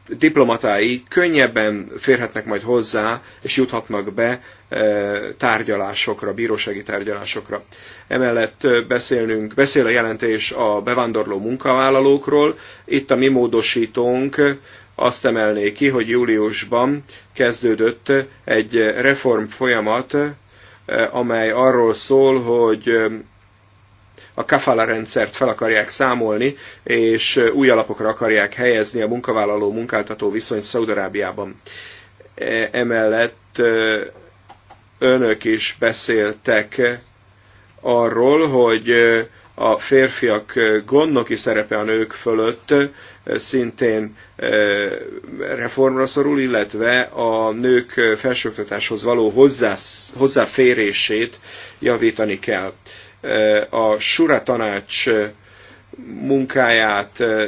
diplomatái könnyebben férhetnek majd hozzá, és juthatnak be e, tárgyalásokra, bírósági tárgyalásokra. Emellett e, beszélnünk, beszél a jelentés a bevándorló munkavállalókról. Itt a mi módosítónk azt emelné ki, hogy júliusban kezdődött egy reform folyamat, e, amely arról szól, hogy a kafala rendszert fel akarják számolni, és új alapokra akarják helyezni a munkavállaló-munkáltató viszonyt Szaudarábiában. E, emellett önök is beszéltek arról, hogy a férfiak gondnoki szerepe a nők fölött szintén reformra szorul, illetve a nők felsőoktatáshoz való hozzáférését javítani kell. Eh, a Sura tanács eh, munkáját eh,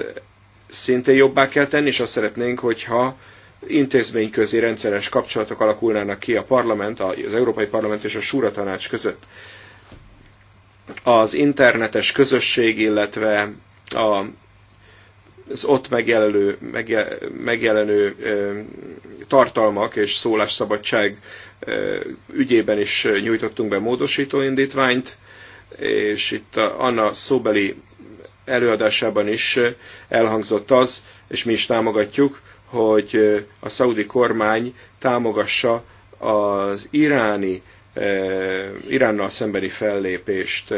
szintén jobbá kell tenni, és azt szeretnénk, hogyha intézményközi rendszeres kapcsolatok alakulnának ki a parlament, az Európai Parlament és a Súra Tanács között. Az internetes közösség, illetve a, az ott megjelenő, megjelenő tartalmak és szólásszabadság ö, ügyében is nyújtottunk be módosító indítványt és itt Anna szóbeli előadásában is elhangzott az, és mi is támogatjuk, hogy a szaudi kormány támogassa az iráni, Iránnal szembeni fellépést.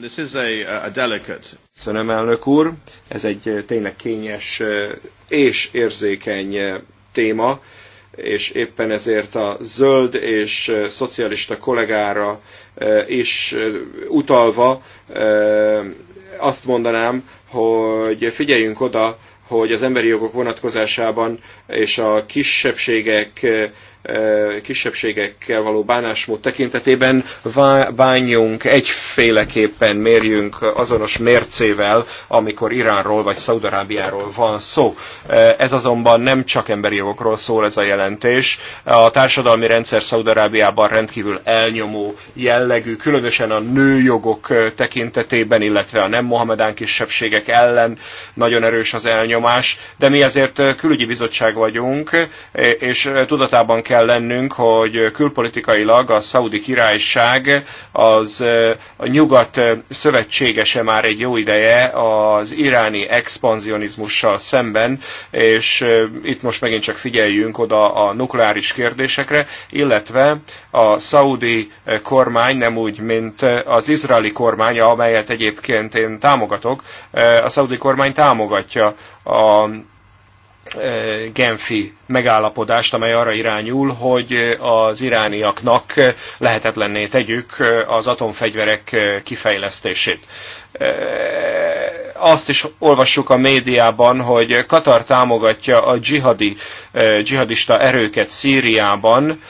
This is a, a delicate. Köszönöm, elnök úr. Ez egy tényleg kényes és érzékeny téma és éppen ezért a zöld és szocialista kollégára is utalva azt mondanám, hogy figyeljünk oda, hogy az emberi jogok vonatkozásában és a kisebbségek kisebbségekkel való bánásmód tekintetében bánjunk egyféleképpen, mérjünk azonos mércével, amikor Iránról vagy Szaudarábiáról van szó. Ez azonban nem csak emberi jogokról szól ez a jelentés. A társadalmi rendszer Szaudarábiában rendkívül elnyomó jellegű, különösen a nőjogok tekintetében, illetve a nem mohamedán kisebbségek ellen nagyon erős az elnyomás, de mi ezért külügyi bizottság vagyunk, és tudatában kell kell lennünk, hogy külpolitikailag a Szaudi Királyság az a nyugat szövetségese már egy jó ideje az iráni expanzionizmussal szemben, és itt most megint csak figyeljünk oda a nukleáris kérdésekre, illetve a szaudi kormány nem úgy, mint az izraeli kormány, amelyet egyébként én támogatok, a szaudi kormány támogatja a Genfi megállapodást, amely arra irányul, hogy az irániaknak lehetetlenné tegyük az atomfegyverek kifejlesztését azt is olvassuk a médiában, hogy Katar támogatja a dzsihadi, dzsihadista erőket Szíriában,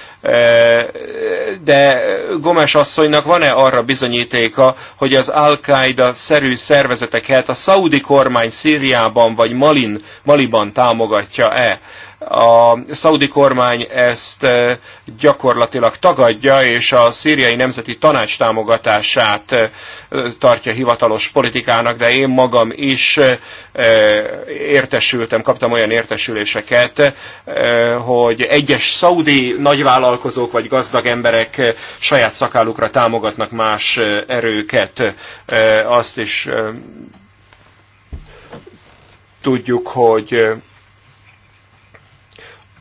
de Gomes asszonynak van-e arra bizonyítéka, hogy az Al-Qaeda szerű szervezeteket a szaudi kormány Szíriában vagy Malin, Maliban támogatja-e? A szaudi kormány ezt e, gyakorlatilag tagadja, és a szíriai nemzeti tanács támogatását e, tartja hivatalos politikának, de én magam is e, értesültem, kaptam olyan értesüléseket, hogy egyes szaudi nagyvállalkozók vagy gazdag emberek saját szakálukra támogatnak más erőket. Azt is tudjuk, hogy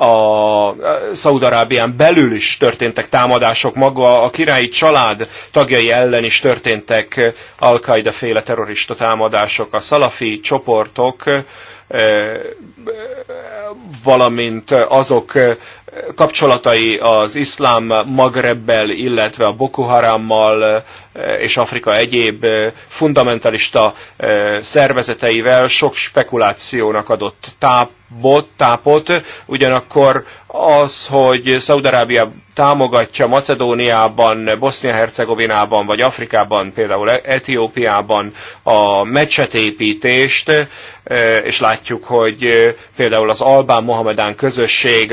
a Szaudarábián belül is történtek támadások, maga a királyi család tagjai ellen is történtek al qaeda féle terrorista támadások, a szalafi csoportok, e, valamint azok kapcsolatai az iszlám Magrebbel, illetve a Boko Harammal e, és Afrika egyéb e, fundamentalista szervezeteivel sok spekulációnak adott táp, bot, tápot, ugyanakkor az, hogy Szaudarábia támogatja Macedóniában, Bosznia-Hercegovinában, vagy Afrikában, például Etiópiában a mecsetépítést, e, és látjuk, hogy e, például az albán mohamedán közösség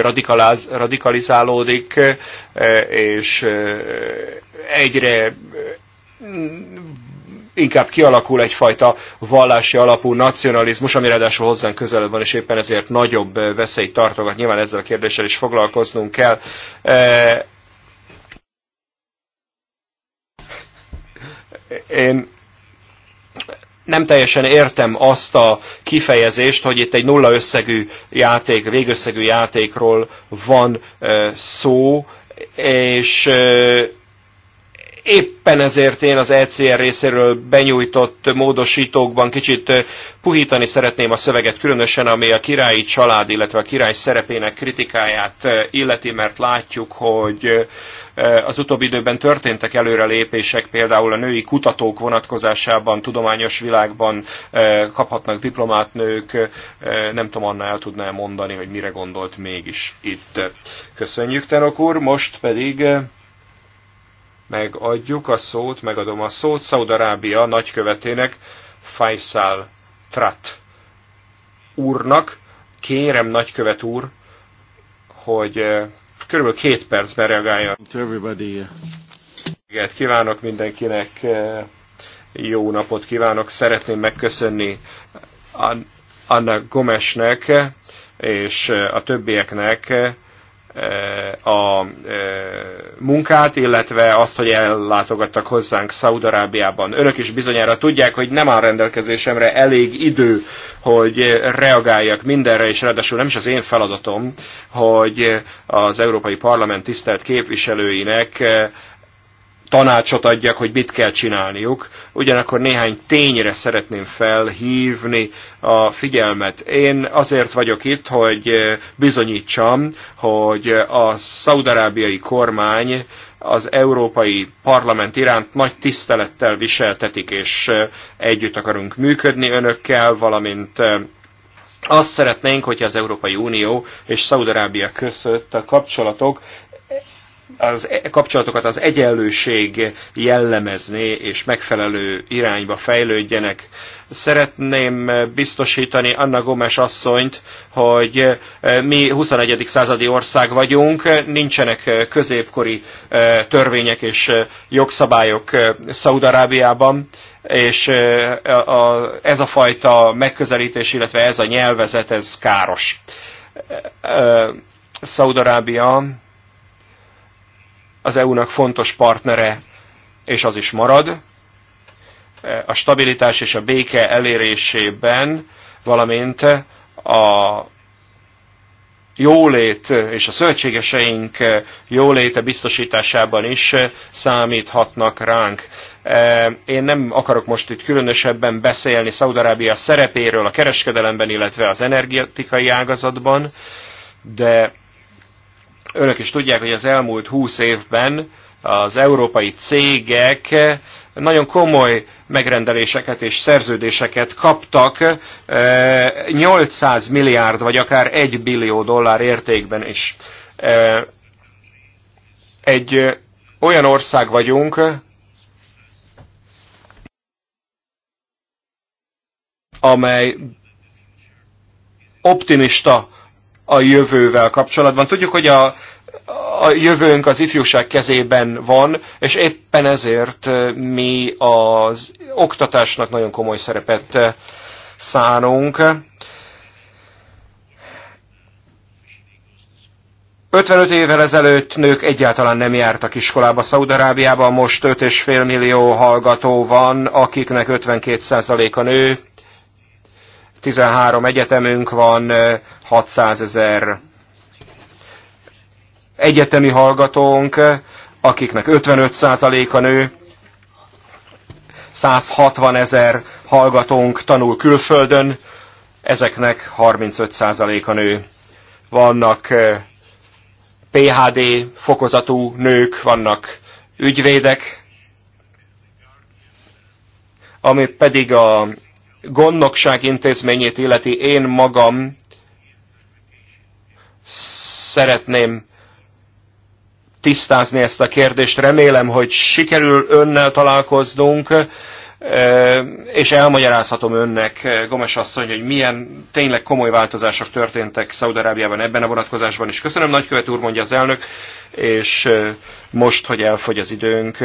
radikalizálódik, e, és egyre inkább kialakul egyfajta vallási alapú nacionalizmus, ami ráadásul hozzánk közelebb van, és éppen ezért nagyobb veszélyt tartogat. Nyilván ezzel a kérdéssel is foglalkoznunk kell. Én nem teljesen értem azt a kifejezést, hogy itt egy nulla összegű játék, végösszegű játékról van szó, és éppen ezért én az ECR részéről benyújtott módosítókban kicsit puhítani szeretném a szöveget, különösen ami a királyi család, illetve a király szerepének kritikáját illeti, mert látjuk, hogy az utóbbi időben történtek előrelépések, például a női kutatók vonatkozásában, tudományos világban kaphatnak diplomát nők. Nem tudom, Anna el tudná mondani, hogy mire gondolt mégis itt. Köszönjük, Tenok úr, most pedig megadjuk a szót, megadom a szót Szaudarábia nagykövetének, Faisal Trat úrnak. Kérem, nagykövet úr, hogy eh, körülbelül két percben reagáljon. Kívánok mindenkinek, eh, jó napot kívánok. Szeretném megköszönni Anna Gomesnek eh, és a többieknek, a munkát, illetve azt, hogy ellátogattak hozzánk Szaudarábiában. Önök is bizonyára tudják, hogy nem áll rendelkezésemre elég idő, hogy reagáljak mindenre, és ráadásul nem is az én feladatom, hogy az Európai Parlament tisztelt képviselőinek tanácsot adjak, hogy mit kell csinálniuk. Ugyanakkor néhány tényre szeretném felhívni a figyelmet. Én azért vagyok itt, hogy eh, bizonyítsam, hogy a szaudarábiai kormány az Európai Parlament iránt nagy tisztelettel viseltetik, és eh, együtt akarunk működni önökkel, valamint eh, azt szeretnénk, hogyha az Európai Unió és Szaudarábia között a kapcsolatok az e- kapcsolatokat az egyenlőség jellemezni és megfelelő irányba fejlődjenek. Szeretném biztosítani Anna Gomes asszonyt, hogy e, mi 21. századi ország vagyunk, nincsenek e, középkori törvények és jogszabályok Szaudarábiában, és ez a fajta megközelítés, illetve ez a nyelvezet, ez káros. Szaudarábia az EU-nak fontos partnere, és az is marad, e, a stabilitás és a béke elérésében, valamint a jólét és a szövetségeseink jóléte biztosításában is számíthatnak ránk. E, én nem akarok most itt különösebben beszélni Szaudarábia szerepéről a kereskedelemben, illetve az energetikai ágazatban, de Önök is tudják, hogy az elmúlt 20 évben az európai cégek nagyon komoly megrendeléseket és szerződéseket kaptak 800 e, milliárd vagy akár 1 billió dollár értékben is. E, egy olyan ország vagyunk, amely optimista a jövővel kapcsolatban. Tudjuk, hogy a, a jövőnk az ifjúság kezében van, és éppen ezért mi az oktatásnak nagyon komoly szerepet szánunk. 55 évvel ezelőtt nők egyáltalán nem jártak iskolába Szaudarábiában, most 5,5 millió hallgató van, akiknek 52% a nő, 13 egyetemünk van, 600 ezer egyetemi hallgatónk, akiknek 55%-a nő, 160 ezer hallgatónk tanul külföldön, ezeknek 35%-a nő. Vannak PHD fokozatú nők, vannak ügyvédek, ami pedig a gondnokság intézményét illeti, én magam szeretném tisztázni ezt a kérdést. Remélem, hogy sikerül önnel találkoznunk, e, és elmagyarázhatom önnek, e, Gomes asszony, hogy milyen tényleg komoly változások történtek Szaudarábiában ebben a vonatkozásban is. Köszönöm, nagykövet úr, mondja az elnök, és e, most, hogy elfogy az időnk,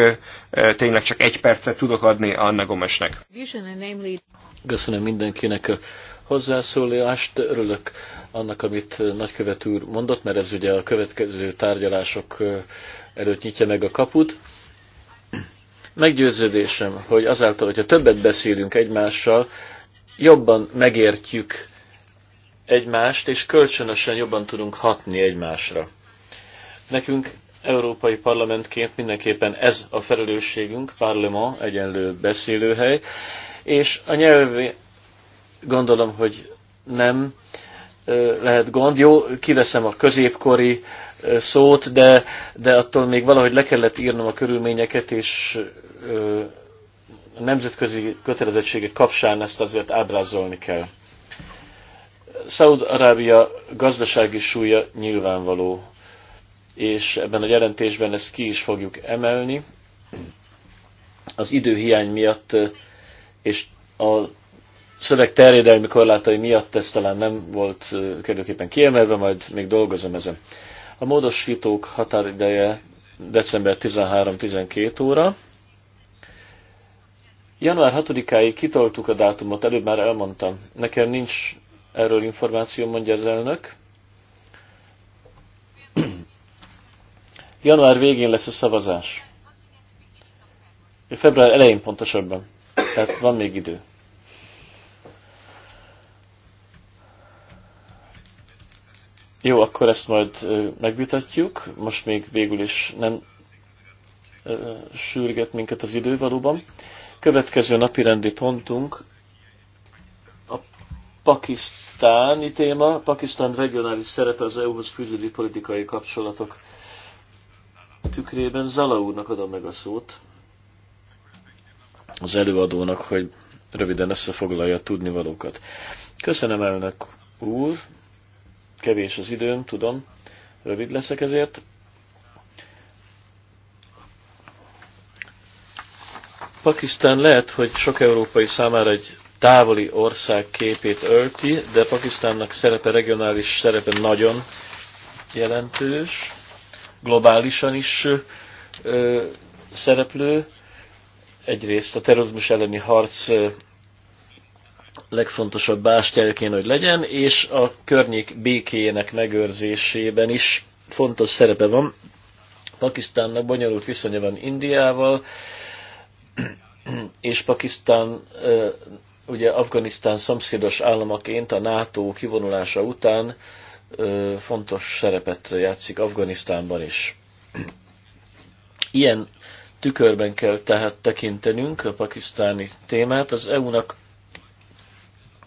tényleg csak egy percet tudok adni Anna Gomesnek. Köszönöm mindenkinek a hozzászólást. Örülök annak, amit nagykövet úr mondott, mert ez ugye a következő tárgyalások előtt nyitja meg a kaput. Meggyőződésem, hogy azáltal, hogyha többet beszélünk egymással, jobban megértjük egymást, és kölcsönösen jobban tudunk hatni egymásra. Nekünk európai parlamentként mindenképpen ez a felelősségünk, parlement, egyenlő beszélőhely, és a nyelv gondolom, hogy nem lehet gond. Jó, kiveszem a középkori szót, de, de attól még valahogy le kellett írnom a körülményeket, és a nemzetközi kötelezettségek kapcsán ezt azért ábrázolni kell. Szaud-Arábia gazdasági súlya nyilvánvaló, és ebben a jelentésben ezt ki is fogjuk emelni. Az időhiány miatt és a szöveg terjedelmi korlátai miatt ez talán nem volt kellőképpen kiemelve, majd még dolgozom ezen. A módosítók határideje december 13-12 óra. Január 6-áig kitoltuk a dátumot, előbb már elmondtam. Nekem nincs erről információ, mondja az elnök. Január végén lesz a szavazás. Február elején pontosabban. Tehát van még idő. Jó, akkor ezt majd megvitatjuk. Most még végül is nem sürget minket az idő valóban. Következő napi rendi pontunk a pakisztáni téma. Pakisztán regionális szerepe az EU-hoz fűződő politikai kapcsolatok tükrében. Zala úrnak adom meg a szót az előadónak, hogy röviden összefoglalja a tudnivalókat. Köszönöm elnök úr, kevés az időm, tudom, rövid leszek ezért. Pakisztán lehet, hogy sok európai számára egy távoli ország képét ölti, de Pakisztánnak szerepe, regionális szerepe nagyon jelentős, globálisan is ö, szereplő, egyrészt a terrorizmus elleni harc legfontosabb bástyájaként, hogy legyen, és a környék békéjének megőrzésében is fontos szerepe van. Pakisztánnak bonyolult viszonya van Indiával, és Pakisztán ugye Afganisztán szomszédos államaként a NATO kivonulása után fontos szerepet játszik Afganisztánban is. Ilyen tükörben kell tehát tekintenünk a pakisztáni témát. Az EU-nak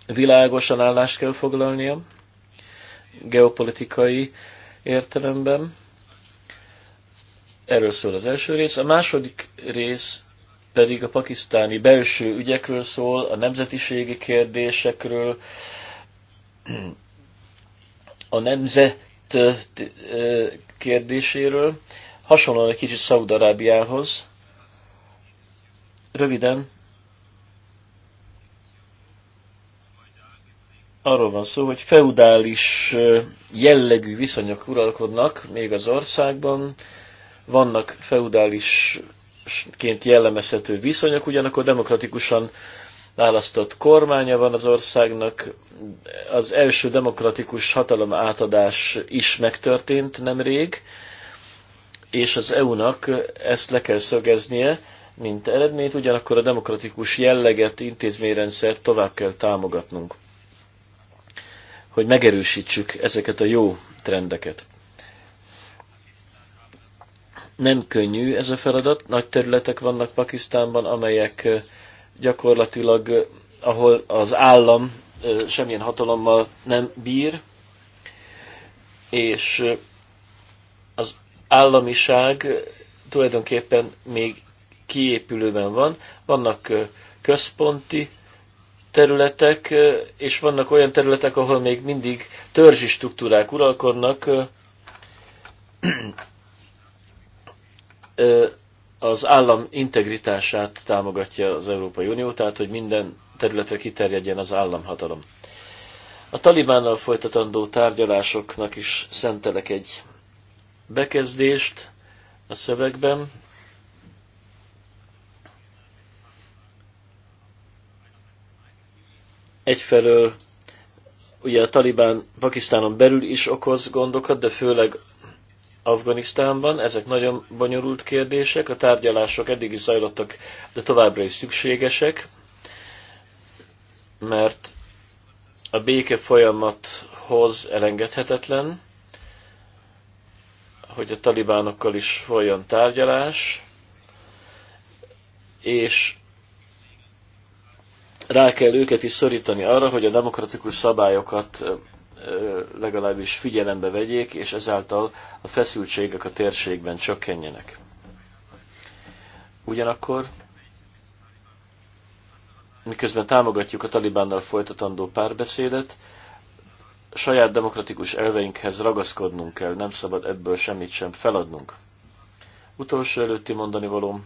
világosan állást kell foglalnia geopolitikai értelemben. Erről szól az első rész. A második rész pedig a pakisztáni belső ügyekről szól, a nemzetiségi kérdésekről, a nemzet eh, kérdéséről Hasonlóan egy kicsit Szaudarábiához. Röviden, arról van szó, hogy feudális jellegű viszonyok uralkodnak még az országban, vannak feudálisként jellemezhető viszonyok, ugyanakkor demokratikusan választott kormánya van az országnak, az első demokratikus hatalom átadás is megtörtént nemrég, és az EU-nak ezt le kell szögeznie, mint eredményt, ugyanakkor a demokratikus jelleget, intézményrendszert tovább kell támogatnunk, hogy megerősítsük ezeket a jó trendeket. Nem könnyű ez a feladat, nagy területek vannak Pakisztánban, amelyek eh, gyakorlatilag, eh, ahol az állam eh, semmilyen hatalommal nem bír, és az államiság tulajdonképpen még kiépülőben van. Vannak központi területek, és vannak olyan területek, ahol még mindig törzsi struktúrák uralkodnak. Az állam integritását támogatja az Európai Unió, tehát hogy minden területre kiterjedjen az államhatalom. A talibánnal folytatandó tárgyalásoknak is szentelek egy bekezdést a szövegben. Egyfelől ugye a Talibán Pakisztánon belül is okoz gondokat, de főleg Afganisztánban. Ezek nagyon bonyolult kérdések, a tárgyalások eddig is zajlottak, de továbbra is szükségesek, mert a béke folyamathoz elengedhetetlen, hogy a talibánokkal is folyjon tárgyalás, és rá kell őket is szorítani arra, hogy a demokratikus szabályokat legalábbis figyelembe vegyék, és ezáltal a feszültségek a térségben csökkenjenek. Ugyanakkor, miközben támogatjuk a Talibánnal folytatandó párbeszédet, saját demokratikus elveinkhez ragaszkodnunk kell, nem szabad ebből semmit sem feladnunk. Utolsó előtti mondani valóm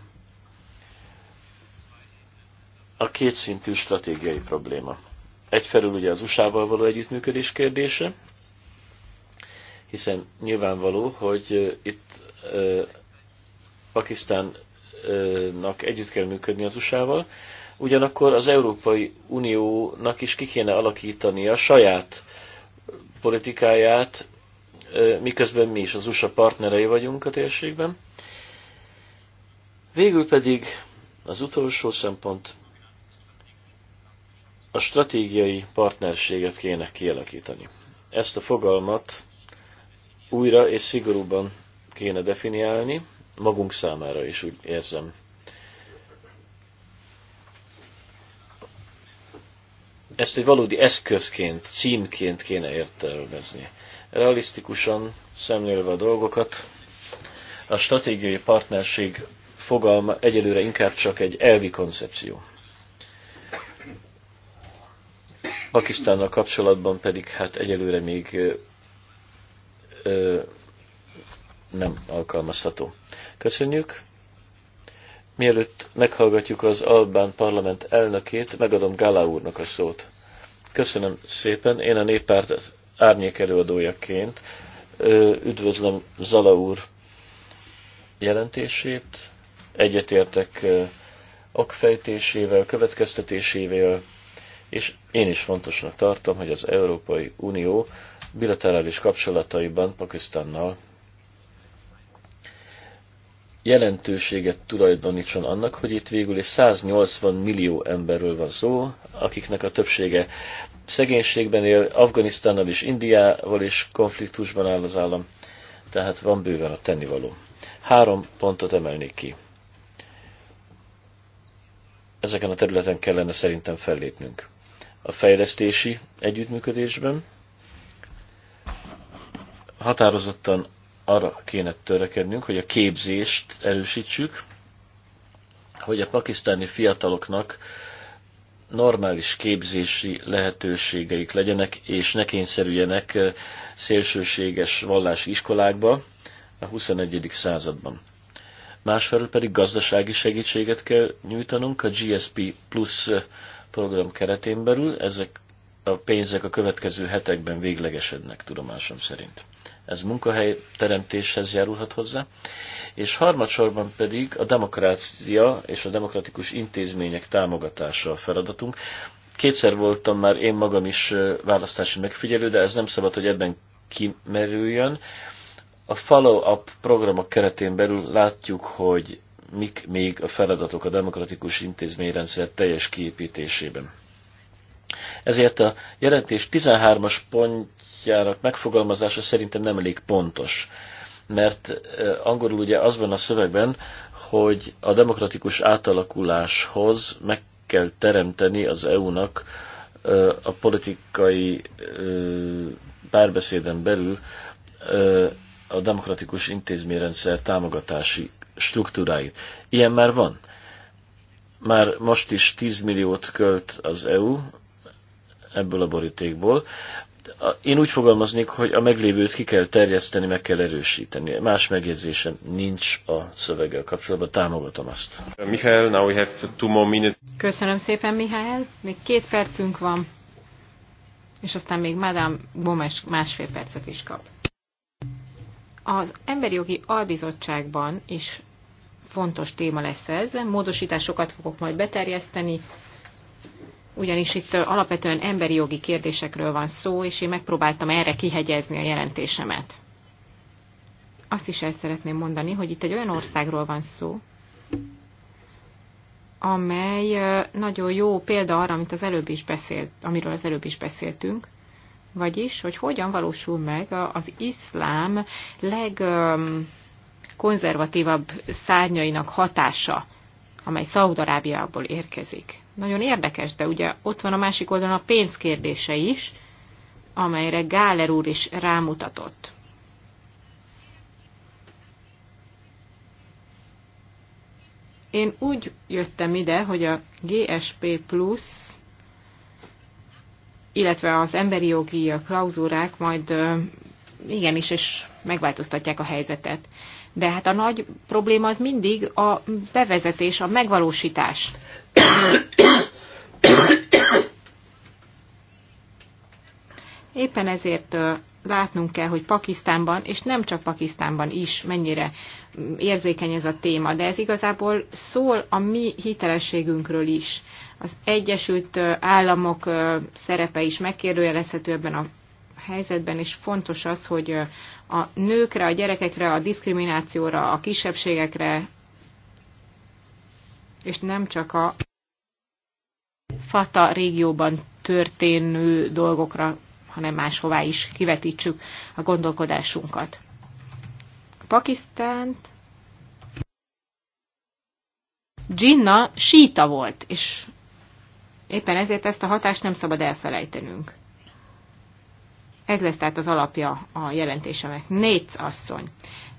a kétszintű stratégiai probléma. Egyfelől ugye az USA-val való együttműködés kérdése, hiszen nyilvánvaló, hogy itt eh, Pakisztánnak együtt kell működni az USA-val, ugyanakkor az Európai Uniónak is ki kéne alakítani a saját politikáját, miközben mi is az USA partnerei vagyunk a térségben. Végül pedig az utolsó szempont, a stratégiai partnerséget kéne kialakítani. Ezt a fogalmat újra és szigorúban kéne definiálni, magunk számára is úgy érzem. ezt egy valódi eszközként, címként kéne értelmezni. Realisztikusan szemlélve a dolgokat, a stratégiai partnerség fogalma egyelőre inkább csak egy elvi koncepció. Pakisztánnal kapcsolatban pedig hát egyelőre még ö, ö, nem alkalmazható. Köszönjük! Mielőtt meghallgatjuk az Albán parlament elnökét, megadom Gala úrnak a szót. Köszönöm szépen, én a néppárt árnyék előadójaként üdvözlöm Zala úr jelentését, egyetértek okfejtésével, következtetésével, és én is fontosnak tartom, hogy az Európai Unió bilaterális kapcsolataiban Pakisztánnal jelentőséget tulajdonítson annak, hogy itt végül is 180 millió emberről van szó, akiknek a többsége szegénységben él, Afganisztánnal és Indiával is konfliktusban áll az állam, tehát van bőven a tennivaló. Három pontot emelnék ki. Ezeken a területen kellene szerintem fellépnünk. A fejlesztési együttműködésben határozottan arra kéne törekednünk, hogy a képzést erősítsük, hogy a pakisztáni fiataloknak normális képzési lehetőségeik legyenek, és ne kényszerüljenek eh, szélsőséges vallási iskolákba a 21. században. Másfelől pedig gazdasági segítséget kell nyújtanunk a GSP Plus eh, program keretén belül. Ezek a pénzek a következő hetekben véglegesednek, tudomásom szerint ez munkahely teremtéshez járulhat hozzá, és harmadsorban pedig a demokrácia és a demokratikus intézmények támogatása a feladatunk. Kétszer voltam már én magam is választási megfigyelő, de ez nem szabad, hogy ebben kimerüljön. A follow-up programok keretén belül látjuk, hogy mik még a feladatok a demokratikus intézményrendszer teljes kiépítésében. Ezért a jelentés 13-as pontjának megfogalmazása szerintem nem elég pontos. Mert angolul ugye az van a szövegben, hogy a demokratikus átalakuláshoz meg kell teremteni az EU-nak a politikai párbeszéden belül a demokratikus intézményrendszer támogatási struktúráit. Ilyen már van. Már most is 10 milliót költ az EU ebből a borítékból. Én úgy fogalmaznék, hogy a meglévőt ki kell terjeszteni, meg kell erősíteni. Más megjegyzésem nincs a szöveggel kapcsolatban, támogatom azt. Michael, now we have two more minutes. Köszönöm szépen, Mihály. Még két percünk van, és aztán még Madame Gomes másfél percet is kap. Az Emberi Jogi Albizottságban is fontos téma lesz ez. Módosításokat fogok majd beterjeszteni, ugyanis itt alapvetően emberi jogi kérdésekről van szó, és én megpróbáltam erre kihegyezni a jelentésemet. Azt is el szeretném mondani, hogy itt egy olyan országról van szó, amely nagyon jó példa arra, amit az előbb is beszélt, amiről az előbb is beszéltünk, vagyis, hogy hogyan valósul meg az iszlám legkonzervatívabb szárnyainak hatása amely Szaudarábiából érkezik. Nagyon érdekes, de ugye ott van a másik oldalon a pénz kérdése is, amelyre Gáler úr is rámutatott. Én úgy jöttem ide, hogy a GSP Plus, illetve az emberi jogi klauzúrák majd igenis, és megváltoztatják a helyzetet de hát a nagy probléma az mindig a bevezetés, a megvalósítás. Éppen ezért látnunk kell, hogy Pakisztánban, és nem csak Pakisztánban is mennyire mm, érzékeny ez a téma, de ez igazából szól a mi hitelességünkről is. Az Egyesült Államok szerepe is megkérdőjelezhető ebben a helyzetben is fontos az, hogy a nőkre, a gyerekekre, a diszkriminációra, a kisebbségekre, és nem csak a FATA régióban történő dolgokra, hanem máshová is kivetítsük a gondolkodásunkat. Pakisztánt Jinna síta volt, és éppen ezért ezt a hatást nem szabad elfelejtenünk. Ez lesz tehát az alapja a jelentésemnek. Négy asszony.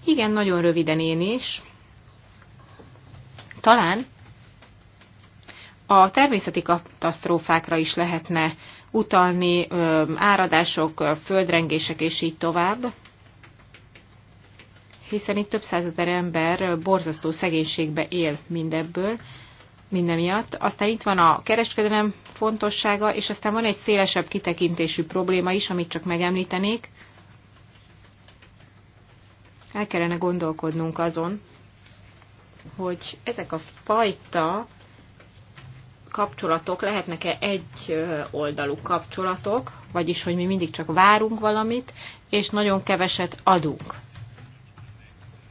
Igen, nagyon röviden én is. Talán a természeti katasztrófákra is lehetne utalni, áradások, földrengések és így tovább, hiszen itt több százezer ember borzasztó szegénységbe él mindebből, minden miatt. Aztán itt van a kereskedelem fontossága, és aztán van egy szélesebb kitekintésű probléma is, amit csak megemlítenék. El kellene gondolkodnunk azon, hogy ezek a fajta kapcsolatok lehetnek-e egy oldalú kapcsolatok, vagyis hogy mi mindig csak várunk valamit, és nagyon keveset adunk.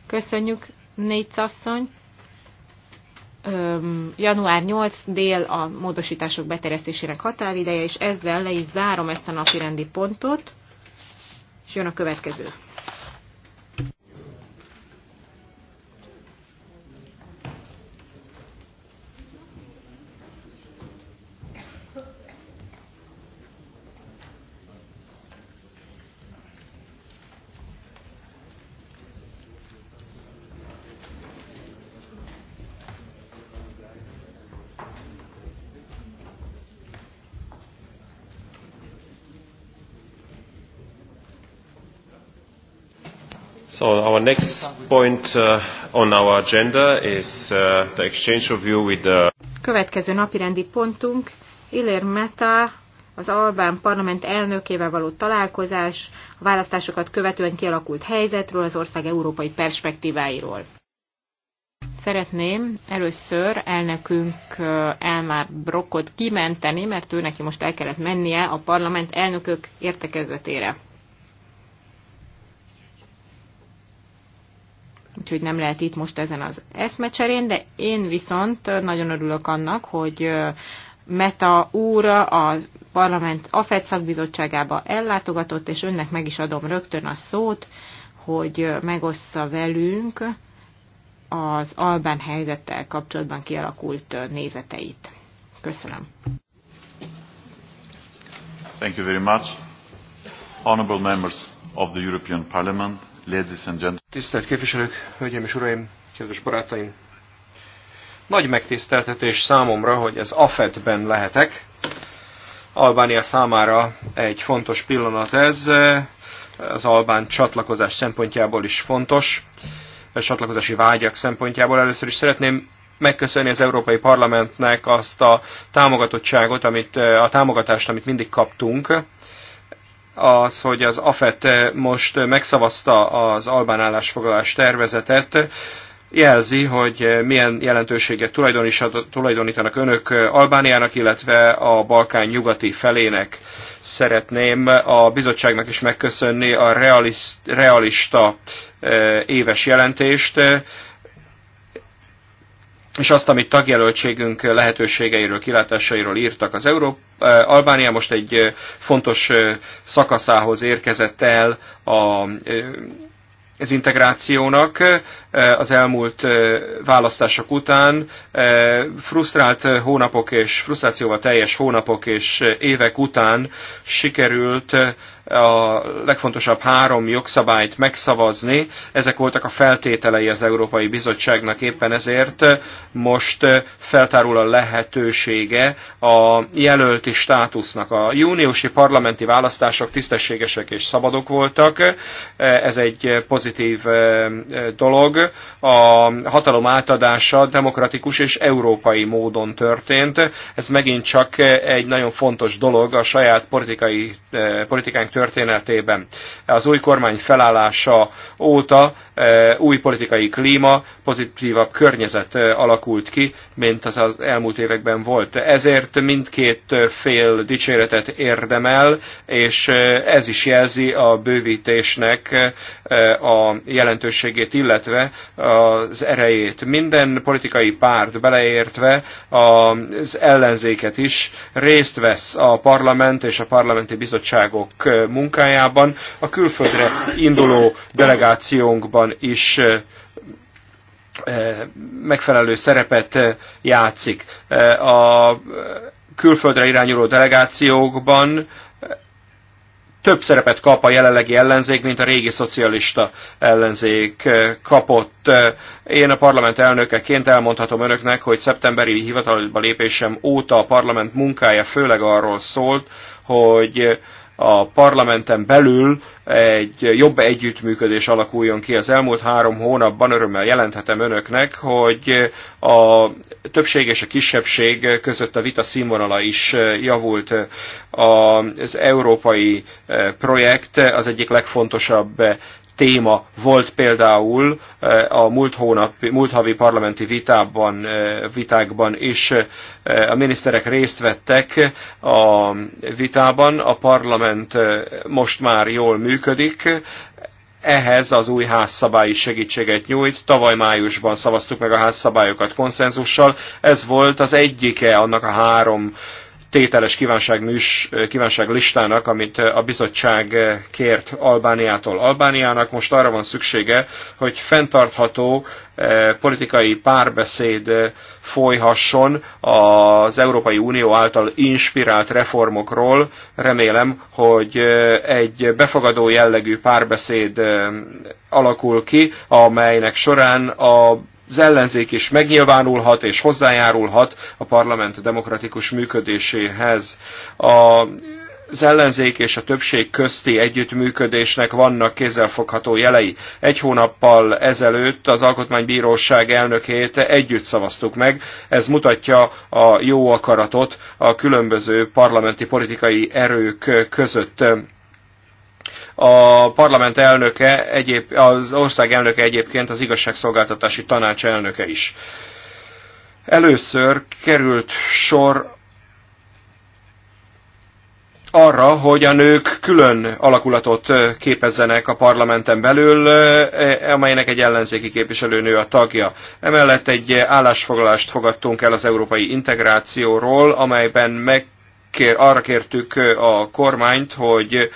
Köszönjük, négy asszony! január 8 dél a módosítások beterjesztésének határideje, és ezzel le is zárom ezt a napi rendi pontot, és jön a következő. So our next point uh, on our agenda is uh, the exchange of view with the... Következő napirendi pontunk Ilir Meta, az Albán parlament elnökével való találkozás, a választásokat követően kialakult helyzetről, az ország európai perspektíváiról. Szeretném először elnökünk uh, elmar Brokkot kimenteni, mert ő neki most el kellett mennie a parlament elnökök értekezetére. úgyhogy nem lehet itt most ezen az eszmecserén, de én viszont nagyon örülök annak, hogy Meta úr a parlament AFED szakbizottságába ellátogatott, és önnek meg is adom rögtön a szót, hogy megossza velünk az Albán helyzettel kapcsolatban kialakult nézeteit. Köszönöm. Thank you very much. Honorable members of the European Parliament. Ladies and gentlemen. Tisztelt képviselők, hölgyeim és uraim, kedves barátaim! Nagy megtiszteltetés számomra, hogy az AFET-ben lehetek. Albánia számára egy fontos pillanat ez, az albán csatlakozás szempontjából is fontos, a csatlakozási vágyak szempontjából. Először is szeretném megköszönni az Európai Parlamentnek azt a támogatottságot, amit, a támogatást, amit mindig kaptunk az, hogy az AFET most megszavazta az albán állásfoglalás tervezetet, jelzi, hogy milyen jelentőséget tulajdonítanak önök Albániának, illetve a Balkán nyugati felének. Szeretném a bizottságnak is megköszönni a realista eh, éves jelentést, és azt, amit tagjelöltségünk lehetőségeiről, kilátásairól írtak. Az Európa. Eh, Albánia most egy eh, fontos eh, szakaszához érkezett el a az integrációnak az elmúlt választások után frusztrált hónapok és frusztrációval teljes hónapok és évek után sikerült a legfontosabb három jogszabályt megszavazni. Ezek voltak a feltételei az Európai Bizottságnak éppen ezért most feltárul a lehetősége a jelölti státusznak. A júniusi parlamenti választások tisztességesek és szabadok voltak. Ez egy pozitív eh, dolog. A hatalom átadása demokratikus és európai módon történt. Ez megint csak egy nagyon fontos dolog a saját politikai, eh, politikánk történetében. Az új kormány felállása óta e, új politikai klíma, pozitívabb környezet e, alakult ki, mint az az elmúlt években volt. Ezért mindkét fél dicséretet érdemel, és e, ez is jelzi a bővítésnek a jelentőségét, illetve az erejét. Minden politikai párt beleértve az ellenzéket is részt vesz a parlament és a parlamenti bizottságok munkájában, a külföldre induló delegációnkban is megfelelő szerepet játszik. A külföldre irányuló delegációkban több szerepet kap a jelenlegi ellenzék, mint a régi szocialista ellenzék kapott. Én a parlament elnökeként elmondhatom önöknek, hogy szeptemberi hivatalba lépésem óta a parlament munkája főleg arról szólt, hogy a parlamenten belül egy jobb együttműködés alakuljon ki. Az elmúlt három hónapban örömmel jelenthetem önöknek, hogy a többség és a kisebbség között a vita színvonala is javult. Az európai projekt az egyik legfontosabb téma volt például eh, a múlt, hónap, múlt havi parlamenti vitában, eh, vitákban is. Eh, a miniszterek részt vettek a vitában, a parlament most már jól működik, ehhez az új házszabály is segítséget nyújt. Tavaly májusban szavaztuk meg a házszabályokat konszenzussal. Ez volt az egyike annak a három tételes kívánság listának, amit a bizottság kért Albániától. Albániának most arra van szüksége, hogy fenntartható eh, politikai párbeszéd eh, folyhasson az Európai Unió által inspirált reformokról. Remélem, hogy eh, egy befogadó jellegű párbeszéd alakul ki, amelynek során a az ellenzék is megnyilvánulhat és hozzájárulhat a parlament demokratikus működéséhez. A az ellenzék és a többség közti együttműködésnek vannak kézzelfogható jelei. Egy hónappal ezelőtt az Alkotmánybíróság elnökét együtt szavaztuk meg. Ez mutatja a jó akaratot a különböző parlamenti politikai erők között. A parlament elnöke, egyéb, az ország elnöke egyébként az igazságszolgáltatási tanács elnöke is. Először került sor arra, hogy a nők külön alakulatot képezzenek a parlamenten belül, amelynek egy ellenzéki képviselőnő a tagja. Emellett egy állásfoglalást fogadtunk el az európai integrációról, amelyben meg Kér, arra kértük a kormányt, hogy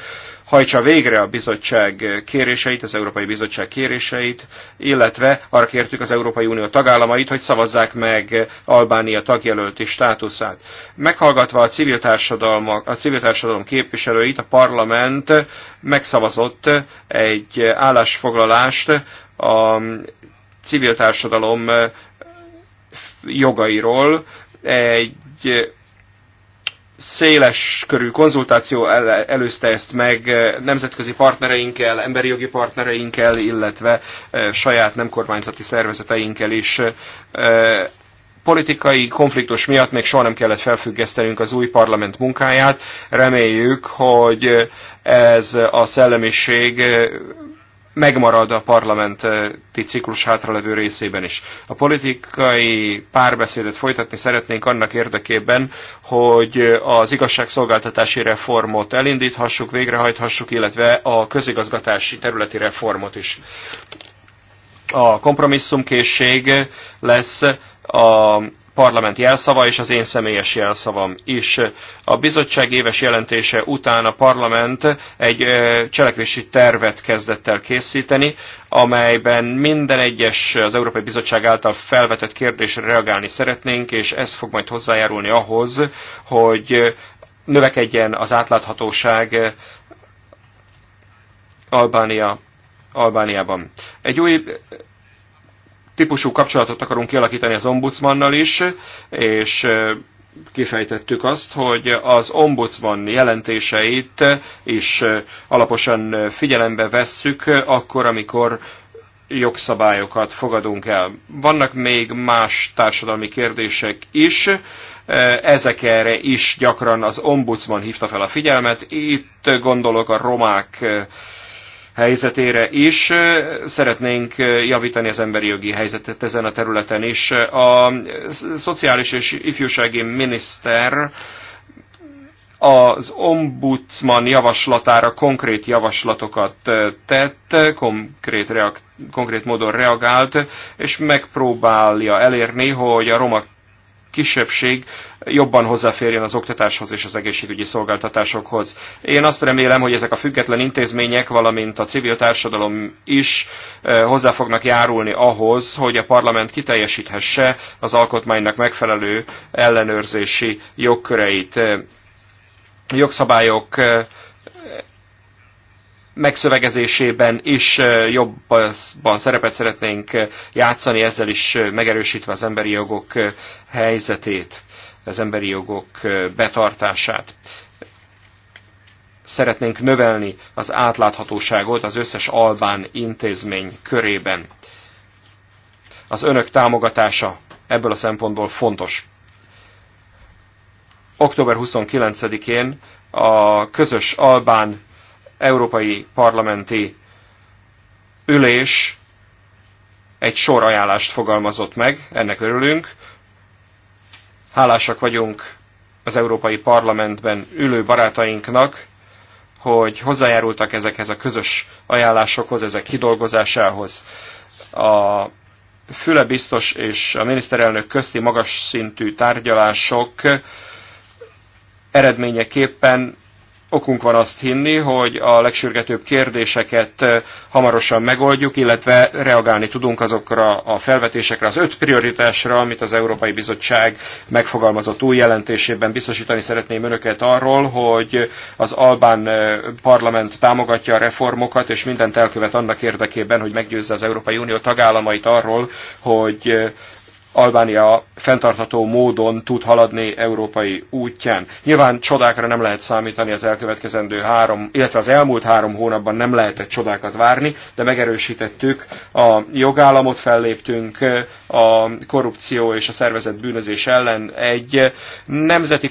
hajtsa végre a bizottság kéréseit, az Európai Bizottság kéréseit, illetve arra kértük az Európai Unió tagállamait, hogy szavazzák meg Albánia tagjelölti státuszát. Meghallgatva a civil, a civil társadalom képviselőit, a parlament megszavazott egy állásfoglalást a civil társadalom jogairól, egy széles körű konzultáció el, előzte ezt meg eh, nemzetközi partnereinkkel, emberi jogi partnereinkkel, illetve eh, saját nem kormányzati szervezeteinkkel is. Eh, politikai konfliktus miatt még soha nem kellett felfüggesztenünk az új parlament munkáját. Reméljük, hogy ez a szellemiség megmarad a parlamenti ciklus hátralevő részében is. A politikai párbeszédet folytatni szeretnénk annak érdekében, hogy az igazságszolgáltatási reformot elindíthassuk, végrehajthassuk, illetve a közigazgatási területi reformot is. A kompromisszumkészség lesz a parlament jelszava és az én személyes jelszavam is. A bizottság éves jelentése után a parlament egy cselekvési tervet kezdett el készíteni, amelyben minden egyes az Európai Bizottság által felvetett kérdésre reagálni szeretnénk, és ez fog majd hozzájárulni ahhoz, hogy növekedjen az átláthatóság Albánia, Albániában. Egy új típusú kapcsolatot akarunk kialakítani az ombudsmannal is, és kifejtettük azt, hogy az ombudsman jelentéseit is alaposan figyelembe vesszük akkor, amikor jogszabályokat fogadunk el. Vannak még más társadalmi kérdések is, ezekre is gyakran az ombudsman hívta fel a figyelmet. Itt gondolok a romák helyzetére is. Szeretnénk javítani az emberi jogi helyzetet ezen a területen is. A szociális és ifjúsági miniszter az ombudsman javaslatára konkrét javaslatokat tett, konkrét, reak- konkrét módon reagált, és megpróbálja elérni, hogy a roma kisebbség jobban hozzáférjen az oktatáshoz és az egészségügyi szolgáltatásokhoz. Én azt remélem, hogy ezek a független intézmények, valamint a civil társadalom is eh, hozzá fognak járulni ahhoz, hogy a parlament kiteljesíthesse az alkotmánynak megfelelő ellenőrzési jogköreit. Eh, jogszabályok eh, megszövegezésében is jobban szerepet szeretnénk játszani, ezzel is megerősítve az emberi jogok helyzetét az emberi jogok betartását. Szeretnénk növelni az átláthatóságot az összes albán intézmény körében. Az önök támogatása ebből a szempontból fontos. Október 29-én a közös albán európai parlamenti ülés egy sor ajánlást fogalmazott meg, ennek örülünk. Hálásak vagyunk az Európai Parlamentben ülő barátainknak, hogy hozzájárultak ezekhez a közös ajánlásokhoz, ezek kidolgozásához. A Füle biztos és a miniszterelnök közti magas szintű tárgyalások eredményeképpen okunk van azt hinni, hogy a legsürgetőbb kérdéseket hamarosan megoldjuk, illetve reagálni tudunk azokra a felvetésekre, az öt prioritásra, amit az Európai Bizottság megfogalmazott új jelentésében biztosítani szeretném önöket arról, hogy az Albán parlament támogatja a reformokat, és mindent elkövet annak érdekében, hogy meggyőzze az Európai Unió tagállamait arról, hogy Albánia fenntartható módon tud haladni európai útján. Nyilván csodákra nem lehet számítani az elkövetkezendő három, illetve az elmúlt három hónapban nem lehetett csodákat várni, de megerősítettük a jogállamot, felléptünk a korrupció és a szervezett bűnözés ellen. Egy nemzeti,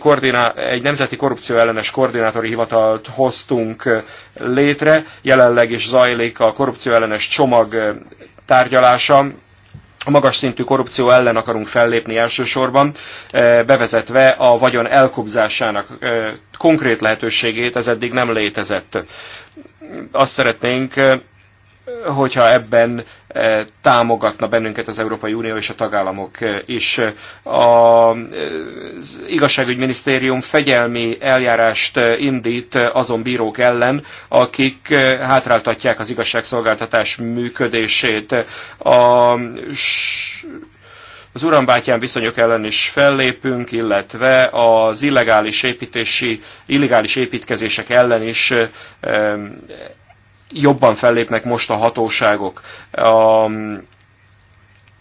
egy nemzeti korrupció ellenes koordinátori hivatalt hoztunk létre, jelenleg is zajlik a korrupció ellenes csomag tárgyalása, a magas szintű korrupció ellen akarunk fellépni elsősorban, eh, bevezetve a vagyon elkobzásának eh, konkrét lehetőségét, ez eddig nem létezett. Azt szeretnénk, eh, hogyha ebben eh, támogatna bennünket az Európai Unió és a tagállamok is. Eh, az igazságügyminisztérium fegyelmi eljárást eh, indít azon bírók ellen, akik hátráltatják az igazságszolgáltatás működését. A az urambátyán viszonyok ellen is fellépünk, illetve az illegális építési, illegális építkezések ellen is jobban fellépnek most a hatóságok. A,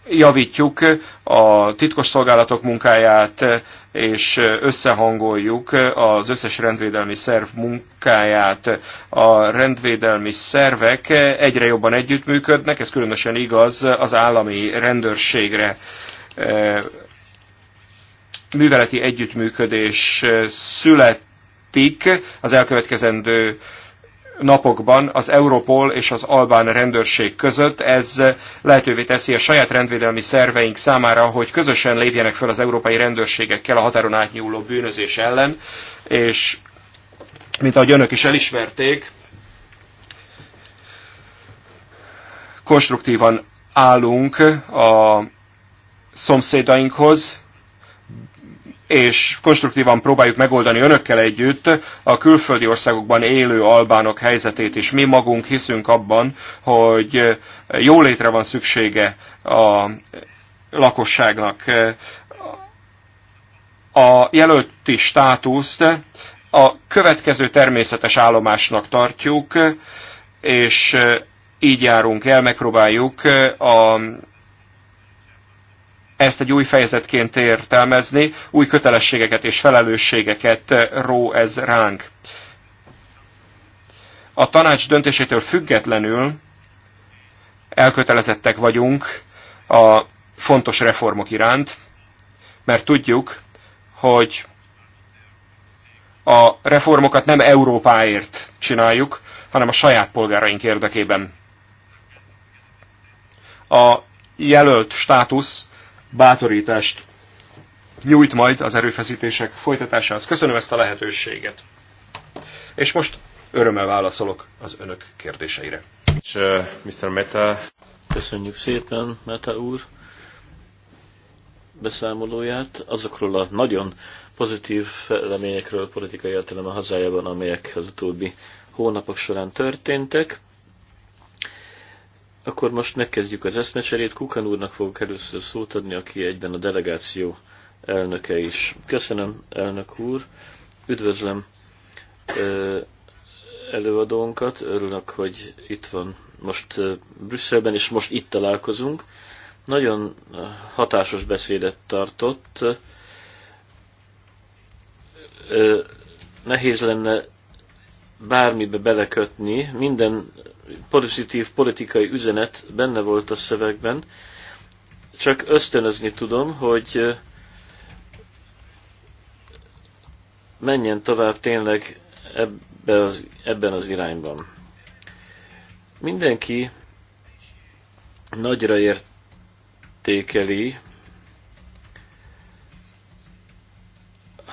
javítjuk a titkosszolgálatok munkáját, és összehangoljuk az összes rendvédelmi szerv munkáját. A rendvédelmi szervek egyre jobban együttműködnek, ez különösen igaz az állami rendőrségre. Műveleti együttműködés születik az elkövetkezendő napokban az Europol és az Albán rendőrség között. Ez lehetővé teszi a saját rendvédelmi szerveink számára, hogy közösen lépjenek fel az európai rendőrségekkel a határon átnyúló bűnözés ellen, és mint ahogy önök is elismerték, konstruktívan állunk a szomszédainkhoz, és konstruktívan próbáljuk megoldani önökkel együtt a külföldi országokban élő albánok helyzetét is. Mi magunk hiszünk abban, hogy jólétre van szüksége a lakosságnak. A jelölti státuszt a következő természetes állomásnak tartjuk, és így járunk el, megpróbáljuk a ezt egy új fejezetként értelmezni, új kötelességeket és felelősségeket eh, ró ez ránk. A tanács döntésétől függetlenül elkötelezettek vagyunk a fontos reformok iránt, mert tudjuk, hogy a reformokat nem Európáért csináljuk, hanem a saját polgáraink érdekében. A jelölt státusz bátorítást nyújt majd az erőfeszítések folytatásához. Köszönöm ezt a lehetőséget. És most örömmel válaszolok az önök kérdéseire. És, uh, Mr. Meta. Köszönjük szépen, Meta úr beszámolóját, azokról a nagyon pozitív fejleményekről politikai a hazájában, amelyek az utóbbi hónapok során történtek. Akkor most megkezdjük az eszmecserét. Kukan úrnak fogok először szót adni, aki egyben a delegáció elnöke is. Köszönöm, elnök úr. Üdvözlöm előadónkat. Örülök, hogy itt van most Brüsszelben, és most itt találkozunk. Nagyon hatásos beszédet tartott. Nehéz lenne bármibe belekötni, minden pozitív politikai üzenet benne volt a szövegben, csak ösztönözni tudom, hogy menjen tovább tényleg ebbe az, ebben az irányban. Mindenki nagyra értékeli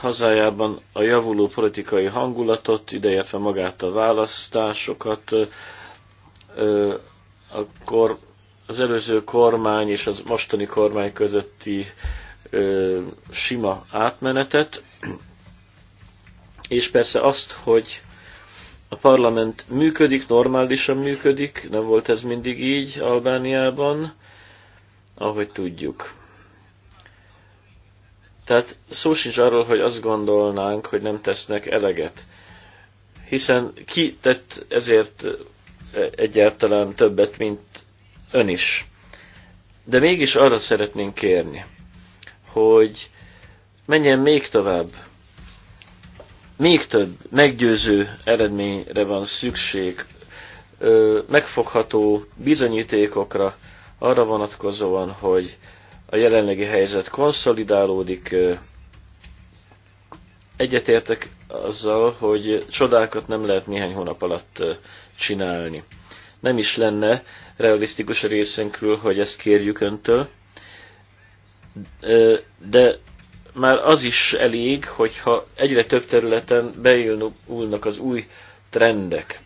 hazájában a javuló politikai hangulatot, ideértve magát a választásokat, akkor az előző kormány és az mostani kormány közötti sima átmenetet, és persze azt, hogy a parlament működik, normálisan működik, nem volt ez mindig így Albániában, ahogy tudjuk. Tehát szó sincs arról, hogy azt gondolnánk, hogy nem tesznek eleget. Hiszen ki tett ezért egyáltalán többet, mint ön is. De mégis arra szeretnénk kérni, hogy menjen még tovább, még több meggyőző eredményre van szükség, megfogható bizonyítékokra arra vonatkozóan, hogy a jelenlegi helyzet konszolidálódik. Egyetértek azzal, hogy csodákat nem lehet néhány hónap alatt csinálni. Nem is lenne realisztikus a részünkről, hogy ezt kérjük öntől, de már az is elég, hogyha egyre több területen beülnek az új trendek,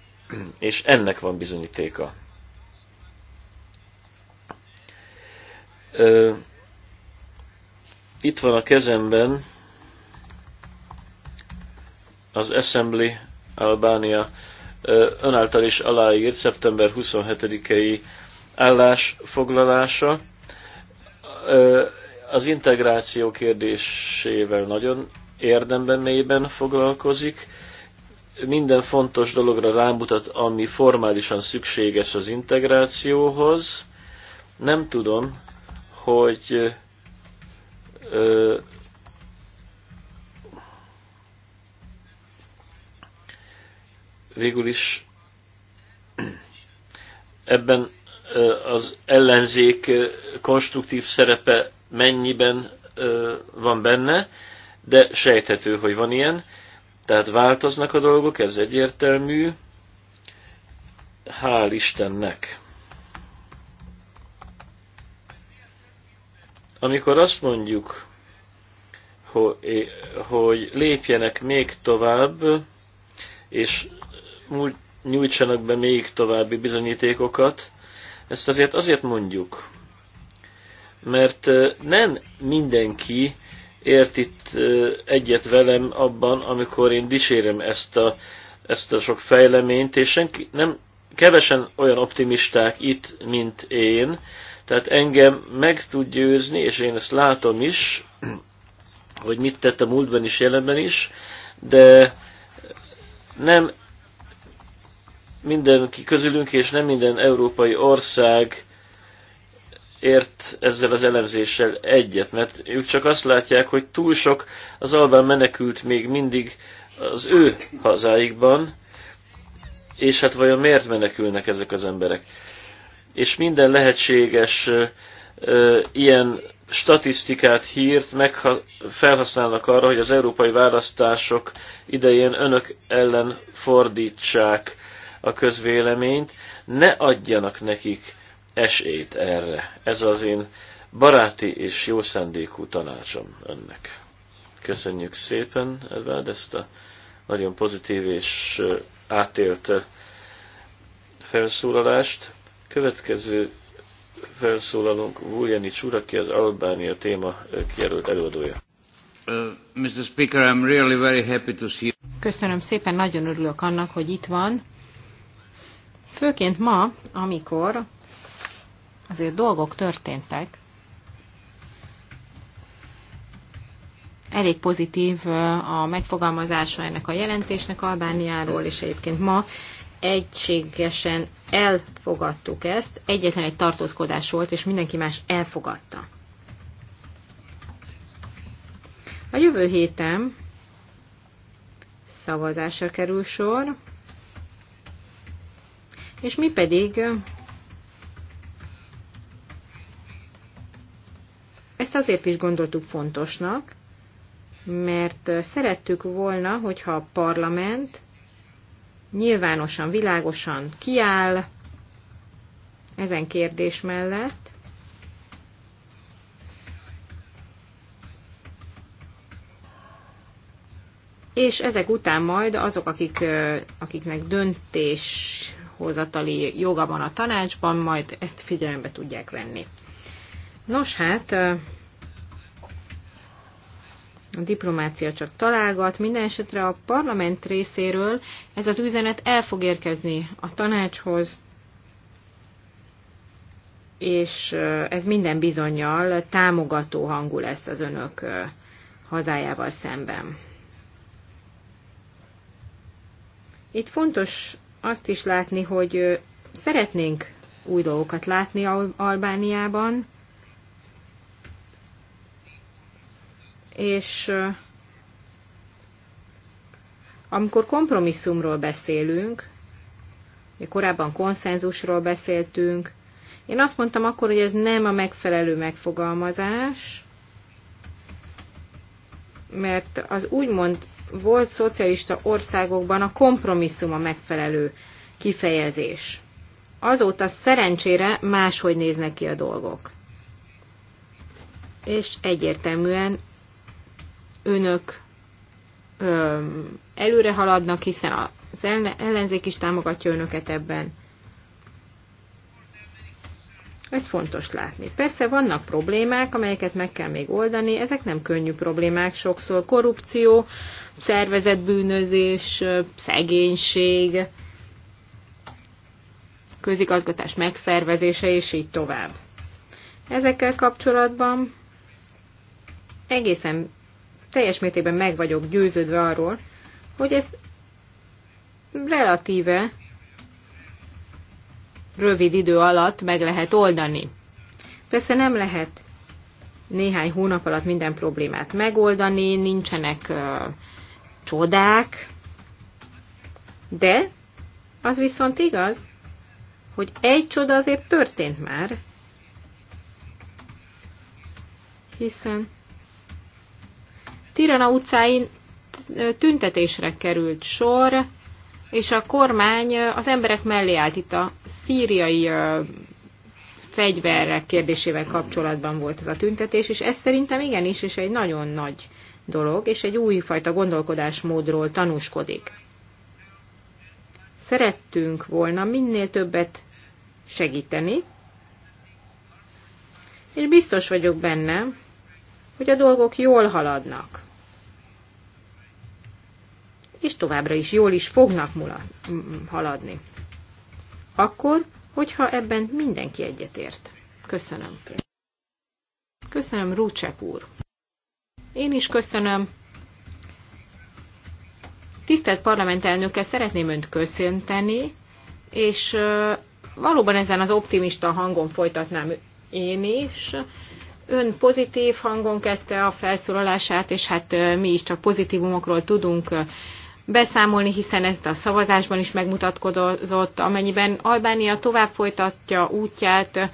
és ennek van bizonyítéka. Itt van a kezemben az Assembly Albánia önáltal is aláírt szeptember 27-i állásfoglalása. Az integráció kérdésével nagyon érdemben mélyben foglalkozik. Minden fontos dologra rámutat, ami formálisan szükséges az integrációhoz. Nem tudom, hogy végül is ebben az ellenzék konstruktív szerepe mennyiben van benne, de sejthető, hogy van ilyen. Tehát változnak a dolgok, ez egyértelmű. Hál' Istennek! Amikor azt mondjuk, hogy lépjenek még tovább, és nyújtsanak be még további bizonyítékokat, ezt azért azért mondjuk, mert nem mindenki ért itt egyet velem abban, amikor én dicsérem ezt a, ezt a sok fejleményt, és senki, nem, kevesen olyan optimisták itt, mint én, tehát engem meg tud győzni, és én ezt látom is, hogy mit tett a múltban is, jelenben is, de nem mindenki közülünk, és nem minden európai ország ért ezzel az elemzéssel egyet, mert ők csak azt látják, hogy túl sok az albán menekült még mindig az ő hazáikban, és hát vajon miért menekülnek ezek az emberek? és minden lehetséges ilyen statisztikát, hírt meg felhasználnak arra, hogy az európai választások idején önök ellen fordítsák a közvéleményt. Ne adjanak nekik esélyt erre. Ez az én baráti és jó szándékú tanácsom önnek. Köszönjük szépen, Edvard, ezt a nagyon pozitív és átélt felszólalást. Következő felszólalunk Vuljanic úr, aki az Albánia téma kijelölt előadója. Uh, Mr. Speaker, I'm really very happy to see you. Köszönöm szépen, nagyon örülök annak, hogy itt van. Főként ma, amikor azért dolgok történtek, elég pozitív uh, a megfogalmazása ennek a jelentésnek Albániáról, és egyébként ma egységesen elfogadtuk ezt, egyetlen egy tartózkodás volt, és mindenki más elfogadta. A jövő héten szavazásra kerül sor, és mi pedig ezt azért is gondoltuk fontosnak, mert szerettük volna, hogyha a parlament nyilvánosan, világosan kiáll ezen kérdés mellett. És ezek után majd azok, akik, akiknek döntéshozatali joga van a tanácsban, majd ezt figyelembe tudják venni. Nos hát, a diplomácia csak találgat, minden esetre a parlament részéről ez az üzenet el fog érkezni a tanácshoz, és ez minden bizonyal támogató hangú lesz az önök hazájával szemben. Itt fontos azt is látni, hogy szeretnénk új dolgokat látni Albániában, és amikor kompromisszumról beszélünk, korábban konszenzusról beszéltünk, én azt mondtam akkor, hogy ez nem a megfelelő megfogalmazás, mert az úgymond volt szocialista országokban a kompromisszum a megfelelő kifejezés. Azóta szerencsére máshogy néznek ki a dolgok. És egyértelműen önök előre haladnak, hiszen az ellenzék is támogatja önöket ebben. Ez fontos látni. Persze vannak problémák, amelyeket meg kell még oldani, ezek nem könnyű problémák, sokszor korrupció, szervezetbűnözés, szegénység, közigazgatás megszervezése, és így tovább. Ezekkel kapcsolatban egészen teljes mértékben meg vagyok győződve arról, hogy ez relatíve rövid idő alatt meg lehet oldani. Persze nem lehet néhány hónap alatt minden problémát megoldani, nincsenek ö, csodák, de az viszont igaz, hogy egy csoda azért történt már, hiszen Tirana utcáin tüntetésre került sor, és a kormány az emberek mellé állt itt a szíriai fegyverek kérdésével kapcsolatban volt ez a tüntetés, és ez szerintem igenis és egy nagyon nagy dolog, és egy újfajta gondolkodásmódról tanúskodik. Szerettünk volna minél többet segíteni, és biztos vagyok benne, hogy a dolgok jól haladnak. És továbbra is jól is fognak mula, haladni. Akkor, hogyha ebben mindenki egyetért. Köszönöm. Köszönöm, Rúcsek úr. Én is köszönöm. Tisztelt parlamentelnöke, szeretném Önt köszönteni, és valóban ezen az optimista hangon folytatnám én is, Ön pozitív hangon kezdte a felszólalását, és hát mi is csak pozitívumokról tudunk beszámolni, hiszen ez a szavazásban is megmutatkozott, amennyiben Albánia tovább folytatja útját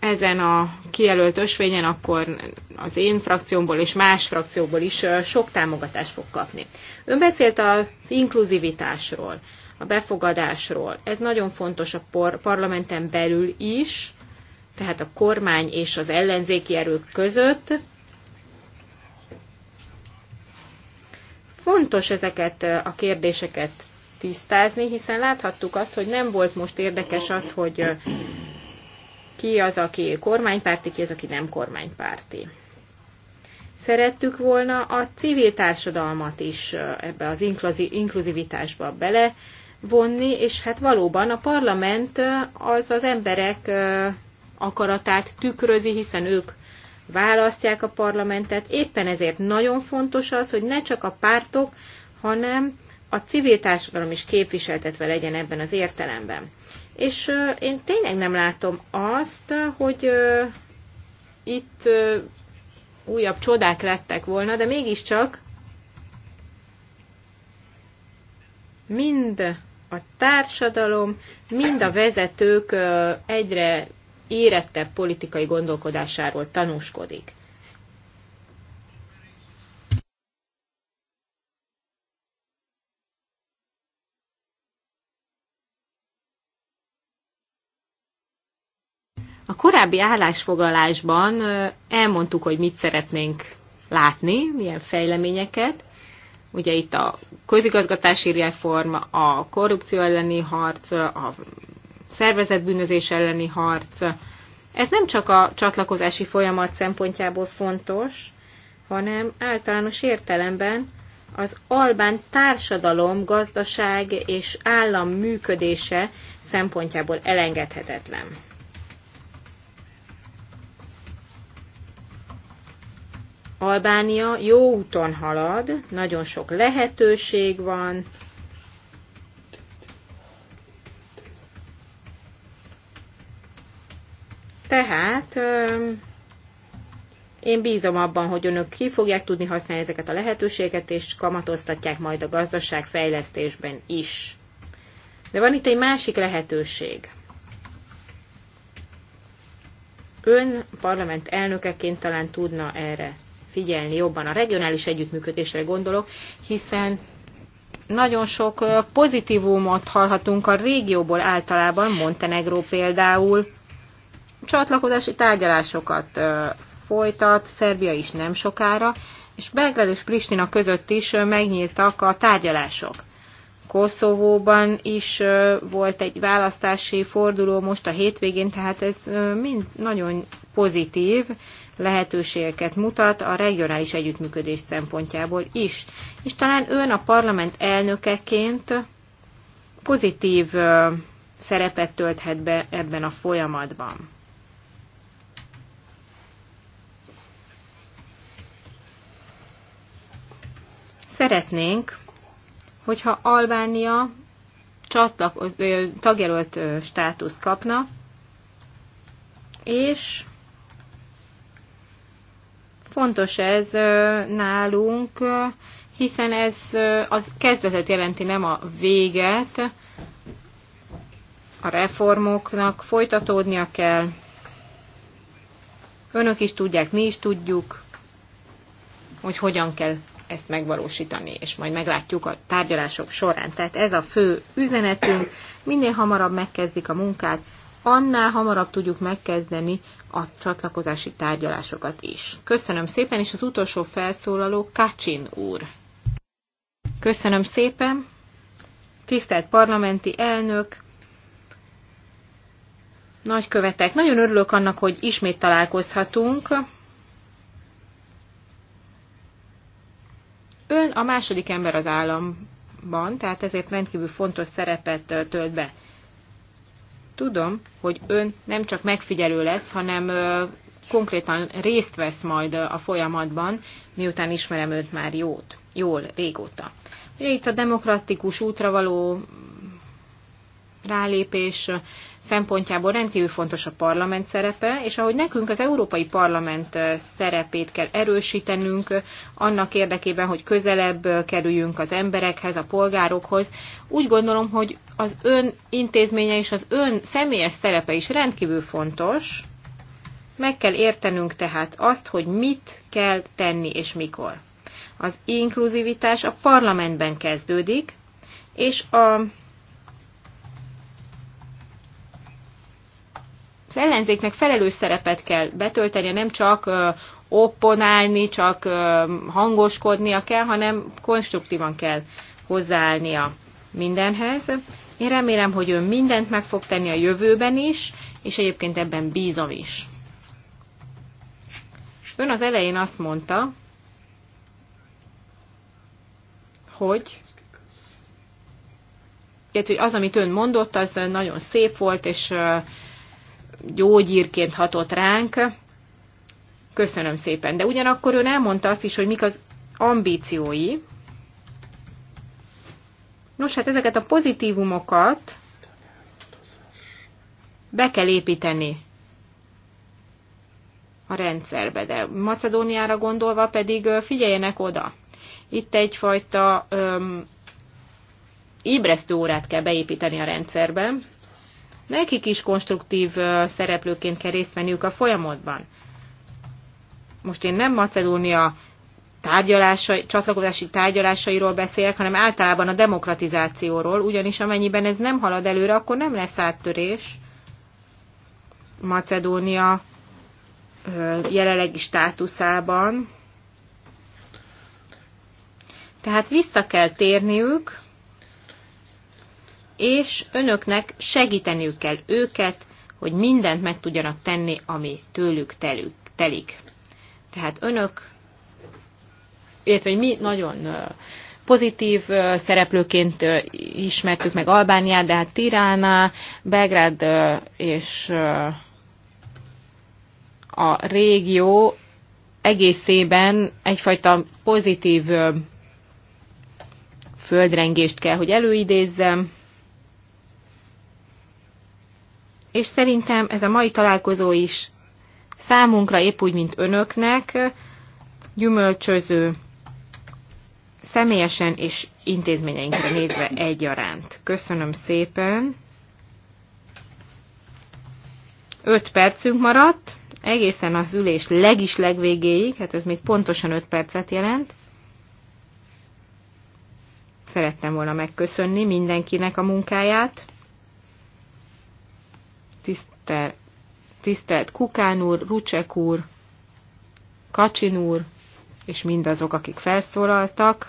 ezen a kijelölt ösvényen, akkor az én frakciómból és más frakcióból is sok támogatást fog kapni. Ön beszélt az inkluzivitásról, a befogadásról. Ez nagyon fontos a parlamenten belül is, tehát a kormány és az ellenzéki erők között. Fontos ezeket eh, a kérdéseket tisztázni, hiszen láthattuk azt, hogy nem volt most érdekes az, hogy eh, ki az, aki kormánypárti, ki az, aki nem kormánypárti. Szerettük volna a civil társadalmat is eh, ebbe az inkluzivitásba belevonni, és hát valóban a parlament az az emberek akaratát tükrözi, hiszen ők választják a parlamentet. Éppen ezért nagyon fontos az, hogy ne csak a pártok, hanem a civil társadalom is képviseltetve legyen ebben az értelemben. És én tényleg nem látom azt, hogy itt újabb csodák lettek volna, de mégiscsak mind a társadalom, mind a vezetők egyre érettebb politikai gondolkodásáról tanúskodik. A korábbi állásfoglalásban elmondtuk, hogy mit szeretnénk látni, milyen fejleményeket. Ugye itt a közigazgatási reform, a korrupció elleni harc, a szervezetbűnözés elleni harc. Ez nem csak a csatlakozási folyamat szempontjából fontos, hanem általános értelemben az albán társadalom, gazdaság és állam működése szempontjából elengedhetetlen. Albánia jó úton halad, nagyon sok lehetőség van, Tehát én bízom abban, hogy önök ki fogják tudni használni ezeket a lehetőséget, és kamatoztatják majd a gazdaság fejlesztésben is. De van itt egy másik lehetőség. Ön parlament elnökeként talán tudna erre figyelni jobban. A regionális együttműködésre gondolok, hiszen nagyon sok pozitívumot hallhatunk a régióból általában, Montenegró például, csatlakozási tárgyalásokat folytat, Szerbia is nem sokára, és Belgrád és Pristina között is megnyíltak a tárgyalások. Koszovóban is volt egy választási forduló most a hétvégén, tehát ez mind nagyon pozitív lehetőségeket mutat a regionális együttműködés szempontjából is. És talán ön a parlament elnökeként pozitív szerepet tölthet be ebben a folyamatban. Szeretnénk, hogyha Albánia csatlak, tagjelölt státuszt kapna, és fontos ez nálunk, hiszen ez a kezdetet jelenti, nem a véget. A reformoknak folytatódnia kell. Önök is tudják, mi is tudjuk, hogy hogyan kell ezt megvalósítani, és majd meglátjuk a tárgyalások során. Tehát ez a fő üzenetünk, minél hamarabb megkezdik a munkát, annál hamarabb tudjuk megkezdeni a csatlakozási tárgyalásokat is. Köszönöm szépen, és az utolsó felszólaló Kacsin úr. Köszönöm szépen, tisztelt parlamenti elnök, nagykövetek, nagyon örülök annak, hogy ismét találkozhatunk Ön a második ember az államban, tehát ezért rendkívül fontos szerepet tölt be. Tudom, hogy ön nem csak megfigyelő lesz, hanem konkrétan részt vesz majd a folyamatban, miután ismerem őt már jót, jól, régóta. Ugye itt a demokratikus útra való rálépés szempontjából rendkívül fontos a parlament szerepe, és ahogy nekünk az Európai Parlament szerepét kell erősítenünk annak érdekében, hogy közelebb kerüljünk az emberekhez, a polgárokhoz, úgy gondolom, hogy az ön intézménye és az ön személyes szerepe is rendkívül fontos. Meg kell értenünk tehát azt, hogy mit kell tenni és mikor. Az inkluzivitás a parlamentben kezdődik, és a Az ellenzéknek felelős szerepet kell betöltenie, nem csak opponálni, csak hangoskodnia kell, hanem konstruktívan kell hozzáállnia mindenhez. Én remélem, hogy ő mindent meg fog tenni a jövőben is, és egyébként ebben bízom is. Ön az elején azt mondta, hogy, illetve, hogy az, amit ön mondott, az nagyon szép volt, és gyógyírként hatott ránk. Köszönöm szépen. De ugyanakkor ő elmondta azt is, hogy mik az ambíciói. Nos, hát ezeket a pozitívumokat be kell építeni a rendszerbe, de Macedóniára gondolva pedig figyeljenek oda. Itt egyfajta öm, ébresztő órát kell beépíteni a rendszerben, nekik is konstruktív szereplőként kell részt venniük a folyamatban. Most én nem Macedónia tárgyalásai, csatlakozási tárgyalásairól beszélek, hanem általában a demokratizációról, ugyanis amennyiben ez nem halad előre, akkor nem lesz áttörés Macedónia jelenlegi státuszában. Tehát vissza kell térniük és önöknek segíteniük kell őket, hogy mindent meg tudjanak tenni, ami tőlük telik. Tehát önök, illetve mi nagyon pozitív szereplőként ismertük meg Albániát, de hát Tirána, Belgrád és a régió egészében egyfajta pozitív földrengést kell, hogy előidézzem. és szerintem ez a mai találkozó is számunkra, épp úgy, mint önöknek, gyümölcsöző személyesen és intézményeinkre nézve egyaránt. Köszönöm szépen! 5 percünk maradt, egészen az ülés legis legvégéig, hát ez még pontosan 5 percet jelent. Szerettem volna megköszönni mindenkinek a munkáját tisztel, tisztelt Kukán úr, Rucsek úr, Kacsin úr, és mindazok, akik felszólaltak.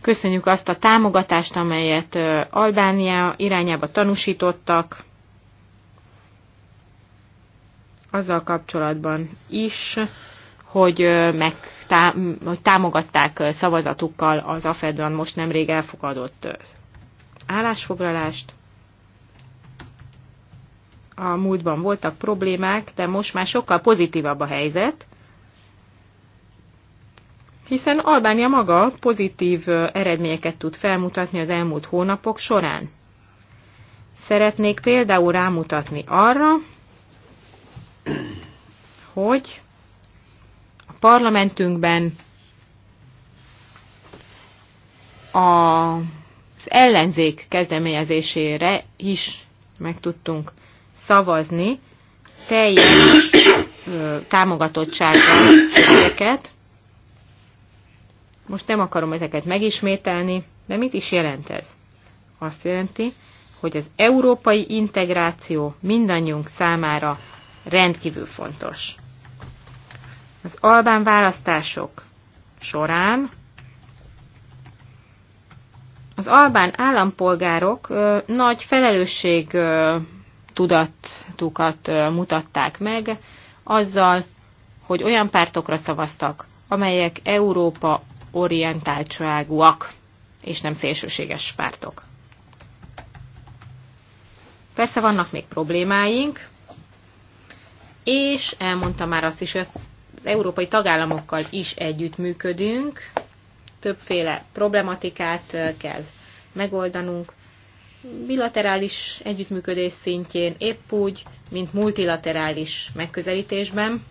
Köszönjük azt a támogatást, amelyet Albánia irányába tanúsítottak, azzal kapcsolatban is, hogy, meg, tá, hogy támogatták szavazatukkal az AFED-ben most nemrég elfogadott állásfoglalást. A múltban voltak problémák, de most már sokkal pozitívabb a helyzet, hiszen Albánia maga pozitív eredményeket tud felmutatni az elmúlt hónapok során. Szeretnék például rámutatni arra, hogy parlamentünkben az ellenzék kezdeményezésére is meg tudtunk szavazni teljes támogatottsággal ezeket. Most nem akarom ezeket megismételni, de mit is jelent ez? Azt jelenti, hogy az európai integráció mindannyiunk számára rendkívül fontos. Az albán választások során az albán állampolgárok ö, nagy felelősség ö, tudatukat ö, mutatták meg azzal, hogy olyan pártokra szavaztak, amelyek Európa orientáltságúak, és nem szélsőséges pártok. Persze vannak még problémáink, és elmondtam már azt is, hogy európai tagállamokkal is együttműködünk, többféle problematikát kell megoldanunk, bilaterális együttműködés szintjén, épp úgy, mint multilaterális megközelítésben.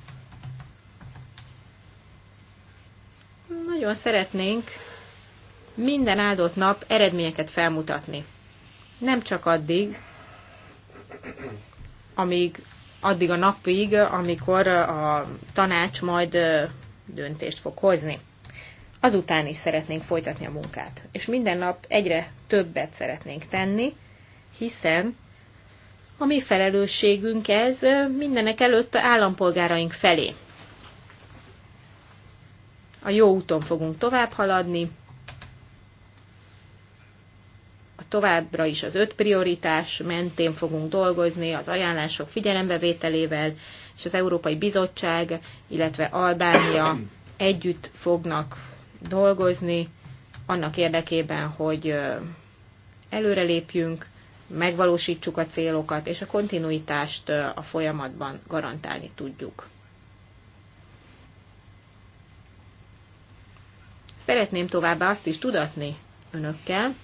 Nagyon szeretnénk minden áldott nap eredményeket felmutatni. Nem csak addig, amíg addig a napig, amikor a tanács majd döntést fog hozni. Azután is szeretnénk folytatni a munkát. És minden nap egyre többet szeretnénk tenni, hiszen a mi felelősségünk ez mindenek előtt a állampolgáraink felé. A jó úton fogunk tovább haladni, továbbra is az öt prioritás mentén fogunk dolgozni, az ajánlások figyelembevételével, és az Európai Bizottság, illetve Albánia együtt fognak dolgozni annak érdekében, hogy előrelépjünk, megvalósítsuk a célokat, és a kontinuitást a folyamatban garantálni tudjuk. Szeretném továbbá azt is tudatni önökkel,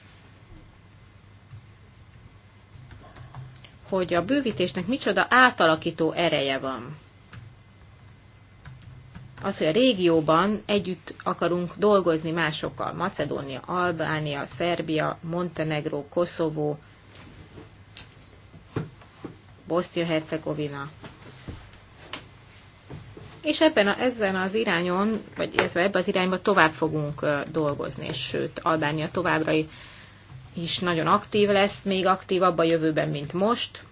hogy a bővítésnek micsoda átalakító ereje van. Az, hogy a régióban együtt akarunk dolgozni másokkal, Macedónia, Albánia, Szerbia, Montenegro, Koszovó, Bosznia-Hercegovina. És ebben a, ezen az irányon, vagy ebben az irányban tovább fogunk dolgozni, és sőt, Albánia továbbra is is nagyon aktív lesz, még aktívabb a jövőben, mint most.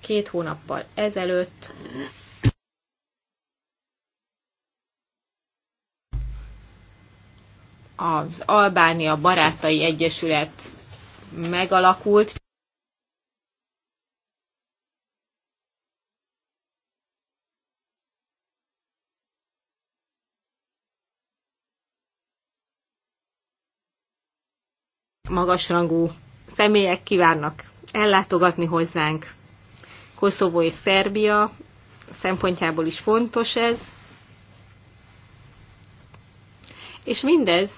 Két hónappal ezelőtt az Albánia Barátai Egyesület megalakult. magasrangú személyek kívánnak ellátogatni hozzánk. Koszovó és Szerbia szempontjából is fontos ez. És mindez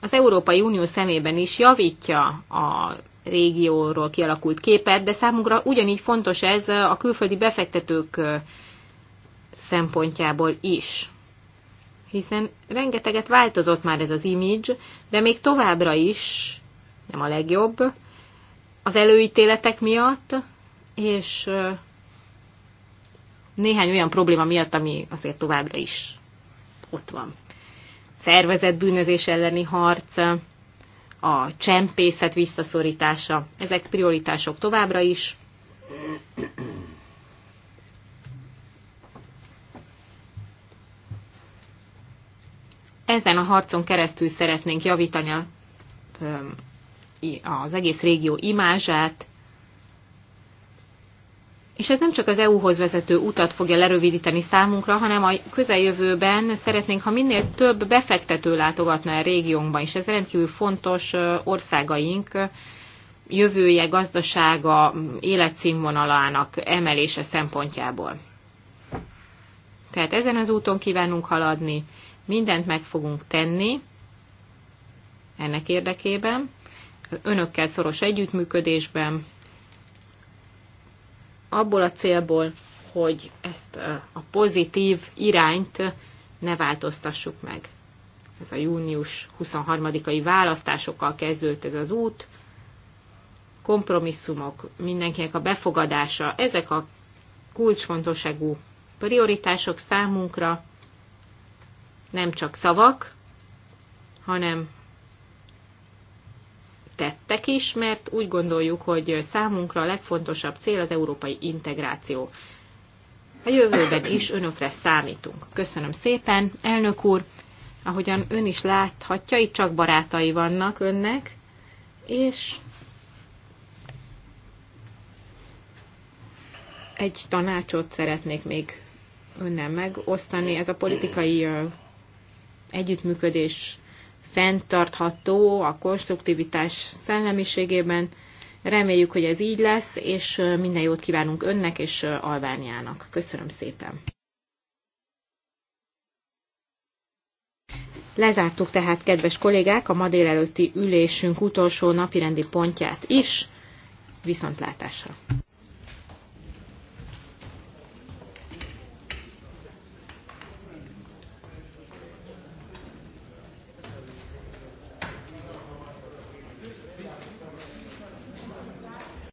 az Európai Unió szemében is javítja a régióról kialakult képet, de számunkra ugyanígy fontos ez a külföldi befektetők szempontjából is. Hiszen rengeteget változott már ez az image, de még továbbra is nem a legjobb, az előítéletek miatt, és néhány olyan probléma miatt, ami azért továbbra is ott van. Szervezett bűnözés elleni harc, a csempészet visszaszorítása, ezek prioritások továbbra is. Ezen a harcon keresztül szeretnénk javítani a az egész régió imázsát, és ez nem csak az EU-hoz vezető utat fogja lerövidíteni számunkra, hanem a közeljövőben szeretnénk, ha minél több befektető látogatna a régiónkban, és ez rendkívül fontos országaink jövője, gazdasága, életszínvonalának emelése szempontjából. Tehát ezen az úton kívánunk haladni, mindent meg fogunk tenni ennek érdekében, önökkel szoros együttműködésben, abból a célból, hogy ezt a pozitív irányt ne változtassuk meg. Ez a június 23-ai választásokkal kezdődött ez az út, kompromisszumok, mindenkinek a befogadása, ezek a kulcsfontosságú prioritások számunkra nem csak szavak, hanem tettek is, mert úgy gondoljuk, hogy számunkra a legfontosabb cél az európai integráció. A jövőben is önökre számítunk. Köszönöm szépen, elnök úr! Ahogyan ön is láthatja, itt csak barátai vannak önnek, és egy tanácsot szeretnék még önnel megosztani. Ez a politikai együttműködés fenntartható a konstruktivitás szellemiségében. Reméljük, hogy ez így lesz, és minden jót kívánunk önnek és Albániának. Köszönöm szépen! Lezártuk tehát, kedves kollégák, a ma délelőtti ülésünk utolsó napirendi pontját is. Viszontlátásra!